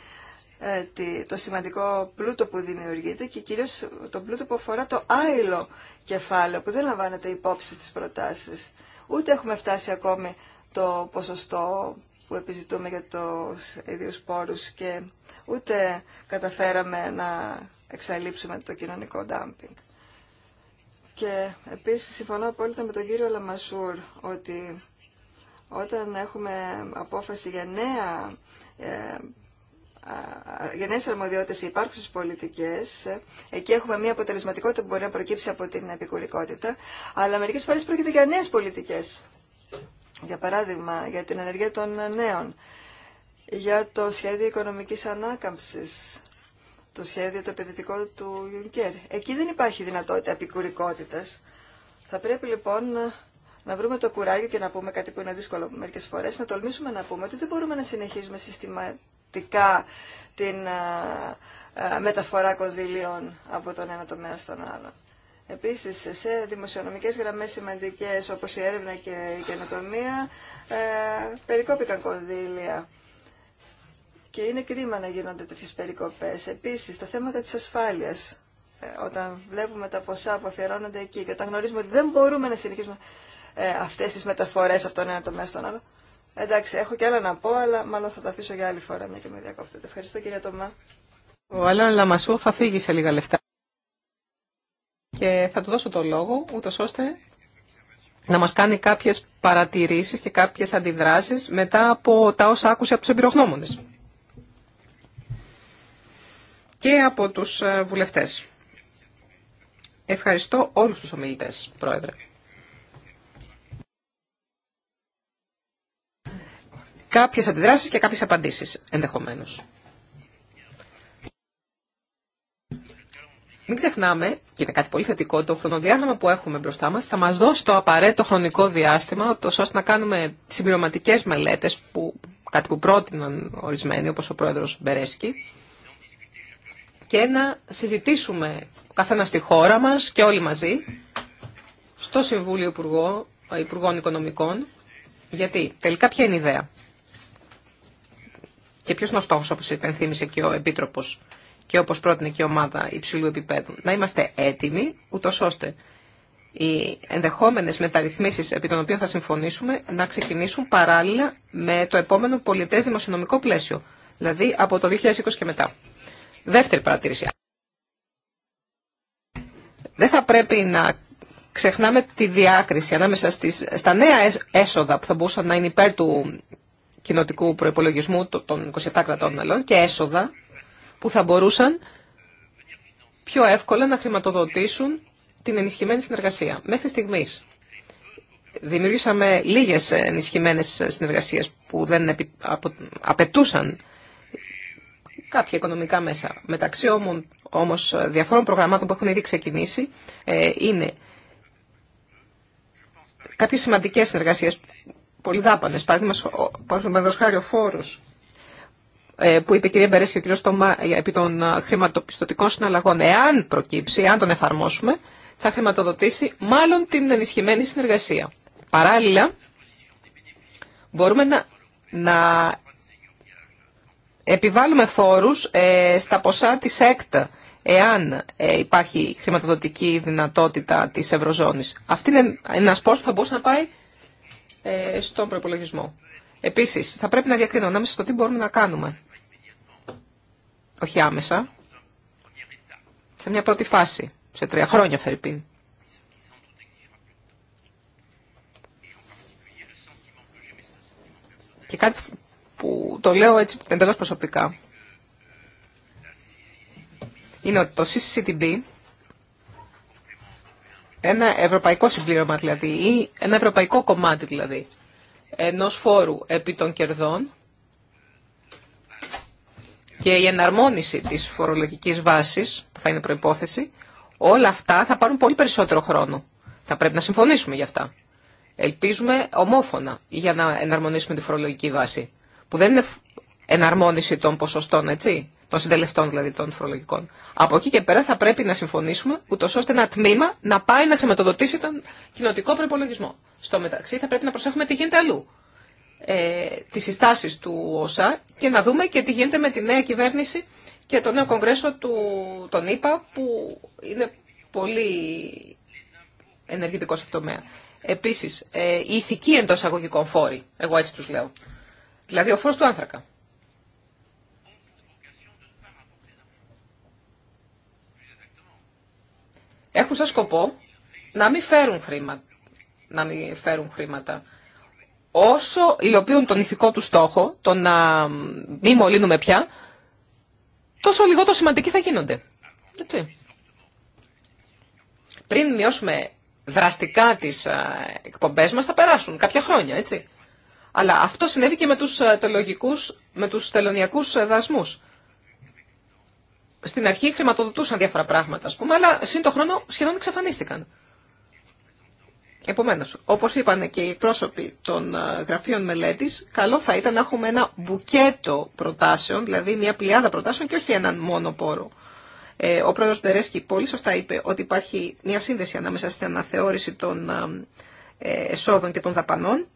ε, το σημαντικό πλούτο που δημιουργείται και κυρίως το πλούτο που αφορά το άειλο κεφάλαιο που δεν λαμβάνεται υπόψη στις προτάσεις. Ούτε έχουμε φτάσει ακόμη το ποσοστό που επιζητούμε για τους ίδιους πόρους και ούτε καταφέραμε να εξαλείψουμε το κοινωνικό ντάμπινγκ. Και επίσης συμφωνώ απόλυτα με τον κύριο Λαμασούρ ότι όταν έχουμε απόφαση για νέα ε, για νέε αρμοδιότητε οι υπάρχουσε πολιτικέ. Ε, εκεί έχουμε μια αποτελεσματικότητα που μπορεί να προκύψει από την επικουρικότητα. Αλλά μερικέ φορέ πρόκειται για νέε πολιτικέ. Για παράδειγμα, για την ενεργεία των νέων, για το σχέδιο οικονομική ανάκαμψη το σχέδιο το επενδυτικό του Γιουνκέρ. Εκεί δεν υπάρχει δυνατότητα επικουρικότητας. Θα πρέπει λοιπόν να, βρούμε το κουράγιο και να πούμε κάτι που είναι δύσκολο μερικές φορές, να τολμήσουμε να πούμε ότι δεν μπορούμε να συνεχίζουμε συστηματικά την μεταφορά κονδυλίων από τον ένα τομέα στον άλλο. Επίσης, σε δημοσιονομικές γραμμέ σημαντικέ, όπω η έρευνα και η καινοτομία, ε, περικόπηκαν κονδύλια και είναι κρίμα να γίνονται τέτοιε περικοπέ. Επίση, τα θέματα της ασφάλειας, ε, όταν βλέπουμε τα ποσά που αφιερώνονται εκεί και όταν γνωρίζουμε ότι δεν μπορούμε να συνεχίσουμε ε, αυτές τις μεταφορές από τον ένα τομέα στον άλλο. Εντάξει, έχω και άλλα να πω, αλλά μάλλον θα τα αφήσω για άλλη φορά, μια και με διακόπτετε. Ευχαριστώ κύριε Τωμά. Ο Αλέων Λαμασού θα φύγει σε λίγα λεφτά και θα του δώσω το λόγο, ούτω ώστε να μας κάνει κάποιες παρατηρήσεις και κάποιες αντιδράσεις μετά από τα όσα άκουσε από του εμπειρογνώμονες και από τους ε, βουλευτές. Ευχαριστώ όλους τους ομιλητές, Πρόεδρε. Κάποιες αντιδράσεις και κάποιες απαντήσεις, ενδεχομένως. Μην ξεχνάμε, και είναι κάτι πολύ θετικό, το χρονοδιάγραμμα που έχουμε μπροστά μας θα μας δώσει το απαραίτητο χρονικό διάστημα, ώστε να κάνουμε συμπληρωματικές μελέτες, που, κάτι που πρότειναν ορισμένοι, όπως ο πρόεδρος Μπερέσκι, και να συζητήσουμε ο καθένα στη χώρα μα και όλοι μαζί στο Συμβούλιο Υπουργό, Υπουργών Οικονομικών. Γιατί τελικά ποια είναι η ιδέα. Και ποιο είναι ο στόχο, όπω υπενθύμησε και ο Επίτροπο και όπω πρότεινε και η ομάδα υψηλού επίπεδου. Να είμαστε έτοιμοι, ούτω ώστε οι ενδεχόμενε μεταρρυθμίσει επί των οποίων θα συμφωνήσουμε να ξεκινήσουν παράλληλα με το επόμενο πολιτέ δημοσιονομικό πλαίσιο. Δηλαδή από το 2020 και μετά. Δεύτερη παρατήρηση. Δεν θα πρέπει να ξεχνάμε τη διάκριση ανάμεσα στις, στα νέα έσοδα που θα μπορούσαν να είναι υπέρ του κοινοτικού προϋπολογισμού των 27 κρατών μελών και έσοδα που θα μπορούσαν πιο εύκολα να χρηματοδοτήσουν την ενισχυμένη συνεργασία. Μέχρι στιγμής δημιουργήσαμε λίγες ενισχυμένες συνεργασίες που δεν απαιτούσαν κάποια οικονομικά μέσα. Μεταξύ όμως διαφόρων προγραμμάτων που έχουν ήδη ξεκινήσει ε, είναι κάποιες σημαντικές συνεργασίες, πολύ δάπανες, παράδειγμα χάρη ο φόρος ε, που είπε η κυρία Μπερέση και ο κύριος Στομά ε, επί των χρηματοπιστωτικών συναλλαγών, εάν προκύψει, εάν τον εφαρμόσουμε, θα χρηματοδοτήσει μάλλον την ενισχυμένη συνεργασία. Παράλληλα, μπορούμε να, να επιβάλλουμε φόρους ε, στα ποσά της ΕΚΤ εάν ε, υπάρχει χρηματοδοτική δυνατότητα της Ευρωζώνης. Αυτή είναι ένα πόρος που θα μπορούσε να πάει ε, στον προπολογισμό. Επίσης, θα πρέπει να διακρίνω ανάμεσα στο τι μπορούμε να κάνουμε. Όχι άμεσα. Σε μια πρώτη φάση. Σε τρία χρόνια, Φερρυπίν. Και κάτι που το λέω έτσι εντελώ προσωπικά είναι ότι το CCTB, ένα ευρωπαϊκό συμπλήρωμα δηλαδή, ή ένα ευρωπαϊκό κομμάτι δηλαδή, ενός φόρου επί των κερδών και η εναρμόνιση της φορολογικής βάσης, που θα είναι προϋπόθεση, όλα αυτά θα πάρουν πολύ περισσότερο χρόνο. Θα πρέπει να συμφωνήσουμε γι' αυτά. Ελπίζουμε ομόφωνα για να εναρμονίσουμε τη φορολογική βάση που δεν είναι εναρμόνιση των ποσοστών, έτσι, των συντελεστών δηλαδή των φορολογικών. Από εκεί και πέρα θα πρέπει να συμφωνήσουμε, ούτω ώστε ένα τμήμα να πάει να χρηματοδοτήσει τον κοινοτικό προπολογισμό. Στο μεταξύ θα πρέπει να προσέχουμε τι γίνεται αλλού. Ε, τις συστάσεις του ΩΣΑ και να δούμε και τι γίνεται με τη νέα κυβέρνηση και το νέο κογκρέσο του, τον ΙΠΑ που είναι πολύ ενεργητικό σε αυτό το τομέα. Επίσης, η ε, ηθική εντός αγωγικών φόρη, εγώ έτσι τους λέω. Δηλαδή ο φως του άνθρακα. Έχουν σαν σκοπό να μην φέρουν χρήματα. Να μην φέρουν χρήματα. Όσο υλοποιούν τον ηθικό του στόχο, το να μην μολύνουμε πια, τόσο λιγότερο σημαντικοί θα γίνονται. Έτσι. Πριν μειώσουμε δραστικά τις εκπομπές μας, θα περάσουν κάποια χρόνια, έτσι. Αλλά αυτό συνέβη και με τους, ε, τελογικούς, με τους τελωνιακούς ε, δασμούς. Στην αρχή χρηματοδοτούσαν διάφορα πράγματα, ας πούμε, αλλά σύν χρόνο σχεδόν εξαφανίστηκαν. Επομένω, όπω είπαν και οι πρόσωποι των ε, γραφείων μελέτη, καλό θα ήταν να έχουμε ένα μπουκέτο προτάσεων, δηλαδή μια πλειάδα προτάσεων και όχι έναν μόνο πόρο. ο πρόεδρο Μπερέσκι πολύ σωστά είπε ότι υπάρχει μια σύνδεση ανάμεσα στην αναθεώρηση των εσόδων και των δαπανών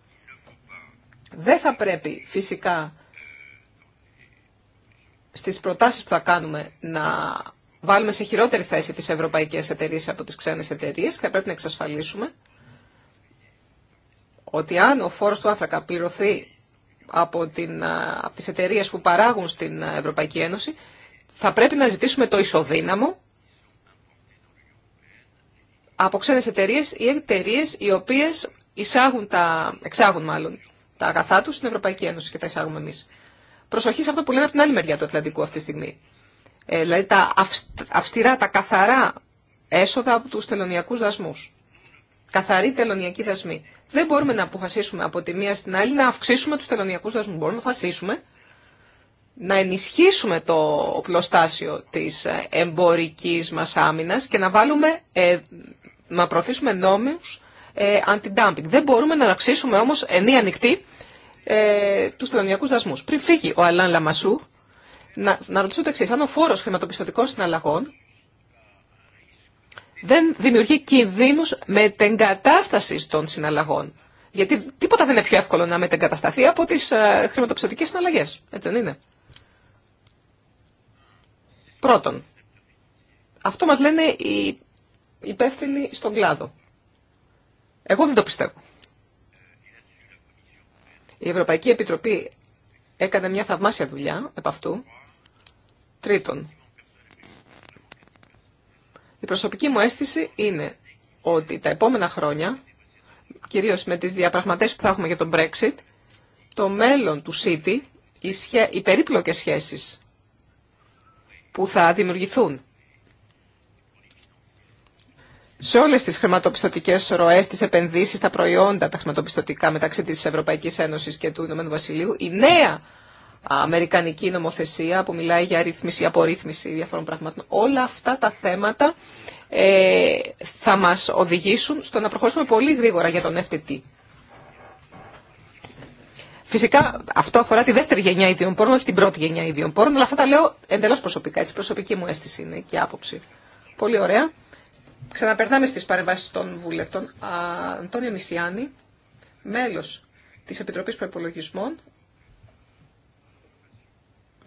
δεν θα πρέπει φυσικά στις προτάσεις που θα κάνουμε να βάλουμε σε χειρότερη θέση τις ευρωπαϊκές εταιρείες από τις ξένες εταιρείες. Θα πρέπει να εξασφαλίσουμε ότι αν ο φόρος του άνθρακα πληρωθεί από, την, από τις εταιρείες που παράγουν στην Ευρωπαϊκή Ένωση, θα πρέπει να ζητήσουμε το ισοδύναμο από ξένες εταιρείες ή εταιρείες οι οποίες εισάγουν τα, εξάγουν μάλλον τα αγαθά του στην Ευρωπαϊκή Ένωση και τα εισάγουμε εμεί. Προσοχή σε αυτό που λένε από την άλλη μεριά του Ατλαντικού αυτή τη στιγμή. Ε, δηλαδή τα αυστηρά, τα καθαρά έσοδα από του τελωνιακού δασμού. Καθαρή τελωνιακή δασμή. Δεν μπορούμε να αποφασίσουμε από τη μία στην άλλη να αυξήσουμε του τελωνιακού δασμού. Μπορούμε να αποφασίσουμε να ενισχύσουμε το οπλοστάσιο της ε, εμπορικής μας άμυνας και να βάλουμε, ε, να προωθήσουμε νόμους anti-dumping. Ε, δεν μπορούμε να αυξήσουμε όμως ενή ανοιχτή ε, του τελωνιακού δασμούς. Πριν φύγει ο Αλάν Λαμασού, να, να ρωτήσω το εξή. Αν ο φόρος χρηματοπιστωτικών συναλλαγών δεν δημιουργεί κινδύνους με την κατάσταση των συναλλαγών. Γιατί τίποτα δεν είναι πιο εύκολο να μετεγκατασταθεί από τις ε, χρηματοπιστωτικέ συναλλαγέ. Έτσι δεν είναι. Πρώτον, αυτό μας λένε οι υπεύθυνοι στον κλάδο. Εγώ δεν το πιστεύω. Η Ευρωπαϊκή Επιτροπή έκανε μια θαυμάσια δουλειά επ' αυτού. Τρίτον, η προσωπική μου αίσθηση είναι ότι τα επόμενα χρόνια, κυρίως με τις διαπραγματεύσεις που θα έχουμε για τον Brexit, το μέλλον του City, οι, οι περίπλοκες σχέσεις που θα δημιουργηθούν σε όλε τι χρηματοπιστωτικέ ροέ, τι επενδύσει, τα προϊόντα, τα χρηματοπιστωτικά μεταξύ τη Ευρωπαϊκή Ένωση και του Ηνωμένου Βασιλείου, η νέα αμερικανική νομοθεσία που μιλάει για ρύθμιση, απορρίθμιση διαφορών πραγμάτων. Όλα αυτά τα θέματα ε, θα μας οδηγήσουν στο να προχωρήσουμε πολύ γρήγορα για τον FTT. Φυσικά αυτό αφορά τη δεύτερη γενιά ιδίων πόρων, όχι την πρώτη γενιά ιδίων πόρων, αλλά αυτά τα λέω εντελώς προσωπικά, έτσι προσωπική μου αίσθηση είναι και άποψη. Πολύ ωραία. Ξαναπερνάμε στις παρεμβάσεις των βουλευτών. Αντώνιο Μισιάνη, μέλος της Επιτροπής Προϋπολογισμών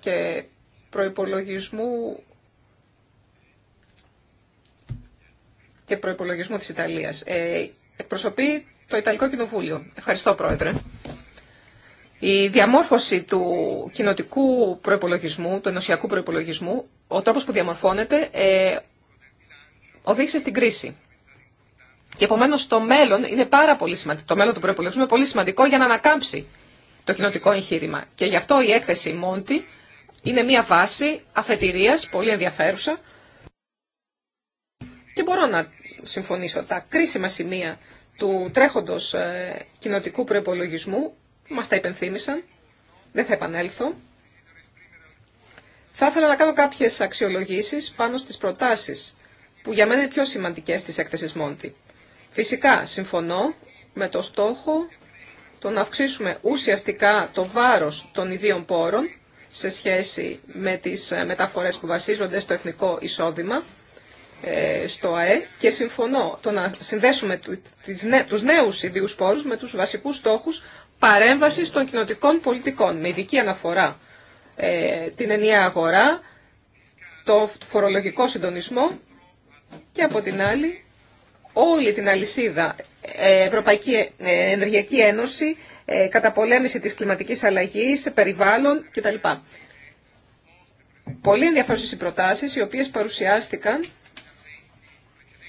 και προϋπολογισμού και προϋπολογισμού της Ιταλίας. Ε, εκπροσωπεί το Ιταλικό Κοινοβούλιο. Ευχαριστώ, Πρόεδρε. Η διαμόρφωση του κοινοτικού προϋπολογισμού, του ενωσιακού προϋπολογισμού, ο τρόπος που διαμορφώνεται, ε, οδήγησε στην κρίση. Και επομένω το μέλλον είναι πάρα πολύ σημαντικό. Το μέλλον του προπολογισμού είναι πολύ σημαντικό για να ανακάμψει το κοινοτικό εγχείρημα. Και γι' αυτό η έκθεση Μόντι είναι μια βάση αφετηρίας, πολύ ενδιαφέρουσα. Και μπορώ να συμφωνήσω. Τα κρίσιμα σημεία του τρέχοντος ε, κοινοτικού προπολογισμού Μα τα υπενθύμησαν. Δεν θα επανέλθω. Θα ήθελα να κάνω κάποιες αξιολογήσεις πάνω στις προτάσεις που για μένα είναι πιο σημαντικές της έκθεσης Μόντι. Φυσικά, συμφωνώ με το στόχο το να αυξήσουμε ουσιαστικά το βάρος των ιδίων πόρων σε σχέση με τις ε, μεταφορές που βασίζονται στο εθνικό εισόδημα, ε, στο ΑΕ και συμφωνώ το να συνδέσουμε τους νέους ιδίους πόρους με τους βασικούς στόχους παρέμβασης των κοινοτικών πολιτικών με ειδική αναφορά ε, την ενιαία αγορά, το φορολογικό συντονισμό και από την άλλη όλη την αλυσίδα ε, Ευρωπαϊκή ε, Ενεργειακή Ένωση, ε, καταπολέμηση της κλιματικής αλλαγής, περιβάλλον κτλ. Πολύ ενδιαφέρουσες οι προτάσεις, οι οποίες παρουσιάστηκαν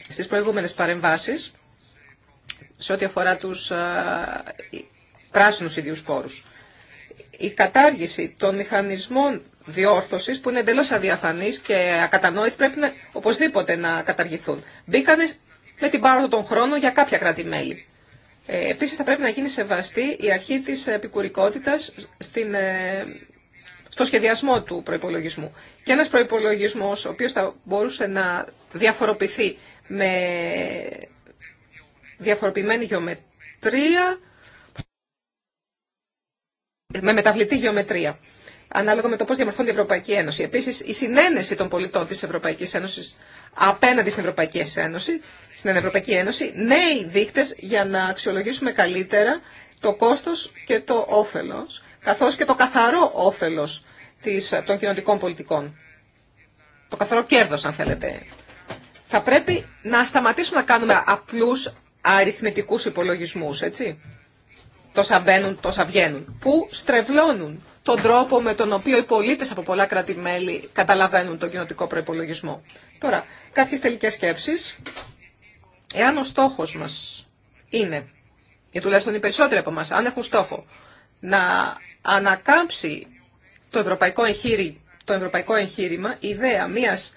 στις προηγούμενες παρεμβάσεις σε ό,τι αφορά τους πράσινους ίδιους πόρους. Η κατάργηση των μηχανισμών διόρθωσης που είναι εντελώ αδιαφανή και ακατανόητη πρέπει να, οπωσδήποτε να καταργηθούν. Μπήκαν με την πάροδο των χρόνων για κάποια κράτη-μέλη. Ε, επίσης θα πρέπει να γίνει σεβαστή η αρχή τη επικουρικότητα στην, ε, στο σχεδιασμό του προπολογισμού. Και ένα προπολογισμό ο οποίο θα μπορούσε να διαφοροποιηθεί με διαφοροποιημένη γεωμετρία, με μεταβλητή γεωμετρία ανάλογα με το πώ διαμορφώνει η Ευρωπαϊκή Ένωση. Επίση, η συνένεση των πολιτών τη Ευρωπαϊκή Ένωση, απέναντι στην Ευρωπαϊκή Ένωση, στην Ευρωπαϊκή Ένωση νέοι δείκτε για να αξιολογήσουμε καλύτερα το κόστος και το όφελος, καθώ και το καθαρό όφελος των κοινωνικών πολιτικών. Το καθαρό κέρδο, αν θέλετε. Θα πρέπει να σταματήσουμε να κάνουμε απλούς αριθμητικού υπολογισμού, έτσι. Τόσα μπαίνουν, τόσα βγαίνουν. Που στρεβλώνουν τον τρόπο με τον οποίο οι πολίτες από πολλά κράτη-μέλη καταλαβαίνουν τον κοινοτικό προϋπολογισμό. Τώρα, κάποιες τελικές σκέψεις. Εάν ο στόχος μας είναι, για τουλάχιστον οι περισσότεροι από μας, αν έχουν στόχο, να ανακάμψει το ευρωπαϊκό, το ευρωπαϊκό εγχείρημα, η ιδέα μιας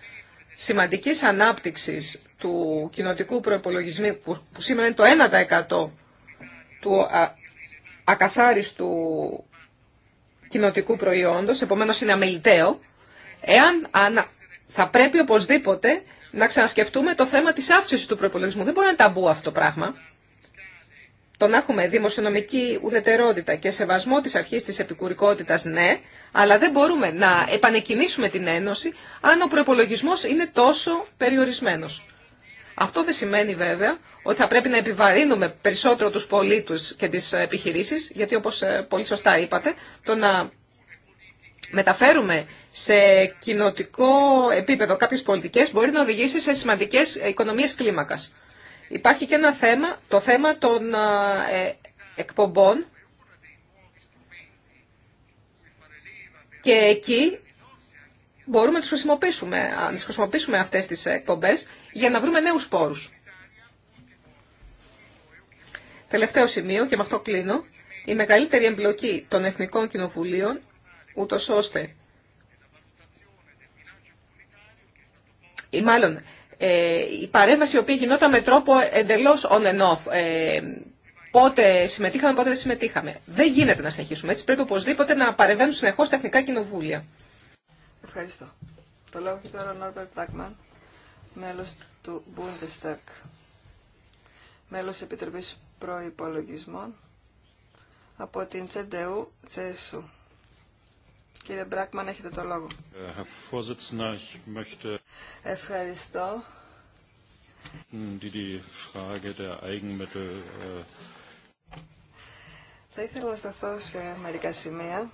σημαντικής ανάπτυξης του κοινοτικού προϋπολογισμού, που, σήμερα είναι το 1% του ακαθάριστου κοινοτικού προϊόντος, επομένως είναι αμεληταίο, εάν θα πρέπει οπωσδήποτε να ξανασκεφτούμε το θέμα της αύξησης του προπολογισμού. Δεν μπορεί να είναι ταμπού αυτό το πράγμα. Το να έχουμε δημοσιονομική ουδετερότητα και σεβασμό της αρχής της επικουρικότητας, ναι, αλλά δεν μπορούμε να επανεκκινήσουμε την Ένωση αν ο προπολογισμό είναι τόσο περιορισμένος. Αυτό δεν σημαίνει βέβαια ότι θα πρέπει να επιβαρύνουμε περισσότερο τους πολίτους και τις επιχειρήσεις, γιατί όπως ε, πολύ σωστά είπατε, το να μεταφέρουμε σε κοινοτικό επίπεδο κάποιες πολιτικές μπορεί να οδηγήσει σε σημαντικές οικονομίες κλίμακας. Υπάρχει και ένα θέμα, το θέμα των ε, εκπομπών και εκεί μπορούμε να τις χρησιμοποιήσουμε, αν τις χρησιμοποιήσουμε αυτές τις εκπομπές για να βρούμε νέους πόρους. Τελευταίο σημείο, και με αυτό κλείνω, η μεγαλύτερη εμπλοκή των Εθνικών Κοινοβουλίων, ούτω ώστε, ή μάλλον ε, η παρέμβαση η οποία γινόταν με τρόπο εντελώς on and off, ε, πότε συμμετείχαμε, πότε δεν συμμετείχαμε. Δεν γίνεται να συνεχίσουμε έτσι, πρέπει οπωσδήποτε να παρεμβαίνουν συνεχώς τα Εθνικά Κοινοβούλια. Ευχαριστώ. Το λόγο και τώρα ο Νόρμπερ Πράγμαν μέλος του Bundestag, μέλος Επιτροπής Προϋπολογισμών από την Τσεντεού Τσέσου. Κύριε Μπράκμαν, έχετε το λόγο. Ευχαριστώ. Äh, Θα ήθελα να σταθώ σε μερικά σημεία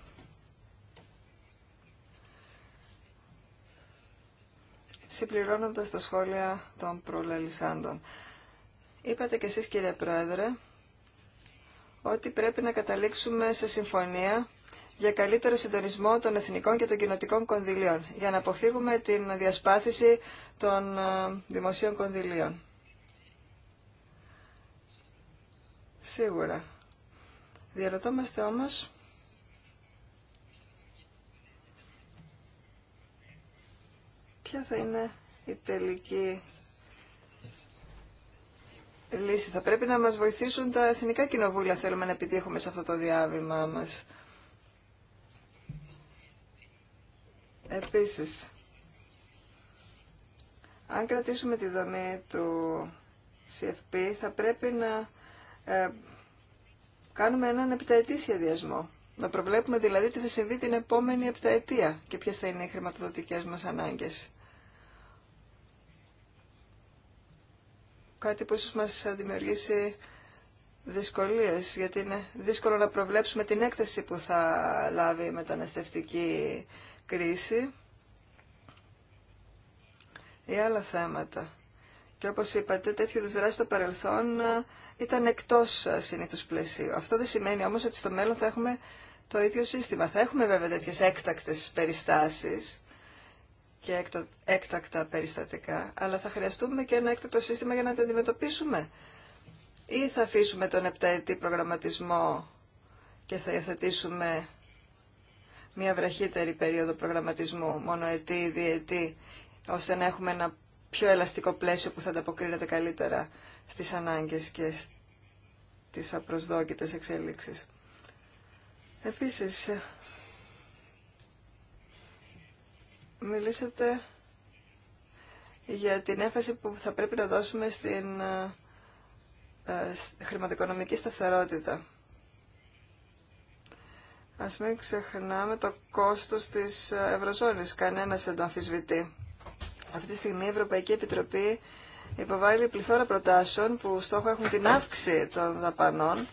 συμπληρώνοντας τα σχόλια των προλαλισσάντων. Είπατε κι εσείς κύριε Πρόεδρε ότι πρέπει να καταλήξουμε σε συμφωνία για καλύτερο συντονισμό των εθνικών και των κοινοτικών κονδυλίων, για να αποφύγουμε την διασπάθηση των ε, δημοσίων κονδυλίων. Σίγουρα. Διαρωτόμαστε όμως θα είναι η τελική λύση. Θα πρέπει να μας βοηθήσουν τα εθνικά κοινοβούλια, θέλουμε να επιτύχουμε σε αυτό το διάβημά μας. Επίσης, αν κρατήσουμε τη δομή του CFP, θα πρέπει να ε, κάνουμε έναν επιταετή σχεδιασμό. Να προβλέπουμε δηλαδή τι θα συμβεί την επόμενη επταετία και ποιες θα είναι οι χρηματοδοτικές μας ανάγκες. κάτι που ίσως μας δημιουργήσει δυσκολίες, γιατί είναι δύσκολο να προβλέψουμε την έκθεση που θα λάβει η μεταναστευτική κρίση ή άλλα θέματα. Και όπως είπατε, τέτοιου είδους δράσεις στο παρελθόν ε, ήταν εκτός ε, συνήθους πλαισίου. Αυτό δεν σημαίνει όμως ότι στο μέλλον θα έχουμε το ίδιο σύστημα. Θα έχουμε βέβαια τέτοιες έκτακτες περιστάσεις, και έκτακτα περιστατικά, αλλά θα χρειαστούμε και ένα έκτακτο σύστημα για να τα αντιμετωπίσουμε. Ή θα αφήσουμε τον επταετή προγραμματισμό και θα υιοθετήσουμε μια βραχύτερη περίοδο προγραμματισμού, μόνο ετή, διετή, ώστε να έχουμε ένα πιο ελαστικό πλαίσιο που θα ανταποκρίνεται καλύτερα στις ανάγκες και στις απροσδόκητες εξέλιξεις. Επίσης, μιλήσατε για την έμφαση που θα πρέπει να δώσουμε στην ε, ε, χρηματοοικονομική σταθερότητα. Ας μην ξεχνάμε το κόστος της ε, Ευρωζώνης. Κανένας δεν το αμφισβητεί. Αυτή τη στιγμή η Ευρωπαϊκή Επιτροπή υποβάλλει πληθώρα προτάσεων που στόχο έχουν την αύξηση των δαπανών,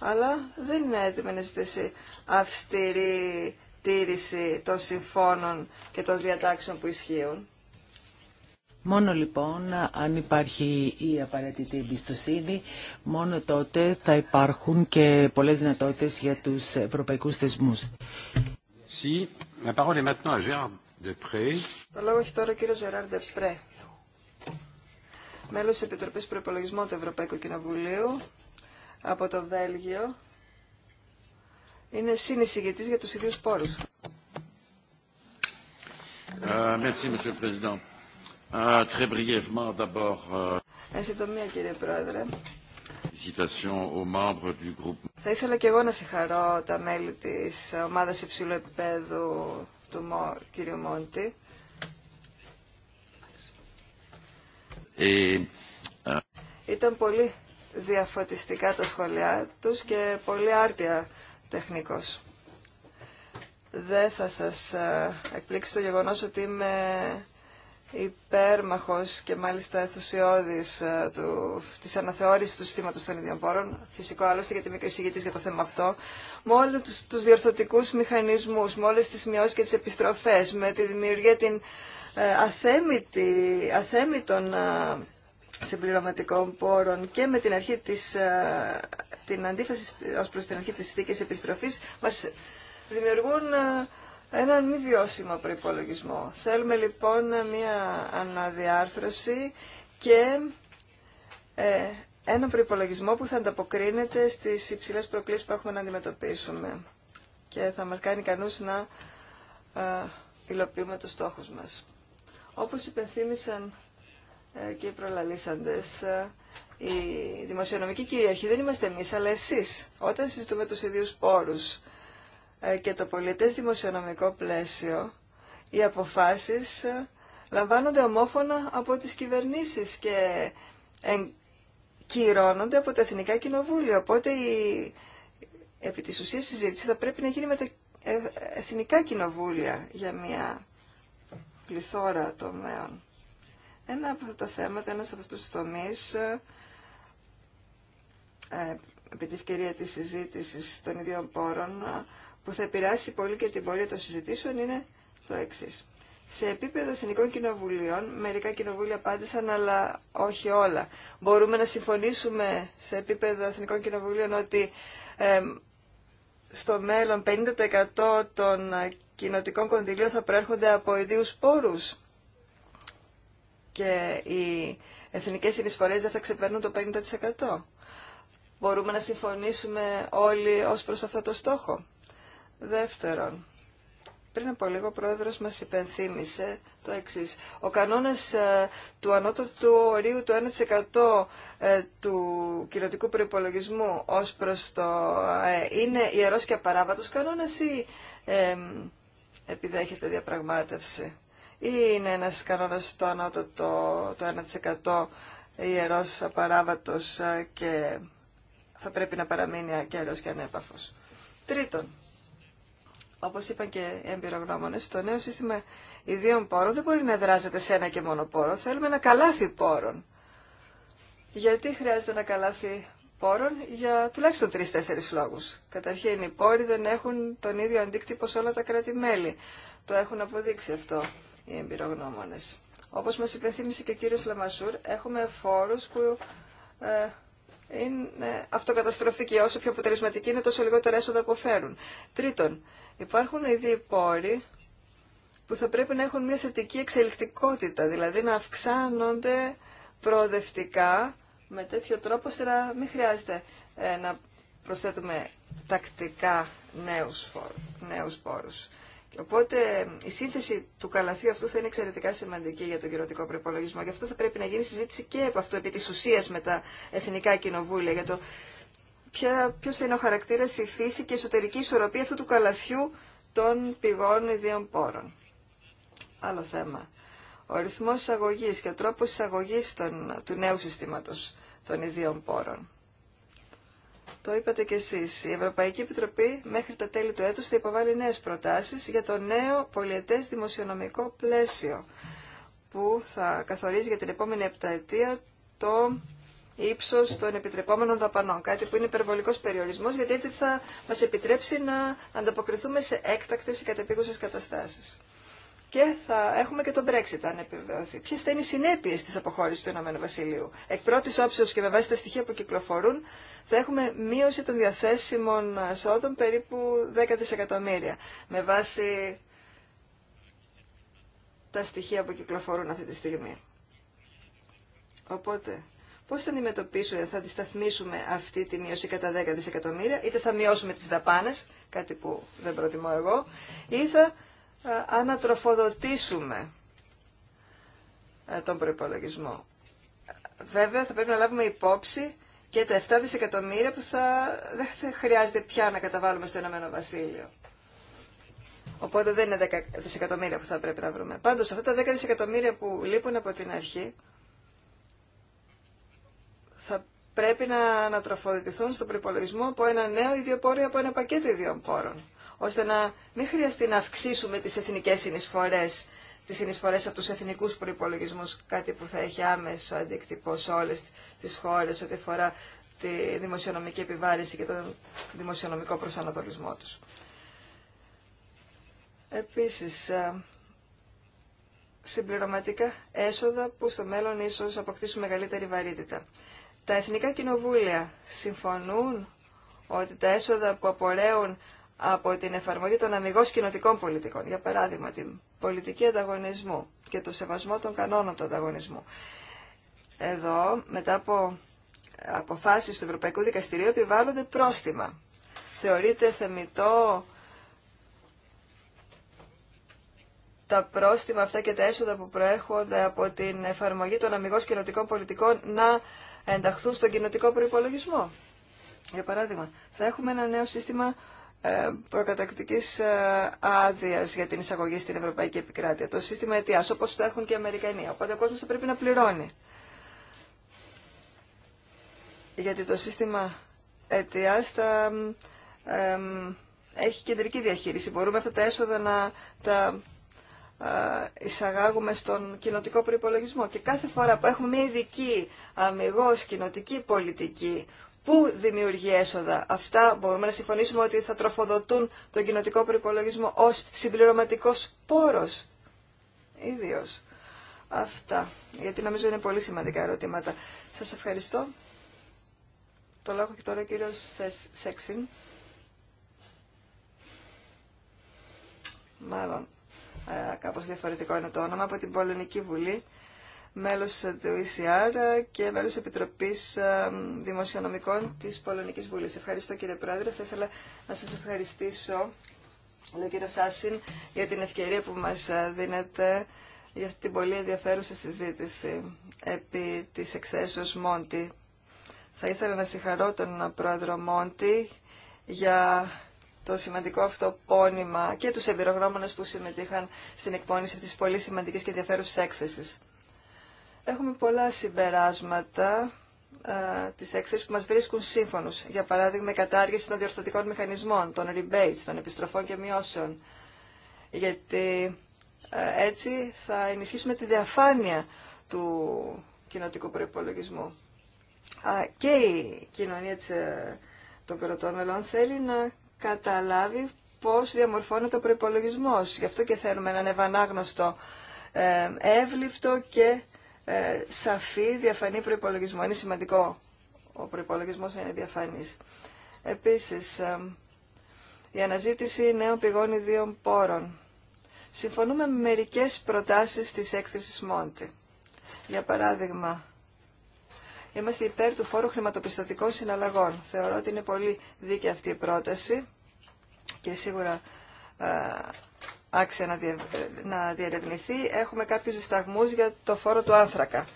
αλλά δεν είναι έτοιμη να ζητήσει αυστηρή τήρηση των συμφώνων και των διατάξεων που ισχύουν. Μόνο λοιπόν αν υπάρχει η απαραίτητη εμπιστοσύνη, μόνο τότε θα υπάρχουν και πολλές δυνατότητες για τους ευρωπαϊκούς θεσμούς. Si, la parole est maintenant à Gérard Το λόγο έχει τώρα ο κύριος Gérard πρέ. μέλος της Επιτροπής Προϋπολογισμών του Ευρωπαϊκού Κοινοβουλίου από το Βέλγιο είναι συνεισηγητής για τους ίδιους πόρους. Εν ε, ε, ε, κύριε Πρόεδρε. Θα ήθελα και εγώ να συγχαρώ τα μέλη της ομάδας υψηλού επίπεδου του κύριου Μόντι. Ήταν πολύ διαφωτιστικά τα σχόλιά τους και πολύ άρτια τεχνικός. Δεν θα σας ε, εκπλήξει το γεγονός ότι είμαι υπέρμαχος και μάλιστα ενθουσιώδης ε, του, της αναθεώρησης του συστήματος των ίδιων πόρων, φυσικό άλλωστε γιατί είμαι και εισηγητής για το θέμα αυτό, με όλου τους, τους διορθωτικούς μηχανισμούς, με όλες τις μειώσεις και τις επιστροφές, με τη δημιουργία την ε, αθέμητη, αθέμητων ε, συμπληρωματικών πόρων και με την αρχή της την αντίφαση ως προς την αρχή της συνθήκης επιστροφής μας δημιουργούν ε, έναν μη βιώσιμο προϋπολογισμό. Θέλουμε λοιπόν μια αναδιάρθρωση και ε, έναν προϋπολογισμό που θα ανταποκρίνεται στις υψηλές προκλήσεις που έχουμε να αντιμετωπίσουμε και θα μας κάνει ικανούς να ε, υλοποιούμε τους στόχους μας. Όπως υπενθύμησαν ε, και οι προλαλήσαντες. Ε, η δημοσιονομική κυριαρχία δεν είμαστε εμείς, αλλά εσείς. Όταν συζητούμε τους ίδιους πόρους ε, και το πολιτές δημοσιονομικό πλαίσιο, οι αποφάσεις λαμβάνονται ομόφωνα από τις κυβερνήσεις και κυρώνονται από τα Εθνικά Κοινοβούλια. Οπότε η επί της ουσίας συζήτηση θα πρέπει να γίνει με τα εθνικά κοινοβούλια για μια πληθώρα τομέων. Ένα από αυτά τα θέματα, ένας από αυτούς τους τομείς, ε, ε, επί τη ευκαιρία της συζήτησης των ιδιών πόρων, ε, που θα επηρεάσει πολύ και την πορεία των συζητήσεων, είναι το εξή. Σε επίπεδο εθνικών κοινοβουλίων, μερικά κοινοβούλια απάντησαν, αλλά όχι όλα. Μπορούμε να συμφωνήσουμε σε επίπεδο εθνικών κοινοβουλίων ότι στο μέλλον 50% των κοινοτικών κονδυλίων θα προέρχονται από ιδίους πόρους και οι εθνικές συνεισφορές δεν θα ξεπερνούν το 50%. Μπορούμε να συμφωνήσουμε όλοι ως προς αυτό το στόχο. Δεύτερον, πριν από λίγο ο πρόεδρος μας υπενθύμησε το εξής. Ο κανόνας ε, του ανώτατου του ορίου του 1% ε, του κυρωτικού προϋπολογισμού ως προς το ε, είναι ιερός και απαράβατος κανόνας ή επιδέχεται διαπραγμάτευση ή είναι ένας κανόνας το ανώτατο το 1% ιερός απαράβατος και θα πρέπει να παραμείνει ακέραιος και ανέπαφος. Τρίτον, όπως είπαν και οι εμπειρογνώμονες, το νέο σύστημα ιδίων πόρων δεν μπορεί να δράζεται σε ένα και μόνο πόρο. Θέλουμε ένα καλάθι πόρων. Γιατί χρειάζεται ένα καλάθι πόρων για τουλάχιστον τρει-τέσσερις λόγους. Καταρχήν, οι πόροι δεν έχουν τον ίδιο αντίκτυπο σε όλα τα κράτη-μέλη. Το έχουν αποδείξει αυτό οι εμπειρογνώμονε. Όπως μας υπενθύμησε και ο κύριος Λαμασούρ, έχουμε φόρου που ε, είναι αυτοκαταστροφικοί. Όσο πιο αποτελεσματικοί είναι, τόσο λιγότερα έσοδα αποφέρουν. Τρίτον, υπάρχουν ήδη πόροι που θα πρέπει να έχουν μια θετική εξελικτικότητα, δηλαδή να αυξάνονται προοδευτικά με τέτοιο τρόπο ώστε να μην χρειάζεται ε, να προσθέτουμε τακτικά νέους, φόρ, νέους πόρους. Οπότε η σύνθεση του καλαθιού αυτού θα είναι εξαιρετικά σημαντική για τον κυρωτικό προπολογισμό. Γι' αυτό θα πρέπει να γίνει συζήτηση και από αυτό, επί τη ουσία με τα εθνικά κοινοβούλια, για το ποιο θα είναι ο χαρακτήρα, η φύση και η εσωτερική ισορροπία αυτού του καλαθιού των πηγών ιδίων πόρων. Άλλο θέμα. Ο ρυθμός εισαγωγής και ο τρόπος εισαγωγής του νέου συστήματος των ιδίων πόρων. Το είπατε κι εσείς. Η Ευρωπαϊκή Επιτροπή μέχρι τα τέλη του έτους θα υποβάλει νέες προτάσεις για το νέο πολιετές δημοσιονομικό πλαίσιο που θα καθορίζει για την επόμενη επταετία το ύψος των επιτρεπόμενων δαπανών. Κάτι που είναι υπερβολικός περιορισμός γιατί έτσι θα μας επιτρέψει να ανταποκριθούμε σε έκτακτες ή κατεπίγουσες καταστάσεις. Και θα έχουμε και τον Brexit αν επιβεβαιωθεί. Ποιε θα είναι οι συνέπειε τη αποχώρηση του Ηνωμένου Βασιλείου. Εκ πρώτη όψεω και με βάση τα στοιχεία που κυκλοφορούν, θα έχουμε μείωση των διαθέσιμων εσόδων περίπου 10 δισεκατομμύρια. Με βάση τα στοιχεία που κυκλοφορούν αυτή τη στιγμή. Οπότε, πώ θα αντιμετωπίσουμε, θα αντισταθμίσουμε αυτή τη μείωση κατά 10 δισεκατομμύρια, είτε θα μειώσουμε τι δαπάνε, κάτι που δεν προτιμώ εγώ, ή θα ε, ανατροφοδοτήσουμε ε, τον προϋπολογισμό. Βέβαια θα πρέπει να λάβουμε υπόψη και τα 7 δισεκατομμύρια που θα, δεν χρειάζεται πια να καταβάλουμε στο Ηνωμένο Βασίλειο. Οπότε δεν είναι 10 δισεκατομμύρια που θα πρέπει να βρούμε. Πάντως αυτά τα 10 δισεκατομμύρια που λείπουν από την αρχή θα πρέπει να ανατροφοδοτηθούν στον προπολογισμό από ένα νέο ιδιοπόρο ή από ένα πακέτο ιδιών πόρων ώστε να μην χρειαστεί να αυξήσουμε τις εθνικές συνεισφορές, τις συνεισφορές από τους εθνικούς προϋπολογισμούς, κάτι που θα έχει άμεσο αντίκτυπο σε όλες τις χώρες ό,τι αφορά τη δημοσιονομική επιβάρηση και τον δημοσιονομικό προσανατολισμό τους. Επίσης, ε, συμπληρωματικά έσοδα που στο μέλλον ίσως αποκτήσουν μεγαλύτερη βαρύτητα. Τα εθνικά κοινοβούλια συμφωνούν ότι τα έσοδα που απορρέουν από την εφαρμογή των αμυγός κοινοτικών πολιτικών, για παράδειγμα την πολιτική ανταγωνισμού και το σεβασμό των κανόνων του ανταγωνισμού. Εδώ, μετά από αποφάσεις του Ευρωπαϊκού Δικαστηρίου, επιβάλλονται πρόστιμα. Θεωρείται θεμητό τα πρόστιμα αυτά και τα έσοδα που προέρχονται από την εφαρμογή των αμυγός κοινοτικών πολιτικών να ενταχθούν στον κοινοτικό προϋπολογισμό. Για παράδειγμα, θα έχουμε ένα νέο σύστημα ε, Προκατακτική ε, άδεια για την εισαγωγή στην Ευρωπαϊκή Επικράτεια. Το σύστημα αιτία, όπω το έχουν και οι Αμερικανοί. Οπότε ο κόσμο θα πρέπει να πληρώνει. Γιατί το σύστημα αιτία θα ε, έχει κεντρική διαχείριση. Μπορούμε αυτά τα έσοδα να τα ε, εισαγάγουμε στον κοινοτικό προϋπολογισμό. Και κάθε φορά που έχουμε μια ειδική αμυγός κοινοτική πολιτική Πού δημιουργεί έσοδα. Αυτά μπορούμε να συμφωνήσουμε ότι θα τροφοδοτούν τον κοινοτικό προπολογισμό ως συμπληρωματικός πόρος. Ίδιος. Αυτά. Γιατί νομίζω είναι πολύ σημαντικά ερωτήματα. Σας ευχαριστώ. Το λόγο και τώρα ο κύριος Σέξιν. Μάλλον ε, κάπως διαφορετικό είναι το όνομα από την Πολωνική Βουλή μέλος του ECR και μέλος Επιτροπής ε, Δημοσιονομικών της Πολωνικής Βουλής. Ευχαριστώ κύριε Πρόεδρε. Θα ήθελα να σας ευχαριστήσω, λέει ο κύριο Σάσιν, για την ευκαιρία που μας ε, δίνετε για αυτή την πολύ ενδιαφέρουσα συζήτηση επί της εκθέσεως Μόντι. Θα ήθελα να συγχαρώ τον πρόεδρο Μόντι για το σημαντικό αυτό πόνημα και τους εμπειρογνώμονες που συμμετείχαν στην εκπόνηση αυτής της πολύ σημαντικής και ενδιαφέρουσας έκθεσης. Έχουμε πολλά συμπεράσματα ε, της έκθεσης που μας βρίσκουν σύμφωνους. Για παράδειγμα, η κατάργηση των διορθωτικών μηχανισμών, των rebates, των επιστροφών και μειώσεων. Γιατί ε, έτσι θα ενισχύσουμε τη διαφάνεια του κοινοτικού προϋπολογισμού. Και η κοινωνία ε, των κρατών μελών θέλει να καταλάβει πώς διαμορφώνεται ο προϋπολογισμός. Γι' αυτό και θέλουμε έναν ευανάγνωστο, εύληπτο και ε, σαφή, διαφανή προπολογισμό. Είναι σημαντικό ο προπολογισμό να είναι διαφανή. Επίση, ε, η αναζήτηση νέων πηγών ιδίων πόρων. Συμφωνούμε με μερικέ προτάσει τη έκθεση Μόντι. Για παράδειγμα, είμαστε υπέρ του φόρου χρηματοπιστωτικών συναλλαγών. Θεωρώ ότι είναι πολύ δίκαιη αυτή η πρόταση και σίγουρα ε, άξια να, διερευνηθεί. Έχουμε κάποιους δισταγμούς για το φόρο του άνθρακα.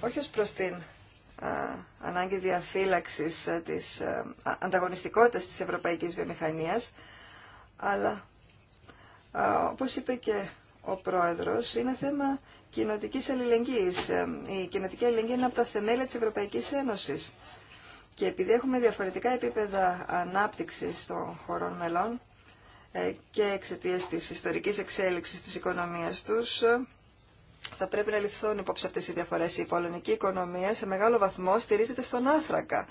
Όχι ως προς την ανάγκη διαφύλαξης ε, της ε, α, ανταγωνιστικότητας της ευρωπαϊκής βιομηχανίας, αλλά όπως είπε και ο πρόεδρος, είναι θέμα κοινοτικής αλληλεγγύης. Ε, η κοινοτική αλληλεγγύη είναι από τα θεμέλια της Ευρωπαϊκής Ένωσης. Και επειδή έχουμε διαφορετικά επίπεδα ανάπτυξης των χωρών μελών, ε, και εξαιτία τη ιστορική εξέλιξη τη οικονομία τους ε, θα πρέπει να ληφθούν υπόψη αυτέ οι διαφορέ. Η πολωνική οικονομία σε μεγάλο βαθμό στηρίζεται στον άνθρακα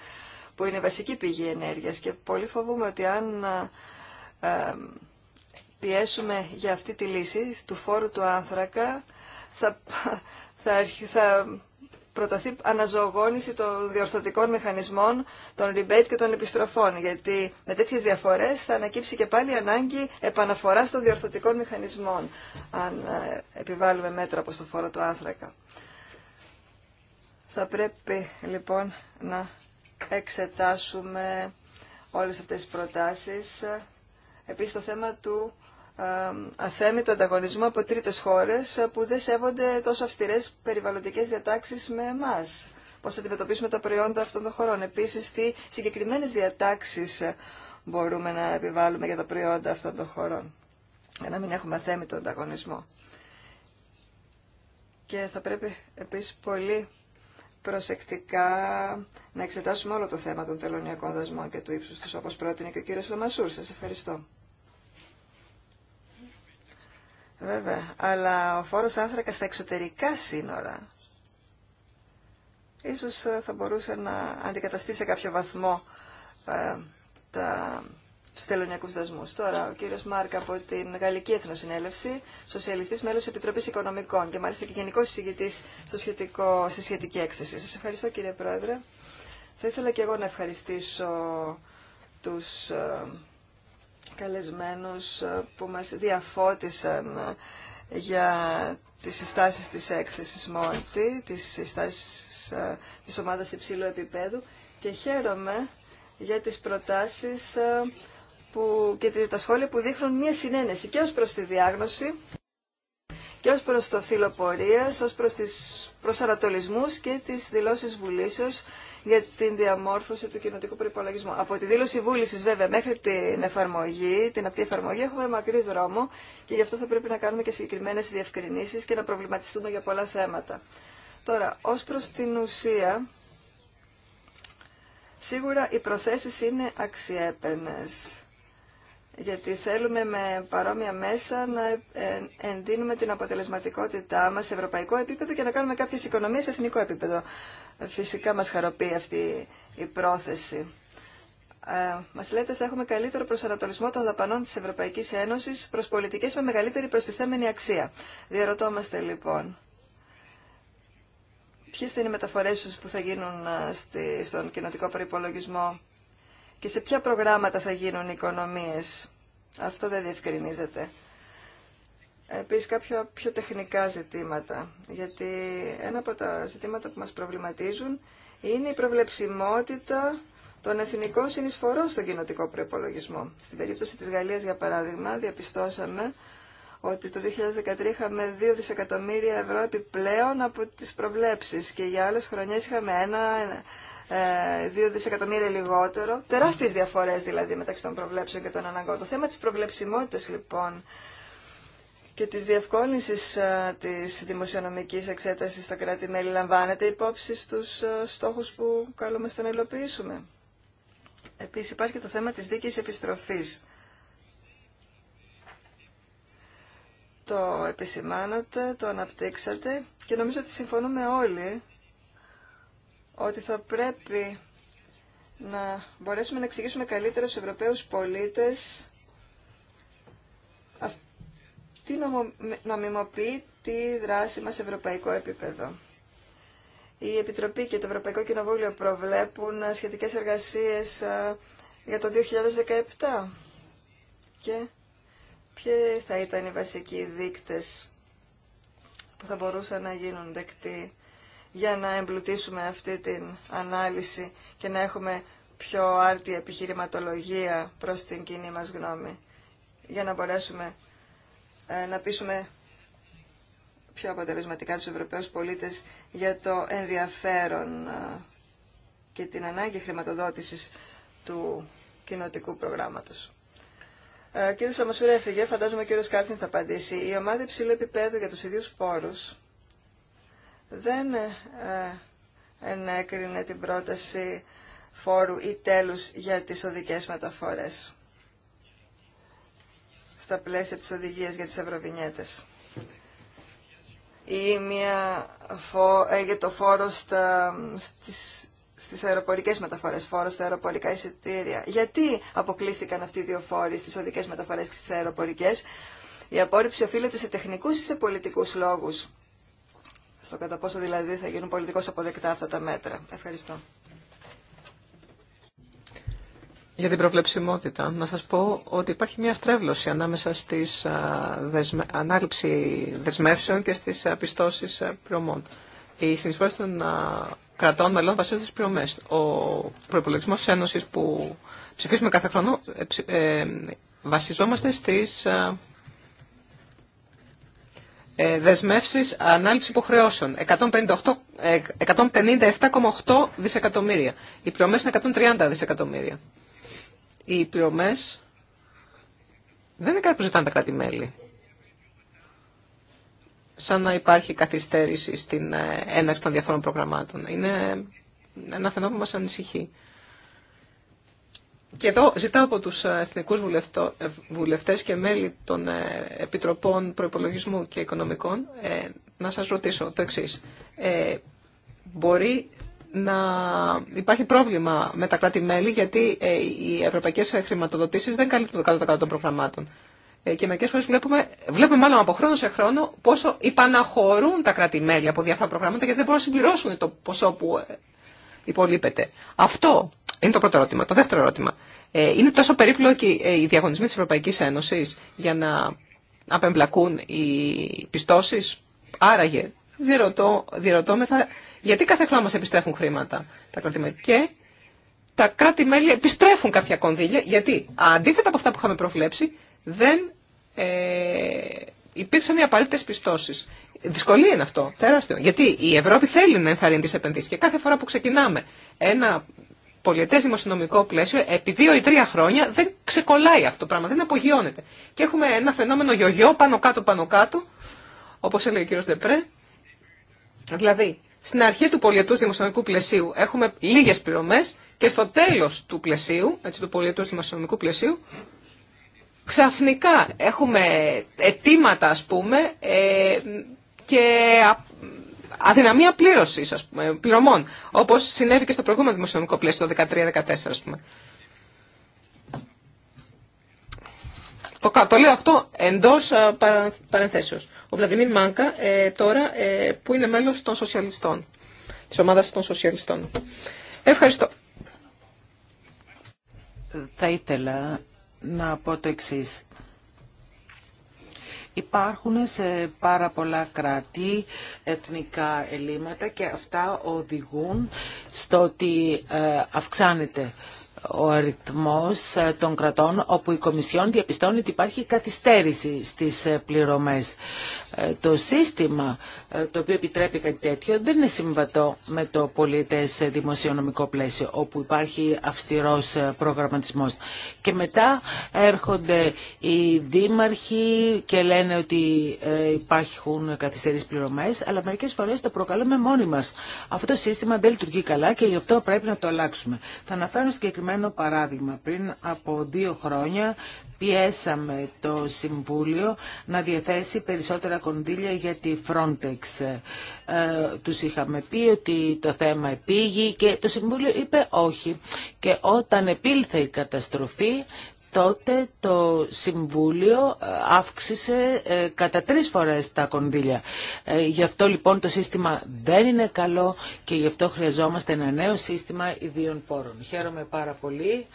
που είναι η βασική πηγή ενέργειας και πολύ φοβούμαι ότι αν ε, πιέσουμε για αυτή τη λύση του φόρου του άνθρακα θα, θα, θα προταθεί αναζωογόνηση των διορθωτικών μηχανισμών, των rebate και των επιστροφών, γιατί με τέτοιες διαφορές θα ανακύψει και πάλι η ανάγκη επαναφοράς των διορθωτικών μηχανισμών, αν ε, επιβάλλουμε μέτρα από το φόρο του άνθρακα. Θα πρέπει λοιπόν να εξετάσουμε όλες αυτές τις προτάσεις. Επίσης το θέμα του αθέμητο ανταγωνισμό από τρίτες χώρες ε, που δεν σέβονται τόσο αυστηρές περιβαλλοντικές διατάξεις με εμάς. Πώς θα αντιμετωπίσουμε τα προϊόντα αυτών των χωρών. Επίσης, τι συγκεκριμένες διατάξεις ε, μπορούμε να επιβάλλουμε για τα προϊόντα αυτών των χωρών. Για να μην έχουμε αθέμητο ανταγωνισμό. Και θα πρέπει επίσης πολύ προσεκτικά να εξετάσουμε όλο το θέμα των τελωνιακών δασμών και του ύψους τους, όπως πρότεινε και ο κύριος Λαμασούρ. Σας ευχαριστώ. Βέβαια, αλλά ο φόρος άνθρακα στα εξωτερικά σύνορα ίσως ε, θα μπορούσε να αντικαταστήσει σε κάποιο βαθμό ε, τα, τους τελωνιακούς δασμούς. Τώρα, ο κύριος Μάρκα, από την Γαλλική Εθνοσυνέλευση, σοσιαλιστής μέλος Επιτροπής Οικονομικών και μάλιστα και γενικός συζητητής στη σχετική έκθεση. Σας ευχαριστώ κύριε Πρόεδρε. Θα ήθελα και εγώ να ευχαριστήσω τους ε, καλεσμένους ε, που μας διαφώτισαν ε, για τις συστάσεις της έκθεσης Μόντι, τις συστάσεις ε, της ομάδας υψηλού επίπεδου και χαίρομαι για τις προτάσεις που, και τα σχόλια που δείχνουν μια συνένεση και ως προς τη διάγνωση και ως προς το φύλλο πορείας, ως προς τις προσανατολισμούς και τις δηλώσεις βουλήσεως για την διαμόρφωση του κοινοτικού προπολογισμού. Από τη δήλωση βούλησης βέβαια μέχρι την εφαρμογή, την αυτή εφαρμογή έχουμε μακρύ δρόμο και γι' αυτό θα πρέπει να κάνουμε και συγκεκριμένες διευκρινήσεις και να προβληματιστούμε για πολλά θέματα. Τώρα, ως προς την ουσία, σίγουρα οι προθέσεις είναι αξιέπαινες γιατί θέλουμε με παρόμοια μέσα να ε, εντείνουμε την αποτελεσματικότητά μας σε ευρωπαϊκό επίπεδο και να κάνουμε κάποιες οικονομίες σε εθνικό επίπεδο. Φυσικά μας χαροποιεί αυτή η πρόθεση. Ε, μας λέτε θα έχουμε καλύτερο προσανατολισμό των δαπανών της Ευρωπαϊκής Ένωσης προς πολιτικές με μεγαλύτερη προστιθέμενη αξία. Διαρωτόμαστε λοιπόν. Ποιε θα είναι οι μεταφορέ που θα γίνουν ε, στον κοινοτικό προπολογισμό και σε ποια προγράμματα θα γίνουν οι οικονομίες. Αυτό δεν διευκρινίζεται. Επίσης κάποια πιο τεχνικά ζητήματα, γιατί ένα από τα ζητήματα που μας προβληματίζουν είναι η προβλεψιμότητα των εθνικών συνεισφορών στον κοινοτικό προπολογισμό. Στην περίπτωση της Γαλλίας, για παράδειγμα, διαπιστώσαμε ότι το 2013 είχαμε 2 δισεκατομμύρια ευρώ επιπλέον από τις προβλέψεις και για άλλες χρονιές είχαμε ένα... 2 ε, δισεκατομμύρια λιγότερο, τεράστιες διαφορές δηλαδή μεταξύ των προβλέψεων και των αναγκών. Το θέμα της προβλεψιμότητας λοιπόν και της διευκόλυνσης ε, της δημοσιονομικής εξέτασης στα κράτη-μέλη λαμβάνεται υπόψη στους ε, στόχους που καλούμαστε να υλοποιήσουμε. Επίσης υπάρχει και το θέμα της δίκης επιστροφής. Το επισημάνατε, το αναπτύξατε και νομίζω ότι συμφωνούμε όλοι ότι θα πρέπει να μπορέσουμε να εξηγήσουμε καλύτερα στους Ευρωπαίους πολίτες τι νομιμοποιεί τη δράση μας σε ευρωπαϊκό επίπεδο. Η Επιτροπή και το Ευρωπαϊκό Κοινοβούλιο προβλέπουν σχετικές εργασίες για το 2017 και ποιοι θα ήταν οι βασικοί δείκτες που θα μπορούσαν να γίνουν δεκτοί για να εμπλουτίσουμε αυτή την ανάλυση και να έχουμε πιο άρτια επιχειρηματολογία προς την κοινή μας γνώμη για να μπορέσουμε ε, να πείσουμε πιο αποτελεσματικά τους Ευρωπαίους πολίτες για το ενδιαφέρον ε, και την ανάγκη χρηματοδότησης του κοινοτικού προγράμματος. Ε, κύριε Σαμασούρα, έφυγε. Φαντάζομαι ο κύριο Κάρφιν θα απαντήσει. Η ομάδα υψηλού επίπεδου για του ίδιους πόρους, δεν ε, ενέκρινε την πρόταση φόρου ή τέλους για τις οδικές μεταφορές στα πλαίσια της οδηγίας για τις ευρωβινιέτες ή μια για το φόρο στα... στις... στις αεροπορικές μεταφορές, φόρο στα αεροπορικά εισιτήρια. Γιατί αποκλείστηκαν αυτοί οι δύο φόροι στις οδικές μεταφορές και στις αεροπορικές. Η απόρριψη οφείλεται σε τεχνικούς ή σε πολιτικούς λόγους στο κατά πόσο δηλαδή θα γίνουν πολιτικώ αποδεκτά αυτά τα μέτρα. Ευχαριστώ. Για την προβλεψιμότητα, να σας πω ότι υπάρχει μια στρέβλωση ανάμεσα στις δεσμε... ανάληψη δεσμεύσεων και στις πιστώσεις πληρωμών. Οι συνεισφορές των κρατών μελών βασίζονται στις πληρωμές. Ο προϋπολογισμός της Ένωσης που ψηφίσουμε κάθε χρόνο ε, ε, βασιζόμαστε στις ε, δεσμεύσεις ανάληψη υποχρεώσεων 157,8 ε, δισεκατομμύρια. Οι πληρωμές είναι 130 δισεκατομμύρια. Οι πληρωμές δεν είναι κάτι που ζητάνε τα κράτη-μέλη. Σαν να υπάρχει καθυστέρηση στην ε, έναρξη των διαφόρων προγραμμάτων. Είναι ένα φαινόμενο που μας ανησυχεί. Και εδώ ζητάω από τους ε, εθνικούς ε, βουλευτές και μέλη των ε, Επιτροπών Προϋπολογισμού και Οικονομικών να σας ρωτήσω το εξής. Ε, μπορεί να υπάρχει πρόβλημα με τα κράτη-μέλη γιατί οι ευρωπαϊκές χρηματοδοτήσεις δεν καλύπτουν το 100% των προγραμμάτων. και μερικές φορές βλέπουμε, βλέπουμε μάλλον από χρόνο σε χρόνο πόσο υπαναχωρούν τα κράτη-μέλη από διάφορα προγράμματα γιατί δεν μπορούν να συμπληρώσουν το ποσό που υπολείπεται. Αυτό είναι το πρώτο ερώτημα. Το δεύτερο ερώτημα. Ε, είναι τόσο περίπλοκοι ε, οι διαγωνισμοί τη Ευρωπαϊκή Ένωση για να απεμπλακούν οι πιστώσει. Άραγε, διερωτώ, διερωτώμεθα, γιατί κάθε χρόνο μα επιστρέφουν χρήματα τα κρατημέρια. Και τα κράτη-μέλη επιστρέφουν κάποια κονδύλια, γιατί αντίθετα από αυτά που είχαμε προβλέψει, δεν ε, υπήρξαν οι απαραίτητε πιστώσει. Δυσκολία είναι αυτό, τεράστιο. Γιατί η Ευρώπη θέλει να ενθαρρύνει τι επενδύσει και κάθε φορά που ξεκινάμε ένα πολιετές δημοσιονομικό πλαίσιο επί δύο ή τρία χρόνια δεν ξεκολλάει αυτό το πράγμα, δεν απογειώνεται. Και έχουμε ένα φαινόμενο γιογιό πάνω κάτω πάνω κάτω, όπως έλεγε ο κύριος Ντεπρέ. Δηλαδή, στην αρχή του πολιετούς δημοσιονομικού πλαισίου έχουμε λίγες πληρωμές και στο τέλος του πλαισίου, έτσι, του πολιετούς δημοσιονομικού πλαισίου, ξαφνικά έχουμε αιτήματα, ας πούμε, ε, και αδυναμία πλήρωση, πληρωμών, όπως συνέβη και στο προηγούμενο δημοσιονομικό πλαίσιο, το 2013-2014, α πούμε. Το, το λέω αυτό εντός παρενθέσεω. Ο Βλαντιμίρ Μάνκα ε, τώρα ε, που είναι μέλος των σοσιαλιστών, της ομάδας των σοσιαλιστών. Ευχαριστώ. Θα ήθελα να πω το εξής. Υπάρχουν σε πάρα πολλά κράτη εθνικά ελλείμματα και αυτά οδηγούν στο ότι ε, αυξάνεται ο αριθμός ε, των κρατών όπου η Κομισιόν διαπιστώνει ότι υπάρχει καθυστέρηση στις ε, πληρωμές. Ε, το σύστημα ε, το οποίο επιτρέπει κάτι τέτοιο δεν είναι συμβατό με το πολίτες δημοσιονομικό πλαίσιο όπου υπάρχει αυστηρός ε, προγραμματισμός. Και μετά έρχονται οι δήμαρχοι και λένε ότι υπάρχουν καθυστερείς πληρωμές αλλά μερικές φορές το προκαλούμε μόνοι μας. Αυτό το σύστημα δεν λειτουργεί καλά και γι' αυτό πρέπει να το αλλάξουμε. Θα αναφέρω συγκεκριμένο παράδειγμα. Πριν από δύο χρόνια πιέσαμε το Συμβούλιο να διαθέσει περισσότερα κονδύλια για τη Frontex. Ε, τους είχαμε πει ότι το θέμα επήγει και το Συμβούλιο είπε όχι. Και όταν επήλθε η καταστροφή τότε το Συμβούλιο ε, αύξησε ε, κατά τρεις φορές τα κονδύλια. Γι' αυτό λοιπόν το σύστημα δεν είναι καλό και γι' αυτό χρειαζόμαστε ένα νέο σύστημα ιδίων πόρων. Χαίρομαι πάρα πολύ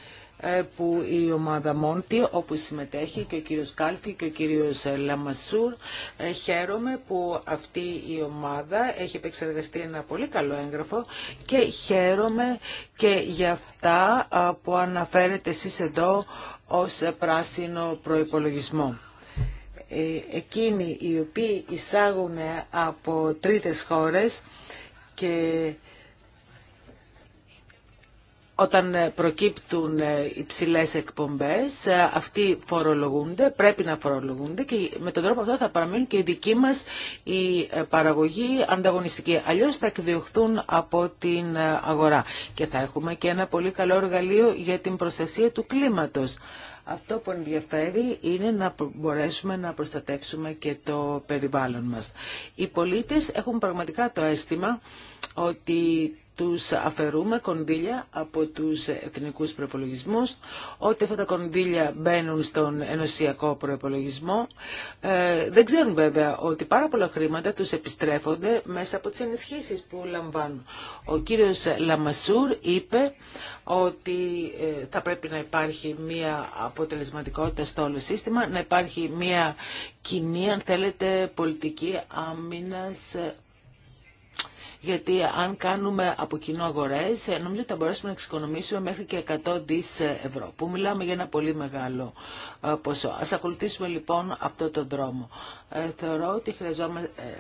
ε, που η ομάδα Μόντι, όπου συμμετέχει και ο κύριος Κάλφη και ο κύριος ε, Λαμασούρ. Ε, χαίρομαι που αυτή η ομάδα έχει επεξεργαστεί ένα πολύ καλό έγγραφο και χαίρομαι και για αυτά που αναφέρετε εσείς εδώ ως πράσινο προϋπολογισμό εκείνοι οι οποίοι εισάγουν από τρίτες χώρες και όταν ε, προκύπτουν ε, υψηλές εκπομπές, ε, αυτοί φορολογούνται, πρέπει να φορολογούνται και με τον τρόπο αυτό θα παραμείνουν και οι δικοί μας η παραγωγοί ανταγωνιστική. Αλλιώς θα εκδιωχθούν από την αγορά και θα έχουμε και ένα πολύ καλό εργαλείο για την προστασία του κλίματος. Αυτό που ενδιαφέρει είναι να μπορέσουμε να προστατεύσουμε και το περιβάλλον μας. Οι πολίτες έχουν πραγματικά το αίσθημα ότι τους αφαιρούμε κονδύλια από τους εθνικούς προϋπολογισμούς. ότι αυτά τα κονδύλια μπαίνουν στον ενωσιακό προπολογισμό. Ε, δεν ξέρουν βέβαια ότι πάρα πολλά χρήματα τους επιστρέφονται μέσα από τις ενισχύσεις που λαμβάνουν. Ο κύριος Λαμασούρ είπε ότι ε, θα πρέπει να υπάρχει μία αποτελεσματικότητα στο όλο σύστημα, να υπάρχει μία κοινή, αν θέλετε, πολιτική άμυνας ε, γιατί αν κάνουμε από κοινό αγορές, ε, νομίζω ότι θα μπορέσουμε να εξοικονομήσουμε μέχρι και 100 δι ε, ευρώ, που μιλάμε για ένα πολύ μεγάλο ε, ποσό. Α ακολουθήσουμε λοιπόν αυτό τον δρόμο. Θεωρώ ότι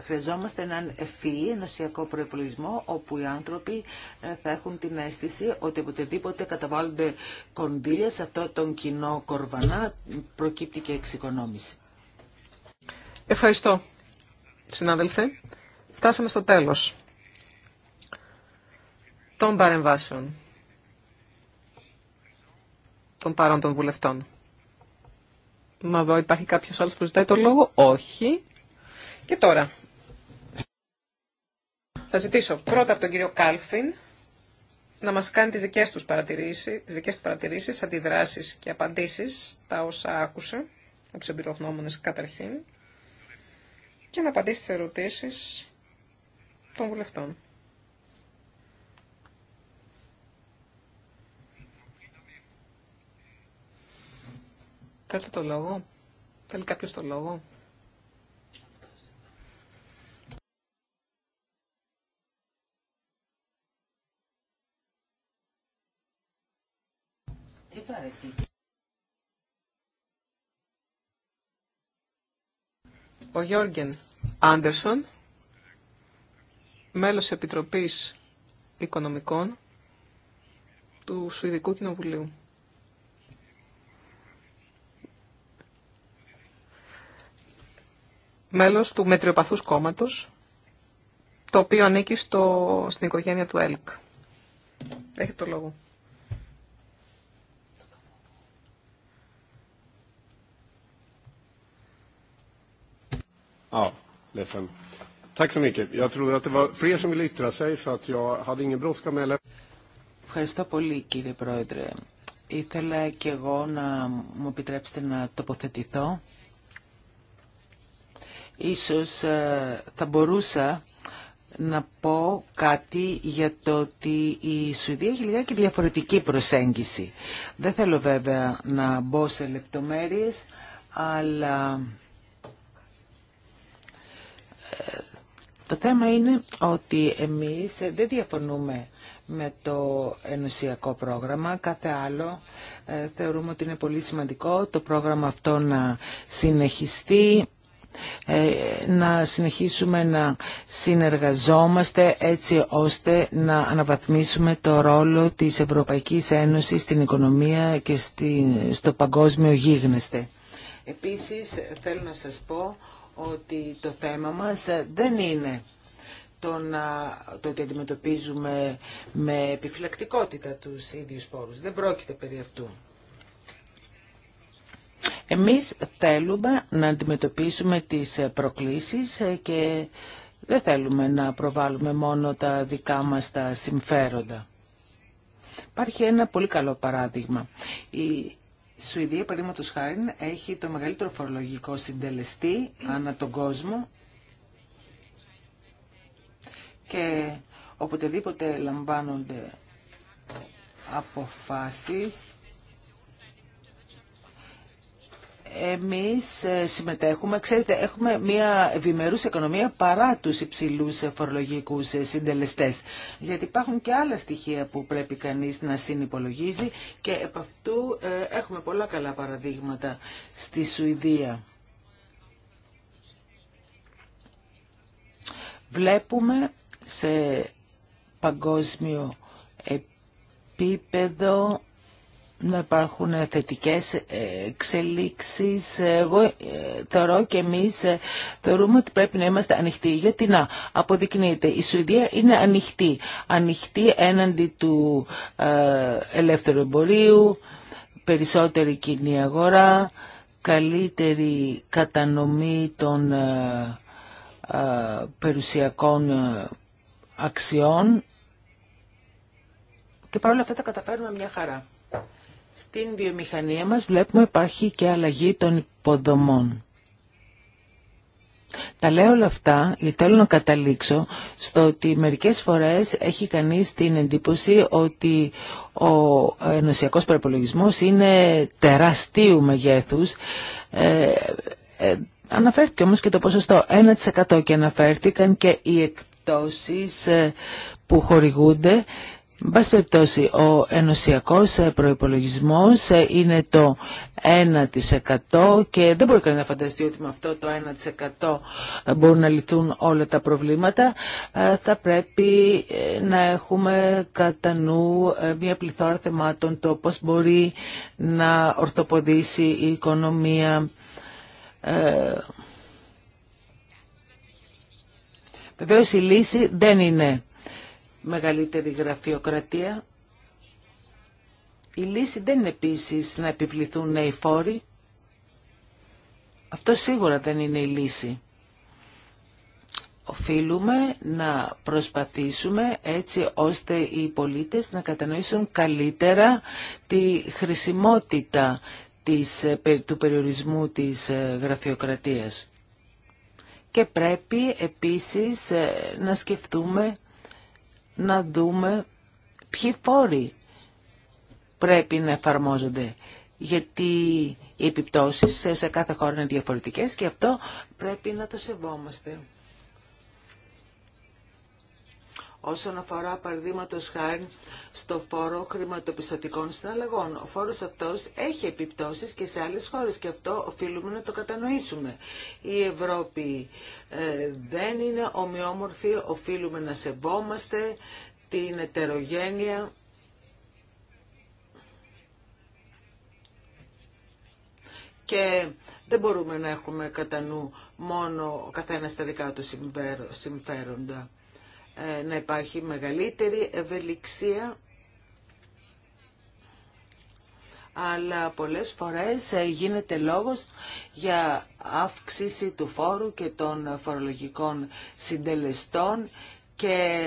χρειαζόμαστε έναν ευφυή e, ενωσιακό προπολογισμό, όπου οι άνθρωποι θα έχουν την αίσθηση ότι οποτεδήποτε καταβάλλονται κονδύλια σε αυτό τον κοινό κορβανά, προκύπτει και εξοικονόμηση. Ευχαριστώ, συνάδελφε. Φτάσαμε στο τέλος των παρεμβάσεων των παρόντων βουλευτών. μα δω, υπάρχει κάποιος άλλος που ζητάει το λόγο. Όχι. Και τώρα, θα ζητήσω πρώτα από τον κύριο Κάλφιν να μας κάνει τις δικές, τους παρατηρήσεις, τις δικές του παρατηρήσεις, αντιδράσεις και απαντήσεις, τα όσα άκουσε, από τους εμπειρογνώμονες καταρχήν, και να απαντήσει στις ερωτήσεις των βουλευτών. Θέλετε το λόγο. Θέλει κάποιο το λόγο. Τι παρέχει. Ο Γιώργεν Άντερσον, μέλος Επιτροπής Οικονομικών του Σουηδικού Κοινοβουλίου. μέλος του Μετριοπαθούς Κόμματος, το οποίο ανήκει στο, στην οικογένεια του ΕΛΚ. Έχετε το λόγο. Ευχαριστώ πολύ κύριε Πρόεδρε. Ήθελα και εγώ να μου επιτρέψετε να τοποθετηθώ. Ίσως ε, θα μπορούσα να πω κάτι για το ότι η Σουηδία έχει λιγάκι διαφορετική προσέγγιση. Δεν θέλω βέβαια να μπω σε λεπτομέρειες, αλλά ε, το θέμα είναι ότι εμείς δεν διαφωνούμε με το ενωσιακό πρόγραμμα. Κάθε άλλο ε, θεωρούμε ότι είναι πολύ σημαντικό το πρόγραμμα αυτό να συνεχιστεί ε, να συνεχίσουμε να συνεργαζόμαστε έτσι ώστε να αναβαθμίσουμε το ρόλο της Ευρωπαϊκής Ένωσης στην οικονομία και στο παγκόσμιο γίγνεσθε. Επίσης θέλω να σας πω ότι το θέμα μας δεν είναι το, να, το ότι αντιμετωπίζουμε με επιφυλακτικότητα τους ίδιους πόρους. Δεν πρόκειται περί αυτού. Εμείς θέλουμε να αντιμετωπίσουμε τις προκλήσεις ε, και δεν θέλουμε να προβάλλουμε μόνο τα δικά μας τα συμφέροντα. Υπάρχει ένα πολύ καλό παράδειγμα. Η Σουηδία, παραδείγματο χάρη, έχει το μεγαλύτερο φορολογικό συντελεστή ανά τον κόσμο και οποτεδήποτε λαμβάνονται αποφάσεις εμείς ε, συμμετέχουμε, ξέρετε, έχουμε μια ευημερούς οικονομία παρά τους υψηλούς φορολογικούς ε, συντελεστές. Γιατί υπάρχουν και άλλα στοιχεία που πρέπει κανείς να συνυπολογίζει και επ' αυτού ε, έχουμε πολλά καλά παραδείγματα στη Σουηδία. Βλέπουμε σε παγκόσμιο επίπεδο να υπάρχουν θετικές εξελίξεις. Εγώ ε, θεωρώ και εμείς ε, θεωρούμε ότι πρέπει να είμαστε ανοιχτοί. Γιατί να, αποδεικνύεται. Η Σουηδία είναι ανοιχτή. Ανοιχτή έναντι του ε, ελεύθερου εμπορίου, περισσότερη κοινή αγορά, καλύτερη κατανομή των περιουσιακών αξιών και παρόλα αυτά τα καταφέρνουμε μια χαρά. Στην βιομηχανία μας βλέπουμε υπάρχει και αλλαγή των υποδομών. Τα λέω όλα αυτά γιατί θέλω να καταλήξω στο ότι μερικές φορές έχει κανείς την εντύπωση ότι ο ενωσιακός προπολογισμός είναι τεραστίου μεγέθους. Ε, ε, αναφέρθηκε όμως και το ποσοστό 1% και αναφέρθηκαν και οι εκπτώσεις ε, που χορηγούνται πάση περιπτώσει, ο ενωσιακός ε, προϋπολογισμός ε, είναι το 1% και δεν μπορεί κανείς να φανταστεί ότι με αυτό το 1% ε, μπορούν να λυθούν όλα τα προβλήματα. Θα πρέπει να έχουμε κατά νου μια πληθώρα θεμάτων, το πώς μπορεί να ορθοποδήσει η οικονομία, Βεβαίω η λύση δεν είναι μεγαλύτερη γραφειοκρατία. Η λύση δεν είναι επίσης να επιβληθούν νέοι φόροι. Αυτό σίγουρα δεν είναι η λύση. Οφείλουμε να προσπαθήσουμε έτσι ώστε οι πολίτες να κατανοήσουν καλύτερα τη χρησιμότητα ε, του περιορισμού της ε, γραφειοκρατίας. Και πρέπει επίσης ε, να σκεφτούμε να δούμε ποιοι φόροι πρέπει να εφαρμόζονται. Γιατί οι επιπτώσεις σε κάθε χώρα είναι διαφορετικές και αυτό πρέπει να το σεβόμαστε όσον αφορά παραδείγματο χάρη στο φόρο χρηματοπιστωτικών συναλλαγών. Ο φόρο αυτό έχει επιπτώσει και σε άλλε χώρε και αυτό οφείλουμε να το κατανοήσουμε. Η Ευρώπη ε, δεν είναι ομοιόμορφη, οφείλουμε να σεβόμαστε την ετερογένεια και δεν μπορούμε να έχουμε κατά νου μόνο ο καθένας τα δικά του συμφέροντα. Ε, να υπάρχει μεγαλύτερη ευελιξία αλλά πολλές φορές ε, γίνεται λόγος για αύξηση του φόρου και των φορολογικών συντελεστών και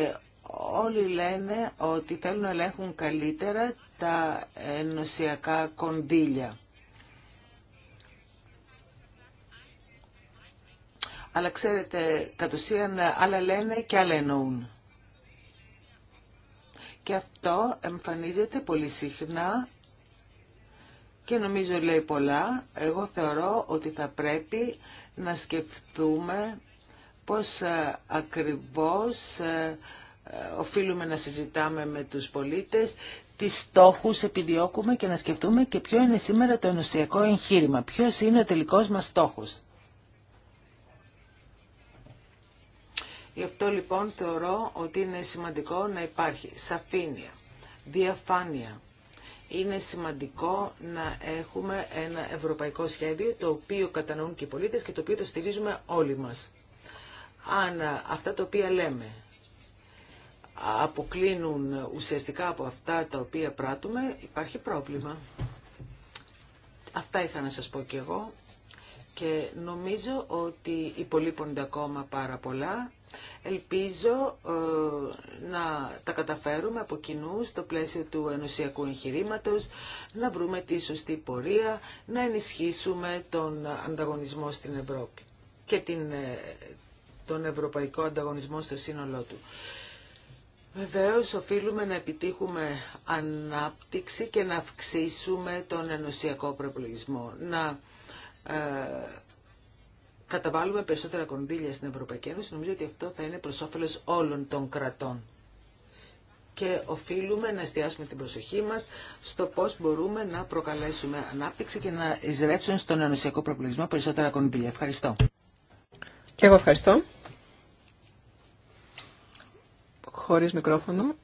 όλοι λένε ότι θέλουν να ελέγχουν καλύτερα τα ενωσιακά κονδύλια. αλλά ξέρετε, κατ' ουσίαν άλλα λένε και άλλα εννοούν. Και αυτό εμφανίζεται πολύ συχνά και νομίζω λέει πολλά. Εγώ θεωρώ ότι θα πρέπει να σκεφτούμε πώς ε, ακριβώς ε, ε, οφείλουμε να συζητάμε με τους πολίτες, τι στόχους επιδιώκουμε και να σκεφτούμε και ποιο είναι σήμερα το ενωσιακό εγχείρημα, ποιος είναι ο τελικός μας στόχος. Γι' αυτό λοιπόν θεωρώ ότι είναι σημαντικό να υπάρχει σαφήνεια, διαφάνεια. Είναι σημαντικό να έχουμε ένα ευρωπαϊκό σχέδιο το οποίο κατανοούν και οι πολίτες και το οποίο το στηρίζουμε όλοι μας. Αν αυτά τα οποία λέμε αποκλίνουν ουσιαστικά από αυτά τα οποία πράττουμε, υπάρχει πρόβλημα. Αυτά είχα να σας πω και εγώ και νομίζω ότι υπολείπονται ακόμα πάρα πολλά Ελπίζω ε, να τα καταφέρουμε από κοινού στο πλαίσιο του ενωσιακού εγχειρήματο, να βρούμε τη σωστή πορεία, να ενισχύσουμε τον ανταγωνισμό στην Ευρώπη και την, ε, τον ευρωπαϊκό ανταγωνισμό στο σύνολό του. Βεβαίως οφείλουμε να επιτύχουμε ανάπτυξη και να αυξήσουμε τον ενωσιακό προπολογισμό, ε, καταβάλουμε περισσότερα κονδύλια στην Ευρωπαϊκή Ένωση, νομίζω ότι αυτό θα είναι προς όφελος όλων των κρατών. Και οφείλουμε να εστιάσουμε την προσοχή μας στο πώς μπορούμε να προκαλέσουμε ανάπτυξη και να εισρέψουν στον ενωσιακό προβληματισμό περισσότερα κονδύλια. Ευχαριστώ. Και εγώ ευχαριστώ. Χωρίς μικρόφωνο.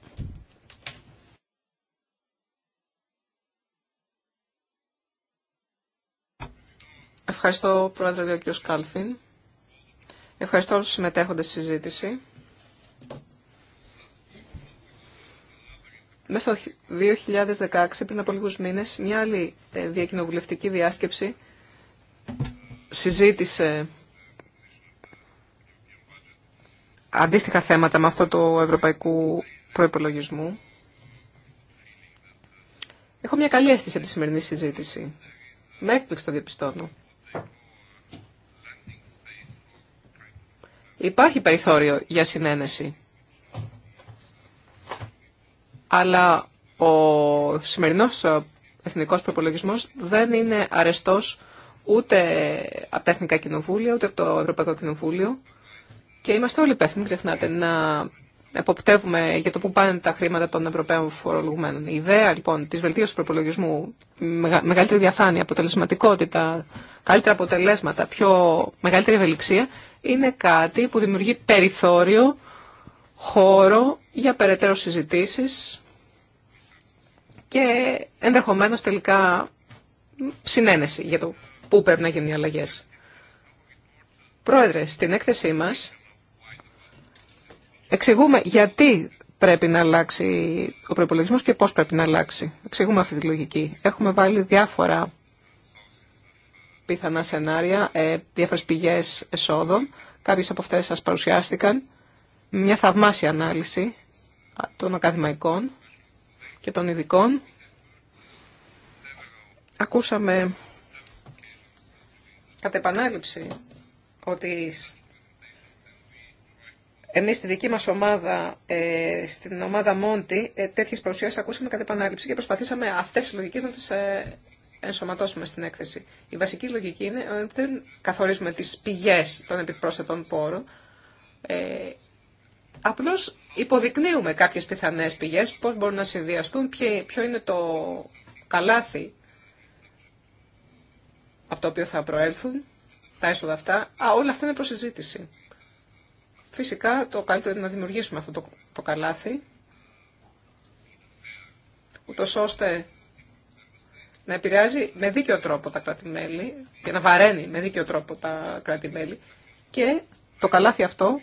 Ευχαριστώ, Πρόεδρε, κ. Κάλφιν. Ευχαριστώ όλους τους συμμετέχοντες στη συζήτηση. Μέσα στο 2016, πριν από λίγους μήνες, μια άλλη ε, διακοινοβουλευτική διάσκεψη συζήτησε αντίστοιχα θέματα με αυτό το ευρωπαϊκού προϋπολογισμού. Έχω μια καλή αίσθηση από τη σημερινή συζήτηση. Με έκπληξη το διαπιστώνω. Υπάρχει περιθώριο για συνένεση. Αλλά ο σημερινός εθνικός προπολογισμός δεν είναι αρεστός ούτε από τα Εθνικά Κοινοβούλια, ούτε από το Ευρωπαϊκό Κοινοβούλιο. Και είμαστε όλοι υπεύθυνοι, ξεχνάτε, να εποπτεύουμε για το πού πάνε τα χρήματα των Ευρωπαίων φορολογουμένων. Η ιδέα λοιπόν της βελτίωσης του προπολογισμού, μεγαλύτερη διαφάνεια, αποτελεσματικότητα, καλύτερα αποτελέσματα, πιο μεγαλύτερη ευελιξία, είναι κάτι που δημιουργεί περιθώριο, χώρο για περαιτέρω συζητήσεις και ενδεχομένως τελικά συνένεση για το πού πρέπει να γίνουν οι αλλαγές. Πρόεδρε, στην έκθεσή μας εξηγούμε γιατί πρέπει να αλλάξει ο προπολογισμό και πώς πρέπει να αλλάξει. Εξηγούμε αυτή τη λογική. Έχουμε βάλει διάφορα πιθανά σενάρια, ε, διάφορες πηγές εσόδων. Κάποιες από αυτές σας παρουσιάστηκαν. Μια θαυμάσια ανάλυση των ακαδημαϊκών και των ειδικών. Ακούσαμε κατ' επανάληψη ότι εμείς στη δική μας ομάδα, ε, στην ομάδα Μόντι, ε, τέτοιες παρουσιάσεις ακούσαμε κατ' επανάληψη και προσπαθήσαμε αυτές τις λογικές να τις ε, ενσωματώσουμε στην έκθεση. Η βασική λογική είναι ότι δεν καθορίζουμε τις πηγές των επιπρόσθετων πόρων, ε, απλώς υποδεικνύουμε κάποιες πιθανές πηγές, πώς μπορούν να συνδυαστούν, ποιο είναι το καλάθι από το οποίο θα προέλθουν τα έσοδα αυτά. Α, όλα αυτά είναι προσυζήτηση. Φυσικά το καλύτερο είναι να δημιουργήσουμε αυτό το, το καλάθι, ούτως ώστε να επηρεάζει με δίκαιο τρόπο τα κράτη-μέλη και να βαραίνει με δίκαιο τρόπο τα κράτη-μέλη και το καλάθι αυτό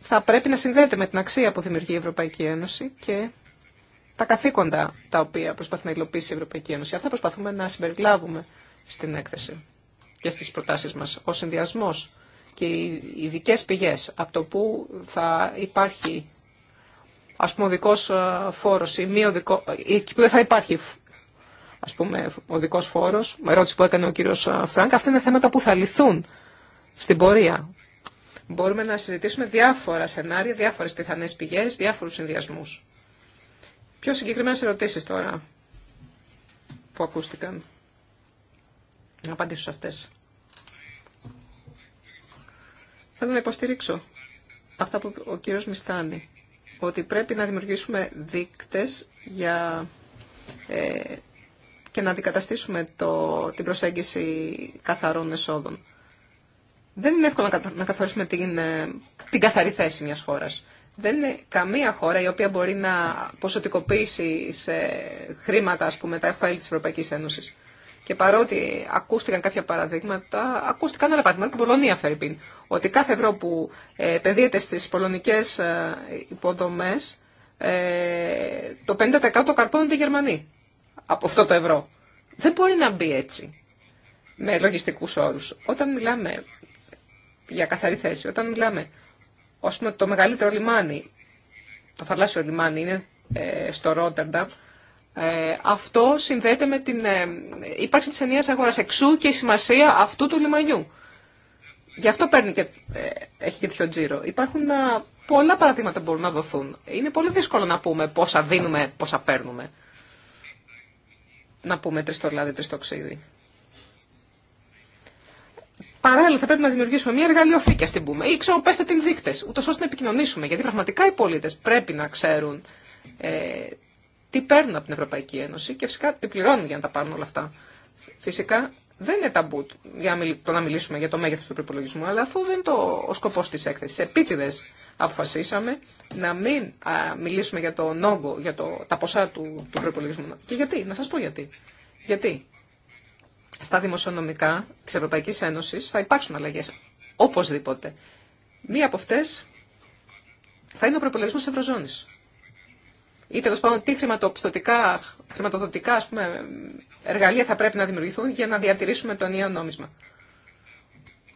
θα πρέπει να συνδέεται με την αξία που δημιουργεί η Ευρωπαϊκή Ένωση και τα καθήκοντα τα οποία προσπαθεί να υλοποιήσει η Ευρωπαϊκή Ένωση. Αυτά προσπαθούμε να συμπεριλάβουμε στην έκθεση και στις προτάσεις μας. Ο συνδυασμό και οι ειδικέ πηγές από το που θα υπάρχει ας πούμε ε, φόρος ή, που δεν θα υπάρχει ας πούμε, ο δικός φόρος, ερώτηση που έκανε ο κύριος Φρανκ, αυτά είναι θέματα που θα λυθούν στην πορεία. Μπορούμε να συζητήσουμε διάφορα σενάρια, διάφορες πιθανές πηγές, διάφορους συνδυασμούς. Πιο συγκεκριμένες ερωτήσεις τώρα που ακούστηκαν. Να απαντήσω σε αυτές. Θέλω να υποστηρίξω αυτά που ο κύριος Μιστάνη, ότι πρέπει να δημιουργήσουμε δείκτες για ε, και να αντικαταστήσουμε το, την προσέγγιση καθαρών εσόδων. Δεν είναι εύκολο να καθορίσουμε την, ε, την καθαρή θέση μιας χώρας. Δεν είναι καμία χώρα η οποία μπορεί να ποσοτικοποιήσει σε χρήματα, ας πούμε, τα εφαίλη της Ευρωπαϊκής Ένωσης. Και παρότι ακούστηκαν κάποια παραδείγματα, ακούστηκαν άλλα παραδείγματα από την Πολωνία, Φερρυπίν, ότι κάθε ευρώ που ε, επενδύεται στις πολωνικές ε, υποδομές, το 50% καρπώνονται οι Γερμανοί από αυτό το ευρώ. Δεν μπορεί να μπει έτσι, με λογιστικούς όρους. Όταν μιλάμε για καθαρή θέση, όταν μιλάμε, ως με το μεγαλύτερο λιμάνι, το θαλάσσιο λιμάνι είναι ε, στο Ρότερνταμ, ε, αυτό συνδέεται με την ε, ύπαρξη της ενιαίας αγοράς, εξού και η σημασία αυτού του λιμανιού. Γι' αυτό παίρνει και, ε, έχει και τέτοιο τζίρο. Υπάρχουν πολλά παραδείγματα που μπορούν να δοθούν. Είναι πολύ δύσκολο να πούμε πόσα δίνουμε, πόσα παίρνουμε να πούμε τριστολάδι, τριστοξίδι. Παράλληλα, θα πρέπει να δημιουργήσουμε μια εργαλειοθήκη, α την πούμε, ή ξέρω, πέστε την δείκτε, ούτω ώστε να επικοινωνήσουμε. Γιατί πραγματικά οι πολίτε πρέπει να ξέρουν ε, τι παίρνουν από την Ευρωπαϊκή Ένωση και φυσικά τι πληρώνουν για να τα πάρουν όλα αυτά. Φυσικά δεν είναι ταμπού για το να μιλήσουμε για το μέγεθο του προπολογισμού, αλλά αυτό δεν είναι το, ο σκοπό τη έκθεση. Επίτηδε αποφασίσαμε να μην μιλήσουμε για τον όγκο, για το, τα ποσά του, του προπολογισμού. Και γιατί, να σας πω γιατί. Γιατί στα δημοσιονομικά της Ευρωπαϊκής Ένωσης θα υπάρξουν αλλαγέ. οπωσδήποτε. Μία από αυτέ θα είναι ο προπολογισμό τη Ευρωζώνη. Ή τέλο πάντων τι χρηματοπιστωτικά, χρηματοδοτικά ας πούμε, εργαλεία θα πρέπει να δημιουργηθούν για να διατηρήσουμε το νέο νόμισμα.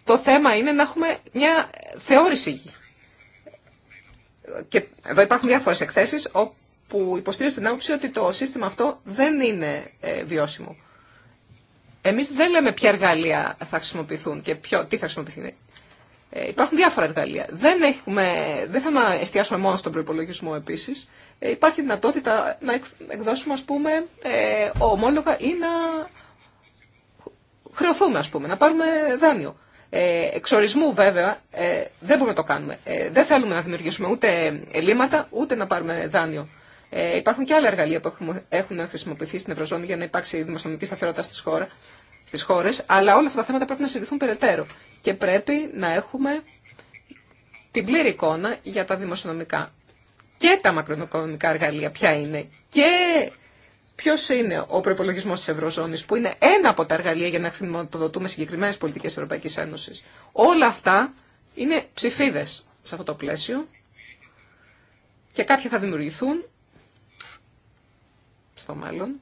Το θέμα είναι να έχουμε μια θεώρηση και εδώ υπάρχουν διάφορες εκθέσεις όπου υποστήριζουν την άποψη ότι το σύστημα αυτό δεν είναι ε, βιώσιμο. Εμείς δεν λέμε ποια εργαλεία θα χρησιμοποιηθούν και ποιο, τι θα χρησιμοποιηθούν. Ε, υπάρχουν διάφορα εργαλεία. Δεν, έχουμε, δεν θα εστιάσουμε μόνο στον προπολογισμό επίσης. Ε, υπάρχει δυνατότητα να εκδώσουμε, ας πούμε, ε, ομόλογα ή να χρεωθούμε, πούμε, να πάρουμε δάνειο. Ε, εξορισμού βέβαια ε, δεν μπορούμε να το κάνουμε. Ε, δεν θέλουμε να δημιουργήσουμε ούτε ελλείμματα ούτε να πάρουμε δάνειο. υπάρχουν και άλλα εργαλεία που έχουν χρησιμοποιηθεί στην Ευρωζώνη για να υπάρξει δημοσιονομική σταθερότητα στις, χώρα, στις χώρες, αλλά όλα αυτά τα θέματα πρέπει να συζητηθούν περαιτέρω και πρέπει να έχουμε την πλήρη εικόνα για τα δημοσιονομικά και τα μακροοικονομικά εργαλεία ποια είναι και Ποιο είναι ο προπολογισμό τη Ευρωζώνη, που είναι ένα από τα εργαλεία για να χρηματοδοτούμε συγκεκριμένε πολιτικέ Ευρωπαϊκή Ένωση. Όλα αυτά είναι ψηφίδε σε αυτό το πλαίσιο και κάποια θα δημιουργηθούν στο μέλλον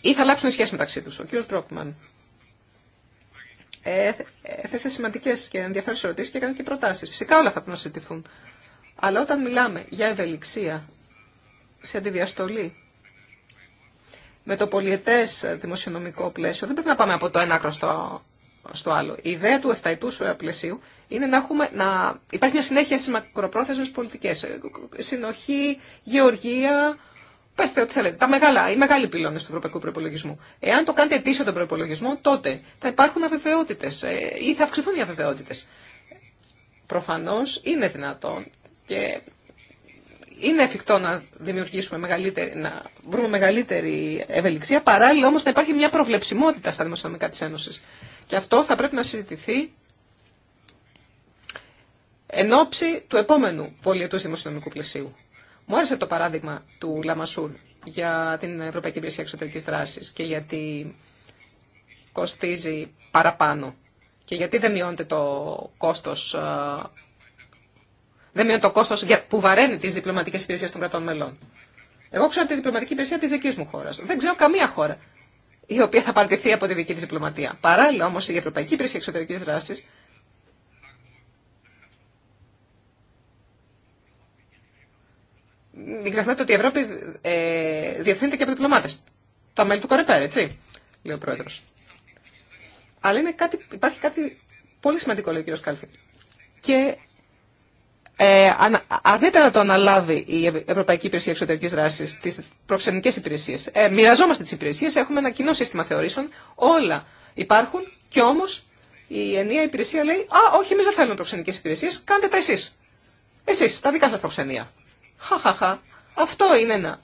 ή θα αλλάξουν σχέση μεταξύ τους. Ο κύριος Μπρόκμαν έθεσε σημαντικές και ενδιαφέρουσες ερωτήσεις και έκανε και προτάσεις. Φυσικά όλα αυτά πρέπει να συζητηθούν. Αλλά όταν μιλάμε για ευελιξία σε αντιδιαστολή με το πολιετές δημοσιονομικό πλαίσιο. Δεν πρέπει να πάμε από το ένα άκρο στο, στο άλλο. Η ιδέα του εφταϊτού πλαισίου είναι να, να υπάρχει μια συνέχεια στις μακροπρόθεσμες πολιτικές. Συνοχή, γεωργία, πέστε ό,τι θέλετε. Τα μεγάλα, οι μεγάλοι πυλώνες του ευρωπαϊκού προπολογισμού. Εάν το κάνετε ετήσιο τον προπολογισμό, τότε θα υπάρχουν αβεβαιότητε ε, ή θα αυξηθούν οι αβεβαιοτητε προφανω είναι δυνατόν και είναι εφικτό να δημιουργήσουμε μεγαλύτερη, να βρούμε μεγαλύτερη ευελιξία, παράλληλα όμως να υπάρχει μια προβλεψιμότητα στα δημοσιονομικά της Ένωσης. Και αυτό θα πρέπει να συζητηθεί εν ώψη του επόμενου πολιετούς δημοσιονομικού πλαισίου. Μου άρεσε το παράδειγμα του Λαμασούρ για την Ευρωπαϊκή Υπηρεσία Εξωτερικής Δράσης και γιατί κοστίζει παραπάνω και γιατί δεν μειώνεται το κόστος ε, δεν μειώνει το κόστο που βαραίνει τι διπλωματικέ υπηρεσίε των κρατών μελών. Εγώ ξέρω τη διπλωματική υπηρεσία τη δική μου χώρα. Δεν ξέρω καμία χώρα η οποία θα παρτιθεί από τη δική τη διπλωματία. Παράλληλα όμω η Ευρωπαϊκή Υπηρεσία Εξωτερική Δράση μην ξεχνάτε ότι η Ευρώπη ε, διευθύνεται και από διπλωμάτε. Τα μέλη του Κορεπέρ, έτσι, λέει ο πρόεδρο. Αλλά είναι κάτι, υπάρχει κάτι πολύ σημαντικό, λέει ο κ. Και ε, αρνείται να το αναλάβει η Ευρωπαϊκή Υπηρεσία Εξωτερική Δράση, τι προξενικέ υπηρεσίε. Ε, μοιραζόμαστε τι υπηρεσίε, έχουμε ένα κοινό σύστημα θεωρήσεων, όλα υπάρχουν και όμω η ενιαία υπηρεσία λέει Α, όχι, εμεί δεν θέλουμε προξενικέ υπηρεσίε, κάντε τα εσεί. Εσεί, τα δικά σα προξενία. Χαχαχα. Αυτό είναι ένα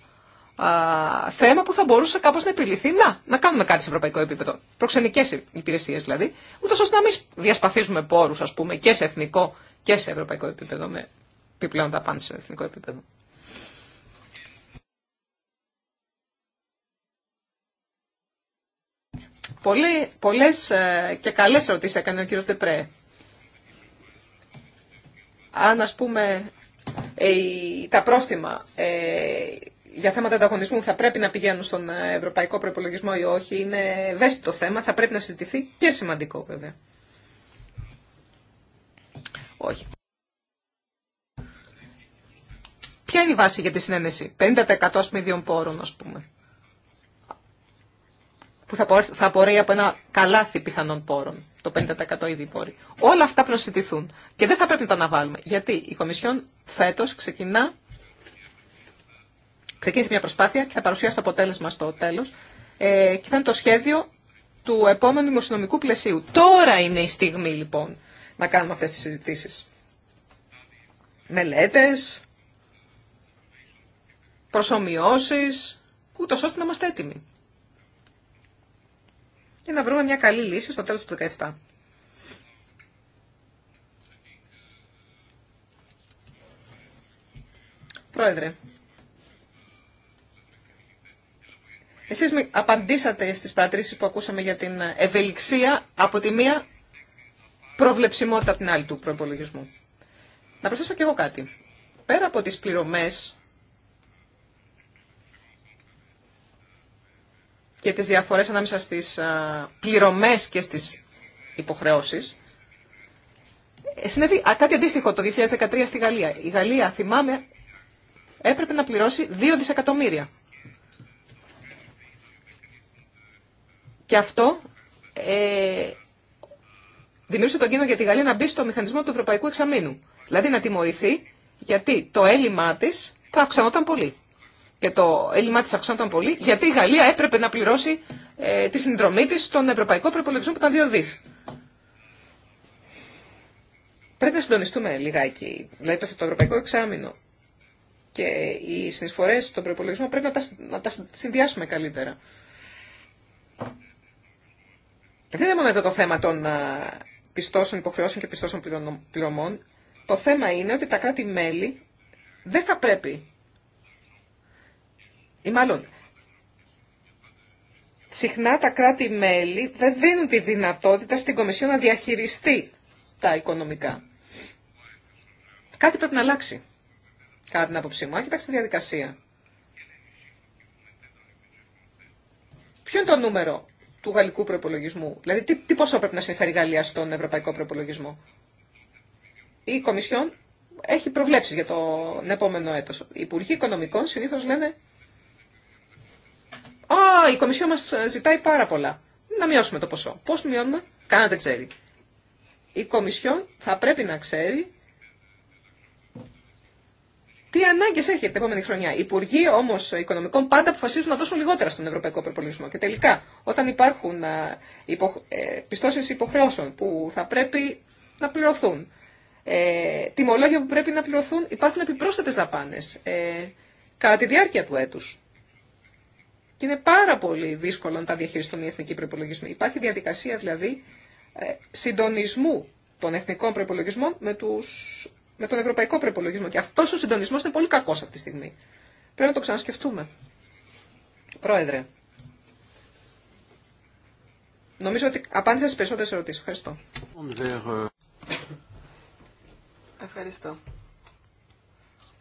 α, θέμα που θα μπορούσε κάπω να επιληθεί. Να, να κάνουμε κάτι σε ευρωπαϊκό επίπεδο. Προξενικέ υπηρεσίε δηλαδή, ούτω ώστε να μην διασπαθίζουμε πόρου, α πούμε, και σε εθνικό και σε ευρωπαϊκό επίπεδο με επιπλέον πάντα σε εθνικό επίπεδο. Πολλέ πολλές ε, και καλές ερωτήσεις έκανε ο κύριος Τεπρέ. Αν ας πούμε ε, τα πρόστιμα ε, για θέματα ανταγωνισμού θα πρέπει να πηγαίνουν στον ευρωπαϊκό προπολογισμό ή όχι, είναι ευαίσθητο θέμα, θα πρέπει να συζητηθεί και σημαντικό βέβαια. Ποια είναι η βάση για τη συνένεση. 50% σπίδιων πόρων, ας πούμε. Που θα απορρέει από ένα καλάθι πιθανών πόρων. Το 50% ήδη πόροι. Όλα αυτά προσιτηθούν. Και δεν θα πρέπει να τα αναβάλουμε. Γιατί η Κομισιόν φέτος ξεκινά, ξεκίνησε μια προσπάθεια και θα παρουσιάσει το αποτέλεσμα στο τέλος. Ε, και είναι το σχέδιο του επόμενου δημοσιονομικού πλαισίου. Τώρα είναι η στιγμή λοιπόν να κάνουμε αυτές τις συζητήσεις. Μελέτες, προσωμιώσεις, ούτως ώστε να είμαστε έτοιμοι. Και να βρούμε μια καλή λύση στο τέλος του 17. Πρόεδρε, εσείς απαντήσατε στις παρατηρήσεις που ακούσαμε για την ευελιξία από τη μία προβλεψιμότητα από την άλλη του προπολογισμού. Να προσθέσω και εγώ κάτι. Πέρα από τις πληρωμές και τις διαφορές ανάμεσα στις πληρωμές και στις υποχρεώσεις, ε, συνέβη κάτι αντίστοιχο το 2013 στη Γαλλία. Η Γαλλία, θυμάμαι, έπρεπε να πληρώσει 2 δισεκατομμύρια. Και αυτό ε, δημιούργησε τον κίνδυνο για τη Γαλλία να μπει στο μηχανισμό του Ευρωπαϊκού Εξαμήνου. Δηλαδή να τιμωρηθεί γιατί το έλλειμμά τη θα αυξανόταν πολύ. Και το έλλειμμά τη αυξανόταν πολύ γιατί η Γαλλία έπρεπε να πληρώσει ε, τη συνδρομή τη στον Ευρωπαϊκό Προπολογισμό που ήταν 2 δι. Πρέπει να συντονιστούμε λιγάκι. Δηλαδή το, το Ευρωπαϊκό Εξάμεινο και οι συνεισφορέ στον προπολογισμό πρέπει να τα, να τα συνδυάσουμε καλύτερα. Δεν είναι μόνο εδώ το θέμα των ε, πιστώσεων υποχρεώσεων και πιστώσεων πληρωμών, το θέμα είναι ότι τα κράτη-μέλη δεν θα πρέπει, ή μάλλον συχνά τα κράτη-μέλη δεν δίνουν τη δυνατότητα στην Κομισιόν να διαχειριστεί τα οικονομικά. Κάτι πρέπει να αλλάξει, κατά την άποψή μου. κοιτάξτε τη διαδικασία. Ποιο είναι το νούμερο του γαλλικού προπολογισμού. Δηλαδή, τι, ποσό πρέπει να συμφέρει η Γαλλία στον ευρωπαϊκό προπολογισμό. Η Κομισιόν έχει προβλέψει για τον επόμενο έτος. Οι Υπουργοί Οικονομικών συνήθω λένε «Α, η Κομισιόν μας ζητάει πάρα πολλά. Να μειώσουμε το ποσό». Πώς μειώνουμε, κανένα δεν ξέρει. Η Κομισιόν θα πρέπει να ξέρει τι ανάγκε έχει την επόμενη χρονιά. Οι υπουργοί όμω οικονομικών πάντα αποφασίζουν να δώσουν λιγότερα στον ευρωπαϊκό προπολογισμό. Και τελικά, όταν υπάρχουν ε, ε, πιστώσει υποχρεώσεων που θα πρέπει να πληρωθούν, ε, τιμολόγια που πρέπει να πληρωθούν, υπάρχουν επιπρόσθετε δαπάνε ε, κατά τη διάρκεια του έτου. Και είναι πάρα πολύ δύσκολο να τα διαχειριστούν οι εθνικοί προπολογισμοί. Υπάρχει διαδικασία δηλαδή συντονισμού των εθνικών προπολογισμών με του με τον ευρωπαϊκό προπολογισμό. Και αυτό ο συντονισμό είναι πολύ κακό αυτή τη στιγμή. Πρέπει να το ξανασκεφτούμε. Πρόεδρε. Νομίζω ότι απάντησα στι περισσότερε ερωτήσει. Ευχαριστώ. Ευχαριστώ.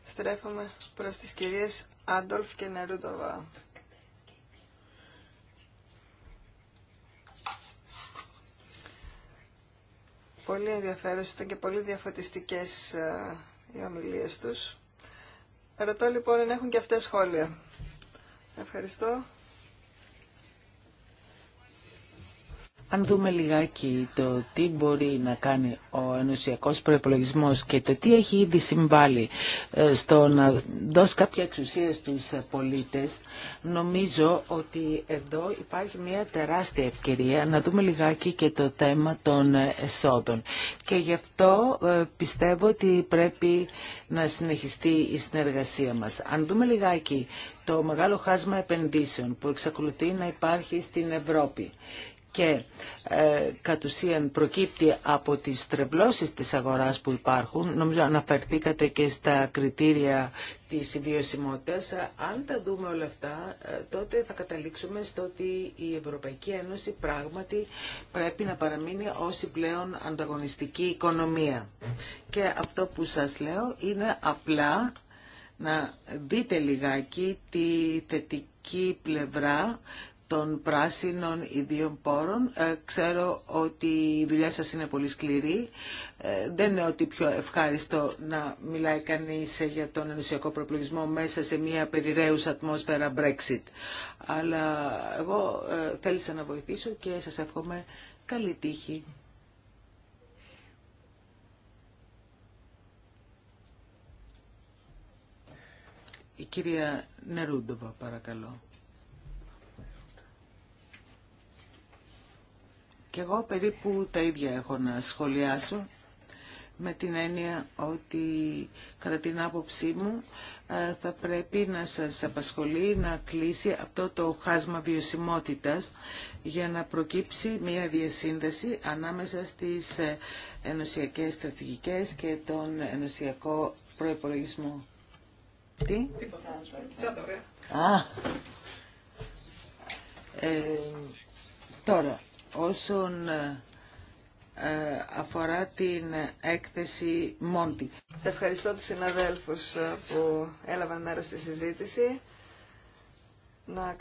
Στρέφομαι προς τις κυρίες Άντολφ και Νερούτοβα. Πολύ ενδιαφέρον. ήταν και πολύ διαφωτιστικές ε, οι ομιλίε τους. Ρωτώ λοιπόν αν έχουν και αυτές σχόλια. Ευχαριστώ. Αν δούμε λιγάκι το τι μπορεί να κάνει ο ενωσιακός προπολογισμό και το τι έχει ήδη συμβάλει ε, στο να δώσει κάποια εξουσία στους πολίτες, νομίζω ότι εδώ υπάρχει μια τεράστια ευκαιρία να δούμε λιγάκι και το θέμα των εσόδων. Και γι' αυτό ε, πιστεύω ότι πρέπει να συνεχιστεί η συνεργασία μας. Αν δούμε λιγάκι το μεγάλο χάσμα επενδύσεων που εξακολουθεί να υπάρχει στην Ευρώπη και ε, κατ' ουσίαν προκύπτει από τις τρευλώσεις της αγοράς που υπάρχουν. Νομίζω αναφερθήκατε και στα κριτήρια της βιωσιμότητας. Ε, αν τα δούμε όλα αυτά, ε, τότε θα καταλήξουμε στο ότι η Ευρωπαϊκή Ένωση πράγματι πρέπει να παραμείνει ως η πλέον ανταγωνιστική οικονομία. Και αυτό που σας λέω είναι απλά να δείτε λιγάκι τη θετική πλευρά των πράσινων ιδίων πόρων. Ε, ξέρω ότι η δουλειά σας είναι πολύ σκληρή. Ε, δεν είναι ότι πιο ευχάριστο να μιλάει κανείς για τον ενουσιακό προπλογισμό μέσα σε μια περιραίους ατμόσφαιρα Brexit. Αλλά εγώ ε, θέλησα να βοηθήσω και σας εύχομαι καλή τύχη. Η κυρία Νερούντοβα, παρακαλώ. Και εγώ περίπου τα ίδια έχω να σχολιάσω με την έννοια ότι κατά την άποψή μου ε, θα πρέπει να σας απασχολεί να κλείσει αυτό το χάσμα βιωσιμότητας για να προκύψει μια διασύνδεση ανάμεσα στις ε, ενωσιακές στρατηγικές και τον ενωσιακό προϋπολογισμό. Τι? Τίποτα. Α, ε, τώρα, όσον ε, ε, αφορά την έκθεση Μόντι. Ευχαριστώ τους συναδέλφους ε, που έλαβαν μέρος στη συζήτηση. Να,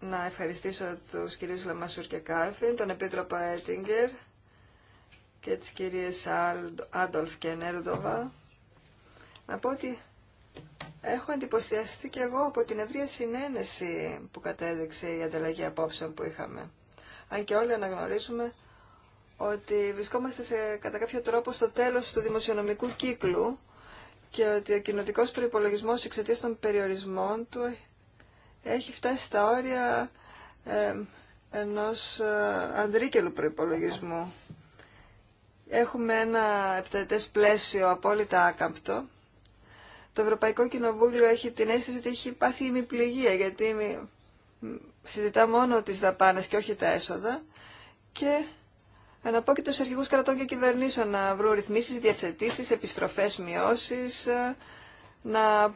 να ευχαριστήσω τους κυρίους Λαμασούρ και Κάρφιν, τον Επίτροπο Έτιγκερ και τις κυρίες Άντολφ και Νέρντοβα. Να πω ότι έχω εντυπωσιαστεί και εγώ από την ευρία συνένεση που κατέδειξε η ανταλλαγή απόψεων που είχαμε αν και όλοι αναγνωρίζουμε ότι βρισκόμαστε σε, κατά κάποιο τρόπο στο τέλος του δημοσιονομικού κύκλου και ότι ο κοινοτικό προπολογισμό εξαιτία των περιορισμών του έχει φτάσει στα όρια ε, ενός αντρίκελου προϋπολογισμού. Έχουμε ένα επτατές πλαίσιο απόλυτα άκαμπτο. Το Ευρωπαϊκό Κοινοβούλιο έχει την αίσθηση ότι έχει πάθει ημιπληγία, γιατί συζητά μόνο τις δαπάνες και όχι τα έσοδα και αναπόκειται στους αρχηγούς κρατών και κυβερνήσεων να βρουν ρυθμίσεις, διευθετήσεις, επιστροφές, μειώσεις, ε, να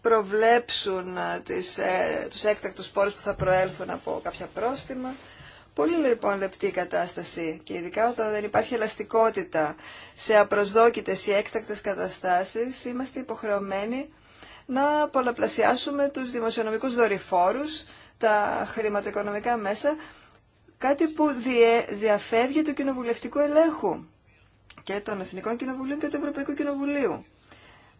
προβλέψουν ε, τις, ε, τους έκτακτους πόρους που θα προέλθουν από κάποια πρόστιμα. Πολύ λοιπόν λεπτή η κατάσταση και ειδικά όταν δεν υπάρχει ελαστικότητα σε απροσδόκητες ή έκτακτες καταστάσεις είμαστε υποχρεωμένοι να πολλαπλασιάσουμε τους δημοσιονομικούς δορυφόρους, τα χρηματοοικονομικά μέσα, κάτι που διαφεύγει του κοινοβουλευτικού ελέγχου και των Εθνικών Κοινοβουλίων και του Ευρωπαϊκού Κοινοβουλίου.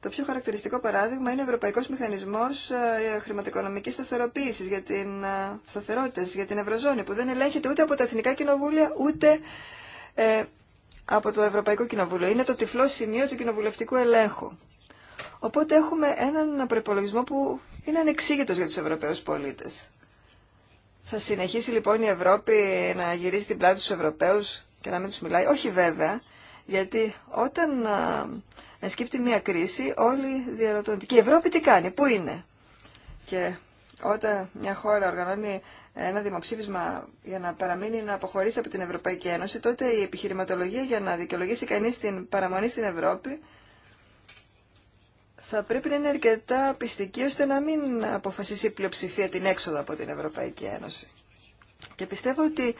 Το πιο χαρακτηριστικό παράδειγμα είναι ο Ευρωπαϊκό Μηχανισμό ε, Χρηματοοικονομικής Σταθεροποίησης για την ε, σταθερότητα, για την Ευρωζώνη, που δεν ελέγχεται ούτε από τα Εθνικά Κοινοβούλια, ούτε ε, από το Ευρωπαϊκό Κοινοβούλιο. Είναι το τυφλό σημείο του κοινοβουλευτικού ελέγχου. Οπότε έχουμε έναν προπολογισμό που είναι ανεξήγητος για τους Ευρωπαίους πολίτες. Θα συνεχίσει λοιπόν η Ευρώπη να γυρίζει την πλάτη στους Ευρωπαίους και να μην τους μιλάει. Όχι βέβαια, γιατί όταν εσκύπτει μια κρίση όλοι διαρωτώνται. Και η Ευρώπη τι κάνει, πού είναι. Και όταν μια χώρα οργανώνει ένα δημοψήφισμα για να παραμείνει να αποχωρήσει από την Ευρωπαϊκή Ένωση, τότε η επιχειρηματολογία για να δικαιολογήσει κανείς την παραμονή στην Ευρώπη θα πρέπει να είναι αρκετά πιστική ώστε να μην αποφασίσει η πλειοψηφία την έξοδο από την Ευρωπαϊκή Ένωση. Και πιστεύω ότι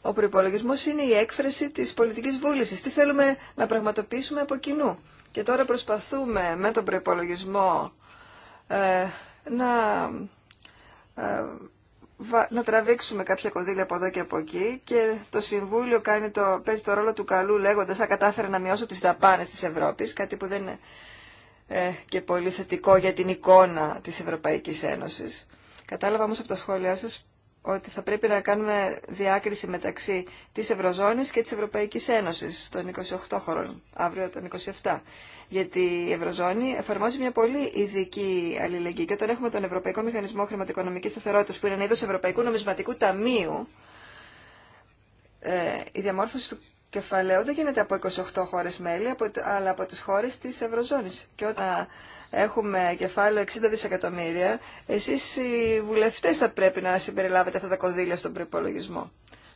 ο προπολογισμό είναι η έκφραση τη πολιτική βούληση. Τι θέλουμε να πραγματοποιήσουμε από κοινού. Και τώρα προσπαθούμε με τον προπολογισμό ε, να, ε, να τραβήξουμε κάποια κονδύλια από εδώ και από εκεί και το Συμβούλιο κάνει το, παίζει το ρόλο του καλού λέγοντας «Α, κατάφερε να μειώσω τις δαπάνες της Ευρώπης», κάτι που δεν είναι ε, και πολύ θετικό για την εικόνα της Ευρωπαϊκής Ένωσης. Κατάλαβα όμως από τα σχόλιά σας ότι θα πρέπει να κάνουμε διάκριση μεταξύ της Ευρωζώνης και της Ευρωπαϊκής Ένωσης των 28 χωρών, αύριο των 27. Γιατί η Ευρωζώνη εφαρμόζει μια πολύ ειδική αλληλεγγύη και όταν έχουμε τον Ευρωπαϊκό Μηχανισμό Χρηματοοικονομικής Σταθερότητας που είναι ένα είδος Ευρωπαϊκού Νομισματικού Ταμείου, ε, η διαμόρφωση του κεφαλαίου δεν γίνεται από 28 χώρες μέλη, αλλά από τις χώρες της Ευρωζώνης. Και όταν έχουμε κεφάλαιο 60 δισεκατομμύρια, εσείς οι βουλευτές θα πρέπει να συμπεριλάβετε αυτά τα κονδύλια στον προπολογισμό.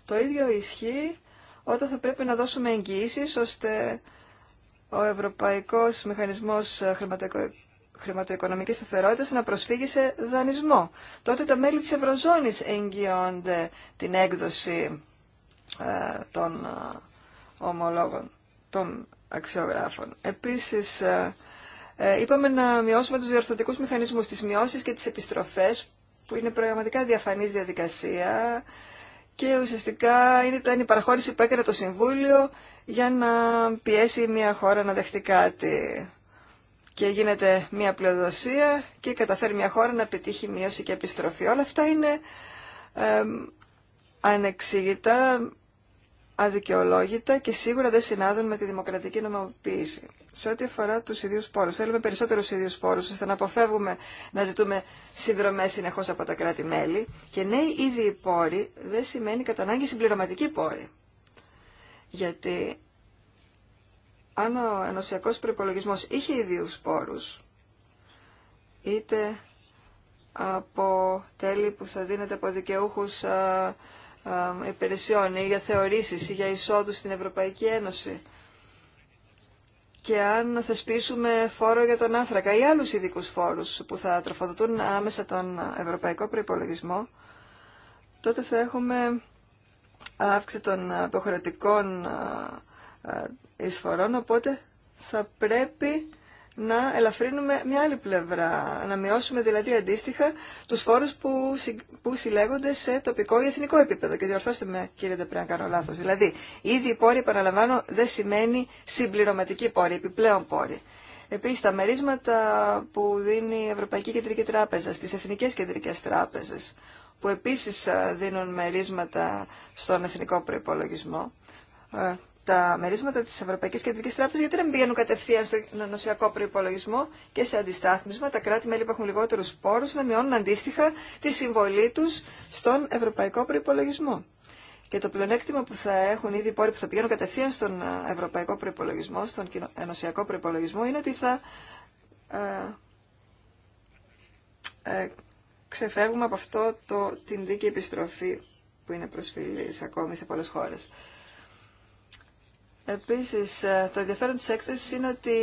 Το ίδιο ισχύει όταν θα πρέπει να δώσουμε εγγυήσεις ώστε ο Ευρωπαϊκός Μηχανισμός Χρηματοοικονομικής Σταθερότητας να προσφύγει σε δανεισμό. Τότε τα μέλη της Ευρωζώνης εγγυώνται την έκδοση ε, των ομολόγων των αξιογράφων. Επίσης, ε, ε, είπαμε να μειώσουμε τους διορθωτικούς μηχανισμούς, της μειώσεις και τις επιστροφές, που είναι πραγματικά διαφανής διαδικασία και ουσιαστικά είναι η παραχώρηση που έκανε το Συμβούλιο για να πιέσει μια χώρα να δεχτεί κάτι. Και γίνεται μια πλειοδοσία και καταφέρει μια χώρα να πετύχει μείωση και επιστροφή. Όλα αυτά είναι ε, ανεξήγητα αδικαιολόγητα και σίγουρα δεν συνάδουν με τη δημοκρατική νομοποίηση. Σε ό,τι αφορά του ιδίου πόρου, θέλουμε περισσότερου ιδίου πόρου ώστε να αποφεύγουμε να ζητούμε συνδρομέ συνεχώ από τα κράτη-μέλη και νέοι ίδιοι πόροι δεν σημαίνει κατά ανάγκη συμπληρωματικοί πόροι. Γιατί αν ο ενωσιακό προπολογισμό είχε ιδίου πόρου, είτε από τέλη που θα δίνεται από δικαιούχου ε, υπηρεσιών ή για θεωρήσεις ή για εισόδους στην Ευρωπαϊκή Ένωση και αν θεσπίσουμε φόρο για τον άνθρακα ή άλλους ειδικού φόρους που θα τροφοδοτούν άμεσα τον ευρωπαϊκό προϋπολογισμό, τότε θα έχουμε αύξηση των υποχρεωτικών ε, ε, εισφορών, οπότε θα πρέπει να ελαφρύνουμε μια άλλη πλευρά, να μειώσουμε δηλαδή αντίστοιχα τους φόρους που, που συλλέγονται σε τοπικό ή εθνικό επίπεδο. Και διορθώστε με κύριε Ντεπρέ αν κάνω λάθος. Δηλαδή, ήδη η πόρη, επαναλαμβάνω, δεν σημαίνει συμπληρωματική πόρη, επιπλέον πόρη. Επίσης, τα μερίσματα που δίνει η πορη παραλαμβανω Κεντρική Τράπεζα στις Εθνικές Κεντρικές Τράπεζες, που επίσης ε, δίνουν μερίσματα στον εθνικό προϋπολογισμό, ε, τα μερίσματα της Ευρωπαϊκής Κεντρικής Τράπεζας, γιατί δεν πηγαίνουν κατευθείαν στον ενωσιακό προϋπολογισμό και σε αντιστάθμισμα τα κράτη-μέλη που έχουν λιγότερους πόρους να μειώνουν αντίστοιχα τη συμβολή τους στον ευρωπαϊκό προϋπολογισμό. Και το πλεονέκτημα που θα έχουν ήδη οι πόροι που θα πηγαίνουν κατευθείαν στον ε, ευρωπαϊκό προϋπολογισμό, στον ενωσιακό προϋπολογισμό, είναι ότι θα ε, ε, ξεφεύγουμε από αυτό το, την δίκαιη επιστροφή που είναι προσφυλής ακόμη σε πολλές χώρες. Επίσης, ε, το ενδιαφέρον της έκθεσης είναι ότι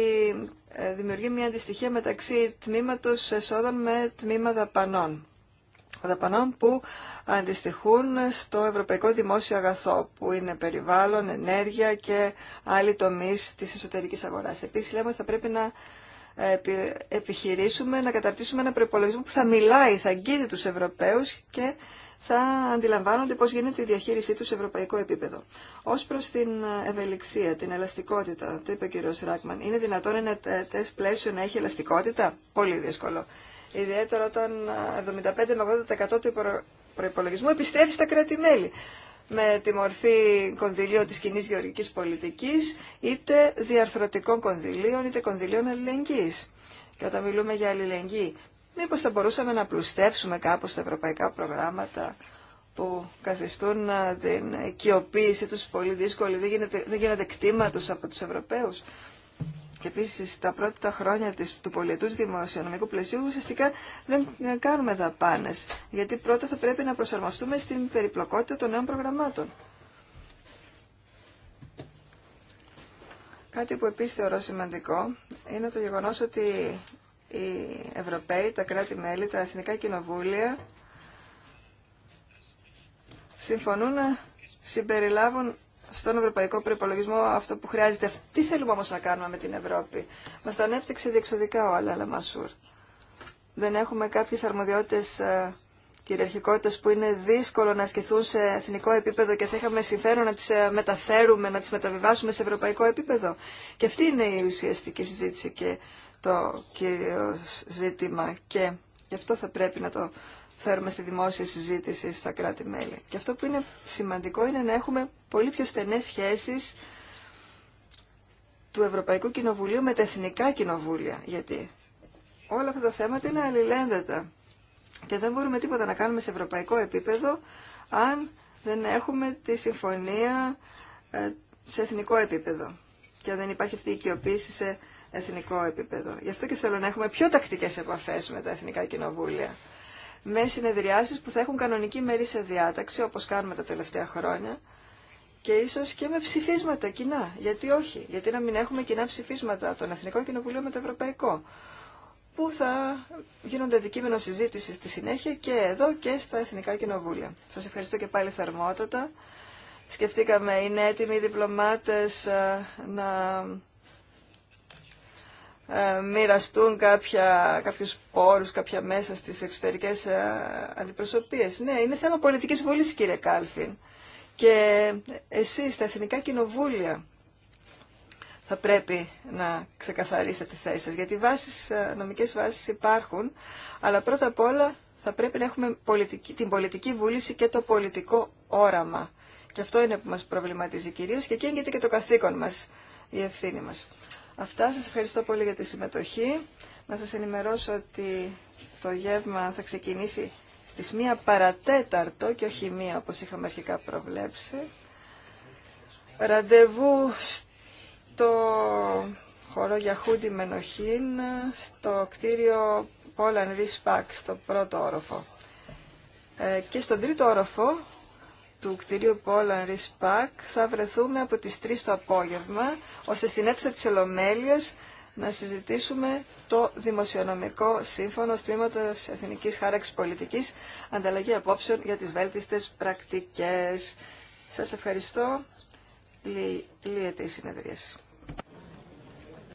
ε, δημιουργεί μια αντιστοιχία μεταξύ τμήματος εσόδων με τμήμα δαπανών. Δαπανών που αντιστοιχούν στο ευρωπαϊκό δημόσιο αγαθό, που είναι περιβάλλον, ενέργεια και άλλοι τομείς της εσωτερικής αγοράς. Επίσης, λέμε ότι θα πρέπει να επιχειρήσουμε να καταρτήσουμε ένα προπολογισμό που θα μιλάει, θα αγγίζει τους Ευρωπαίους και θα αντιλαμβάνονται πώς γίνεται η διαχείρισή του σε ευρωπαϊκό επίπεδο. Ως προς την ευελιξία, την ελαστικότητα, το είπε ο κ. Ράκμαν, είναι δυνατόν ένα τεστ πλαίσιο να έχει ελαστικότητα? Πολύ δύσκολο. Ιδιαίτερα όταν 75 με 80% του προπολογισμού επιστρέφει στα κράτη-μέλη με τη μορφή κονδυλίων της κοινή γεωργικής πολιτικής, είτε διαρθρωτικών κονδυλίων, είτε κονδυλίων αλληλεγγύης. Και όταν μιλούμε για αλληλεγγύη, μήπως θα μπορούσαμε να πλουστεύσουμε κάπως τα ευρωπαϊκά προγράμματα που καθιστούν ε, την οικειοποίηση τους πολύ δύσκολη, δεν γίνεται, δεν γίνεται κτήμα τους από τους Ευρωπαίους. Και επίση τα πρώτα χρόνια της, του πολιτού δημοσιονομικού πλαισίου ουσιαστικά δεν κάνουμε δαπάνε. Γιατί πρώτα θα πρέπει να προσαρμοστούμε στην περιπλοκότητα των νέων προγραμμάτων. Κάτι που επίση θεωρώ σημαντικό είναι το γεγονό ότι οι Ευρωπαίοι, τα κράτη-μέλη, τα εθνικά κοινοβούλια συμφωνούν να συμπεριλάβουν στον ευρωπαϊκό προπολογισμό αυτό που χρειάζεται. Τι θέλουμε όμως να κάνουμε με την Ευρώπη. Μας τα ανέπτυξε διεξοδικά ο Αλάλα Μασούρ. Δεν έχουμε κάποιες αρμοδιότητες ε, κυριαρχικότητες που είναι δύσκολο να ασκηθούν σε εθνικό επίπεδο και θα είχαμε συμφέρον να τις ε, μεταφέρουμε, να τις μεταβιβάσουμε σε ευρωπαϊκό επίπεδο. Και αυτή είναι η ουσιαστική συζήτηση και το κύριο ζήτημα και γι' αυτό θα πρέπει να το φέρουμε στη δημόσια συζήτηση στα κράτη-μέλη. Και αυτό που είναι σημαντικό είναι να έχουμε πολύ πιο στενές σχέσεις του Ευρωπαϊκού Κοινοβουλίου με τα εθνικά κοινοβούλια. Γιατί όλα αυτά τα θέματα είναι αλληλένδετα και δεν μπορούμε τίποτα να κάνουμε σε ευρωπαϊκό επίπεδο αν δεν έχουμε τη συμφωνία ε, σε εθνικό επίπεδο και δεν υπάρχει αυτή η οικειοποίηση σε εθνικό επίπεδο. Γι' αυτό και θέλω να έχουμε πιο τακτικές επαφές με τα εθνικά κοινοβούλια με συνεδριάσεις που θα έχουν κανονική σε διάταξη, όπως κάνουμε τα τελευταία χρόνια, και ίσως και με ψηφίσματα κοινά. Γιατί όχι, γιατί να μην έχουμε κοινά ψηφίσματα των Εθνικών Κοινοβουλίων με το Ευρωπαϊκό, που θα γίνονται αντικείμενο συζήτηση στη συνέχεια και εδώ και στα Εθνικά Κοινοβούλια. Σας ευχαριστώ και πάλι θερμότατα. Σκεφτήκαμε, είναι έτοιμοι οι διπλωμάτες ε, να ε, μοιραστούν κάποια, κάποιους πόρους, κάποια μέσα στις εξωτερικές ε, αντιπροσωπείες. Ναι, είναι θέμα πολιτικής βολής κύριε Κάλφιν. Και εσείς τα Εθνικά Κοινοβούλια θα πρέπει να ξεκαθαρίσετε τη θέση σας, γιατί βάσεις, ε, νομικές βάσεις υπάρχουν, αλλά πρώτα απ' όλα θα πρέπει να έχουμε την πολιτική βούληση και το πολιτικό όραμα. Και αυτό είναι που μας προβληματίζει κυρίως και εκεί και το καθήκον μας, η ευθύνη μας. Αυτά. Σας ευχαριστώ πολύ για τη συμμετοχή. Να σας ενημερώσω ότι το γεύμα θα ξεκινήσει στις 1 παρατέταρτο και όχι 1 όπως είχαμε αρχικά προβλέψει. Ραντεβού στο χώρο για χούντι μενοχήν στο κτίριο Πόλαν Ρίσπακ στο πρώτο όροφο. Ε, και στον τρίτο όροφο του κτηρίου Πόλαν Ρισπακ θα βρεθούμε από τις 3 το απόγευμα, ώστε στην αίθουσα της Ελομέλειας να συζητήσουμε το Δημοσιονομικό Σύμφωνο Στήματος Εθνικής Χάραξης Πολιτικής, ανταλλαγή απόψεων για τις βέλτιστες πρακτικές. Σας ευχαριστώ. Λύεται η συνεδρίαση.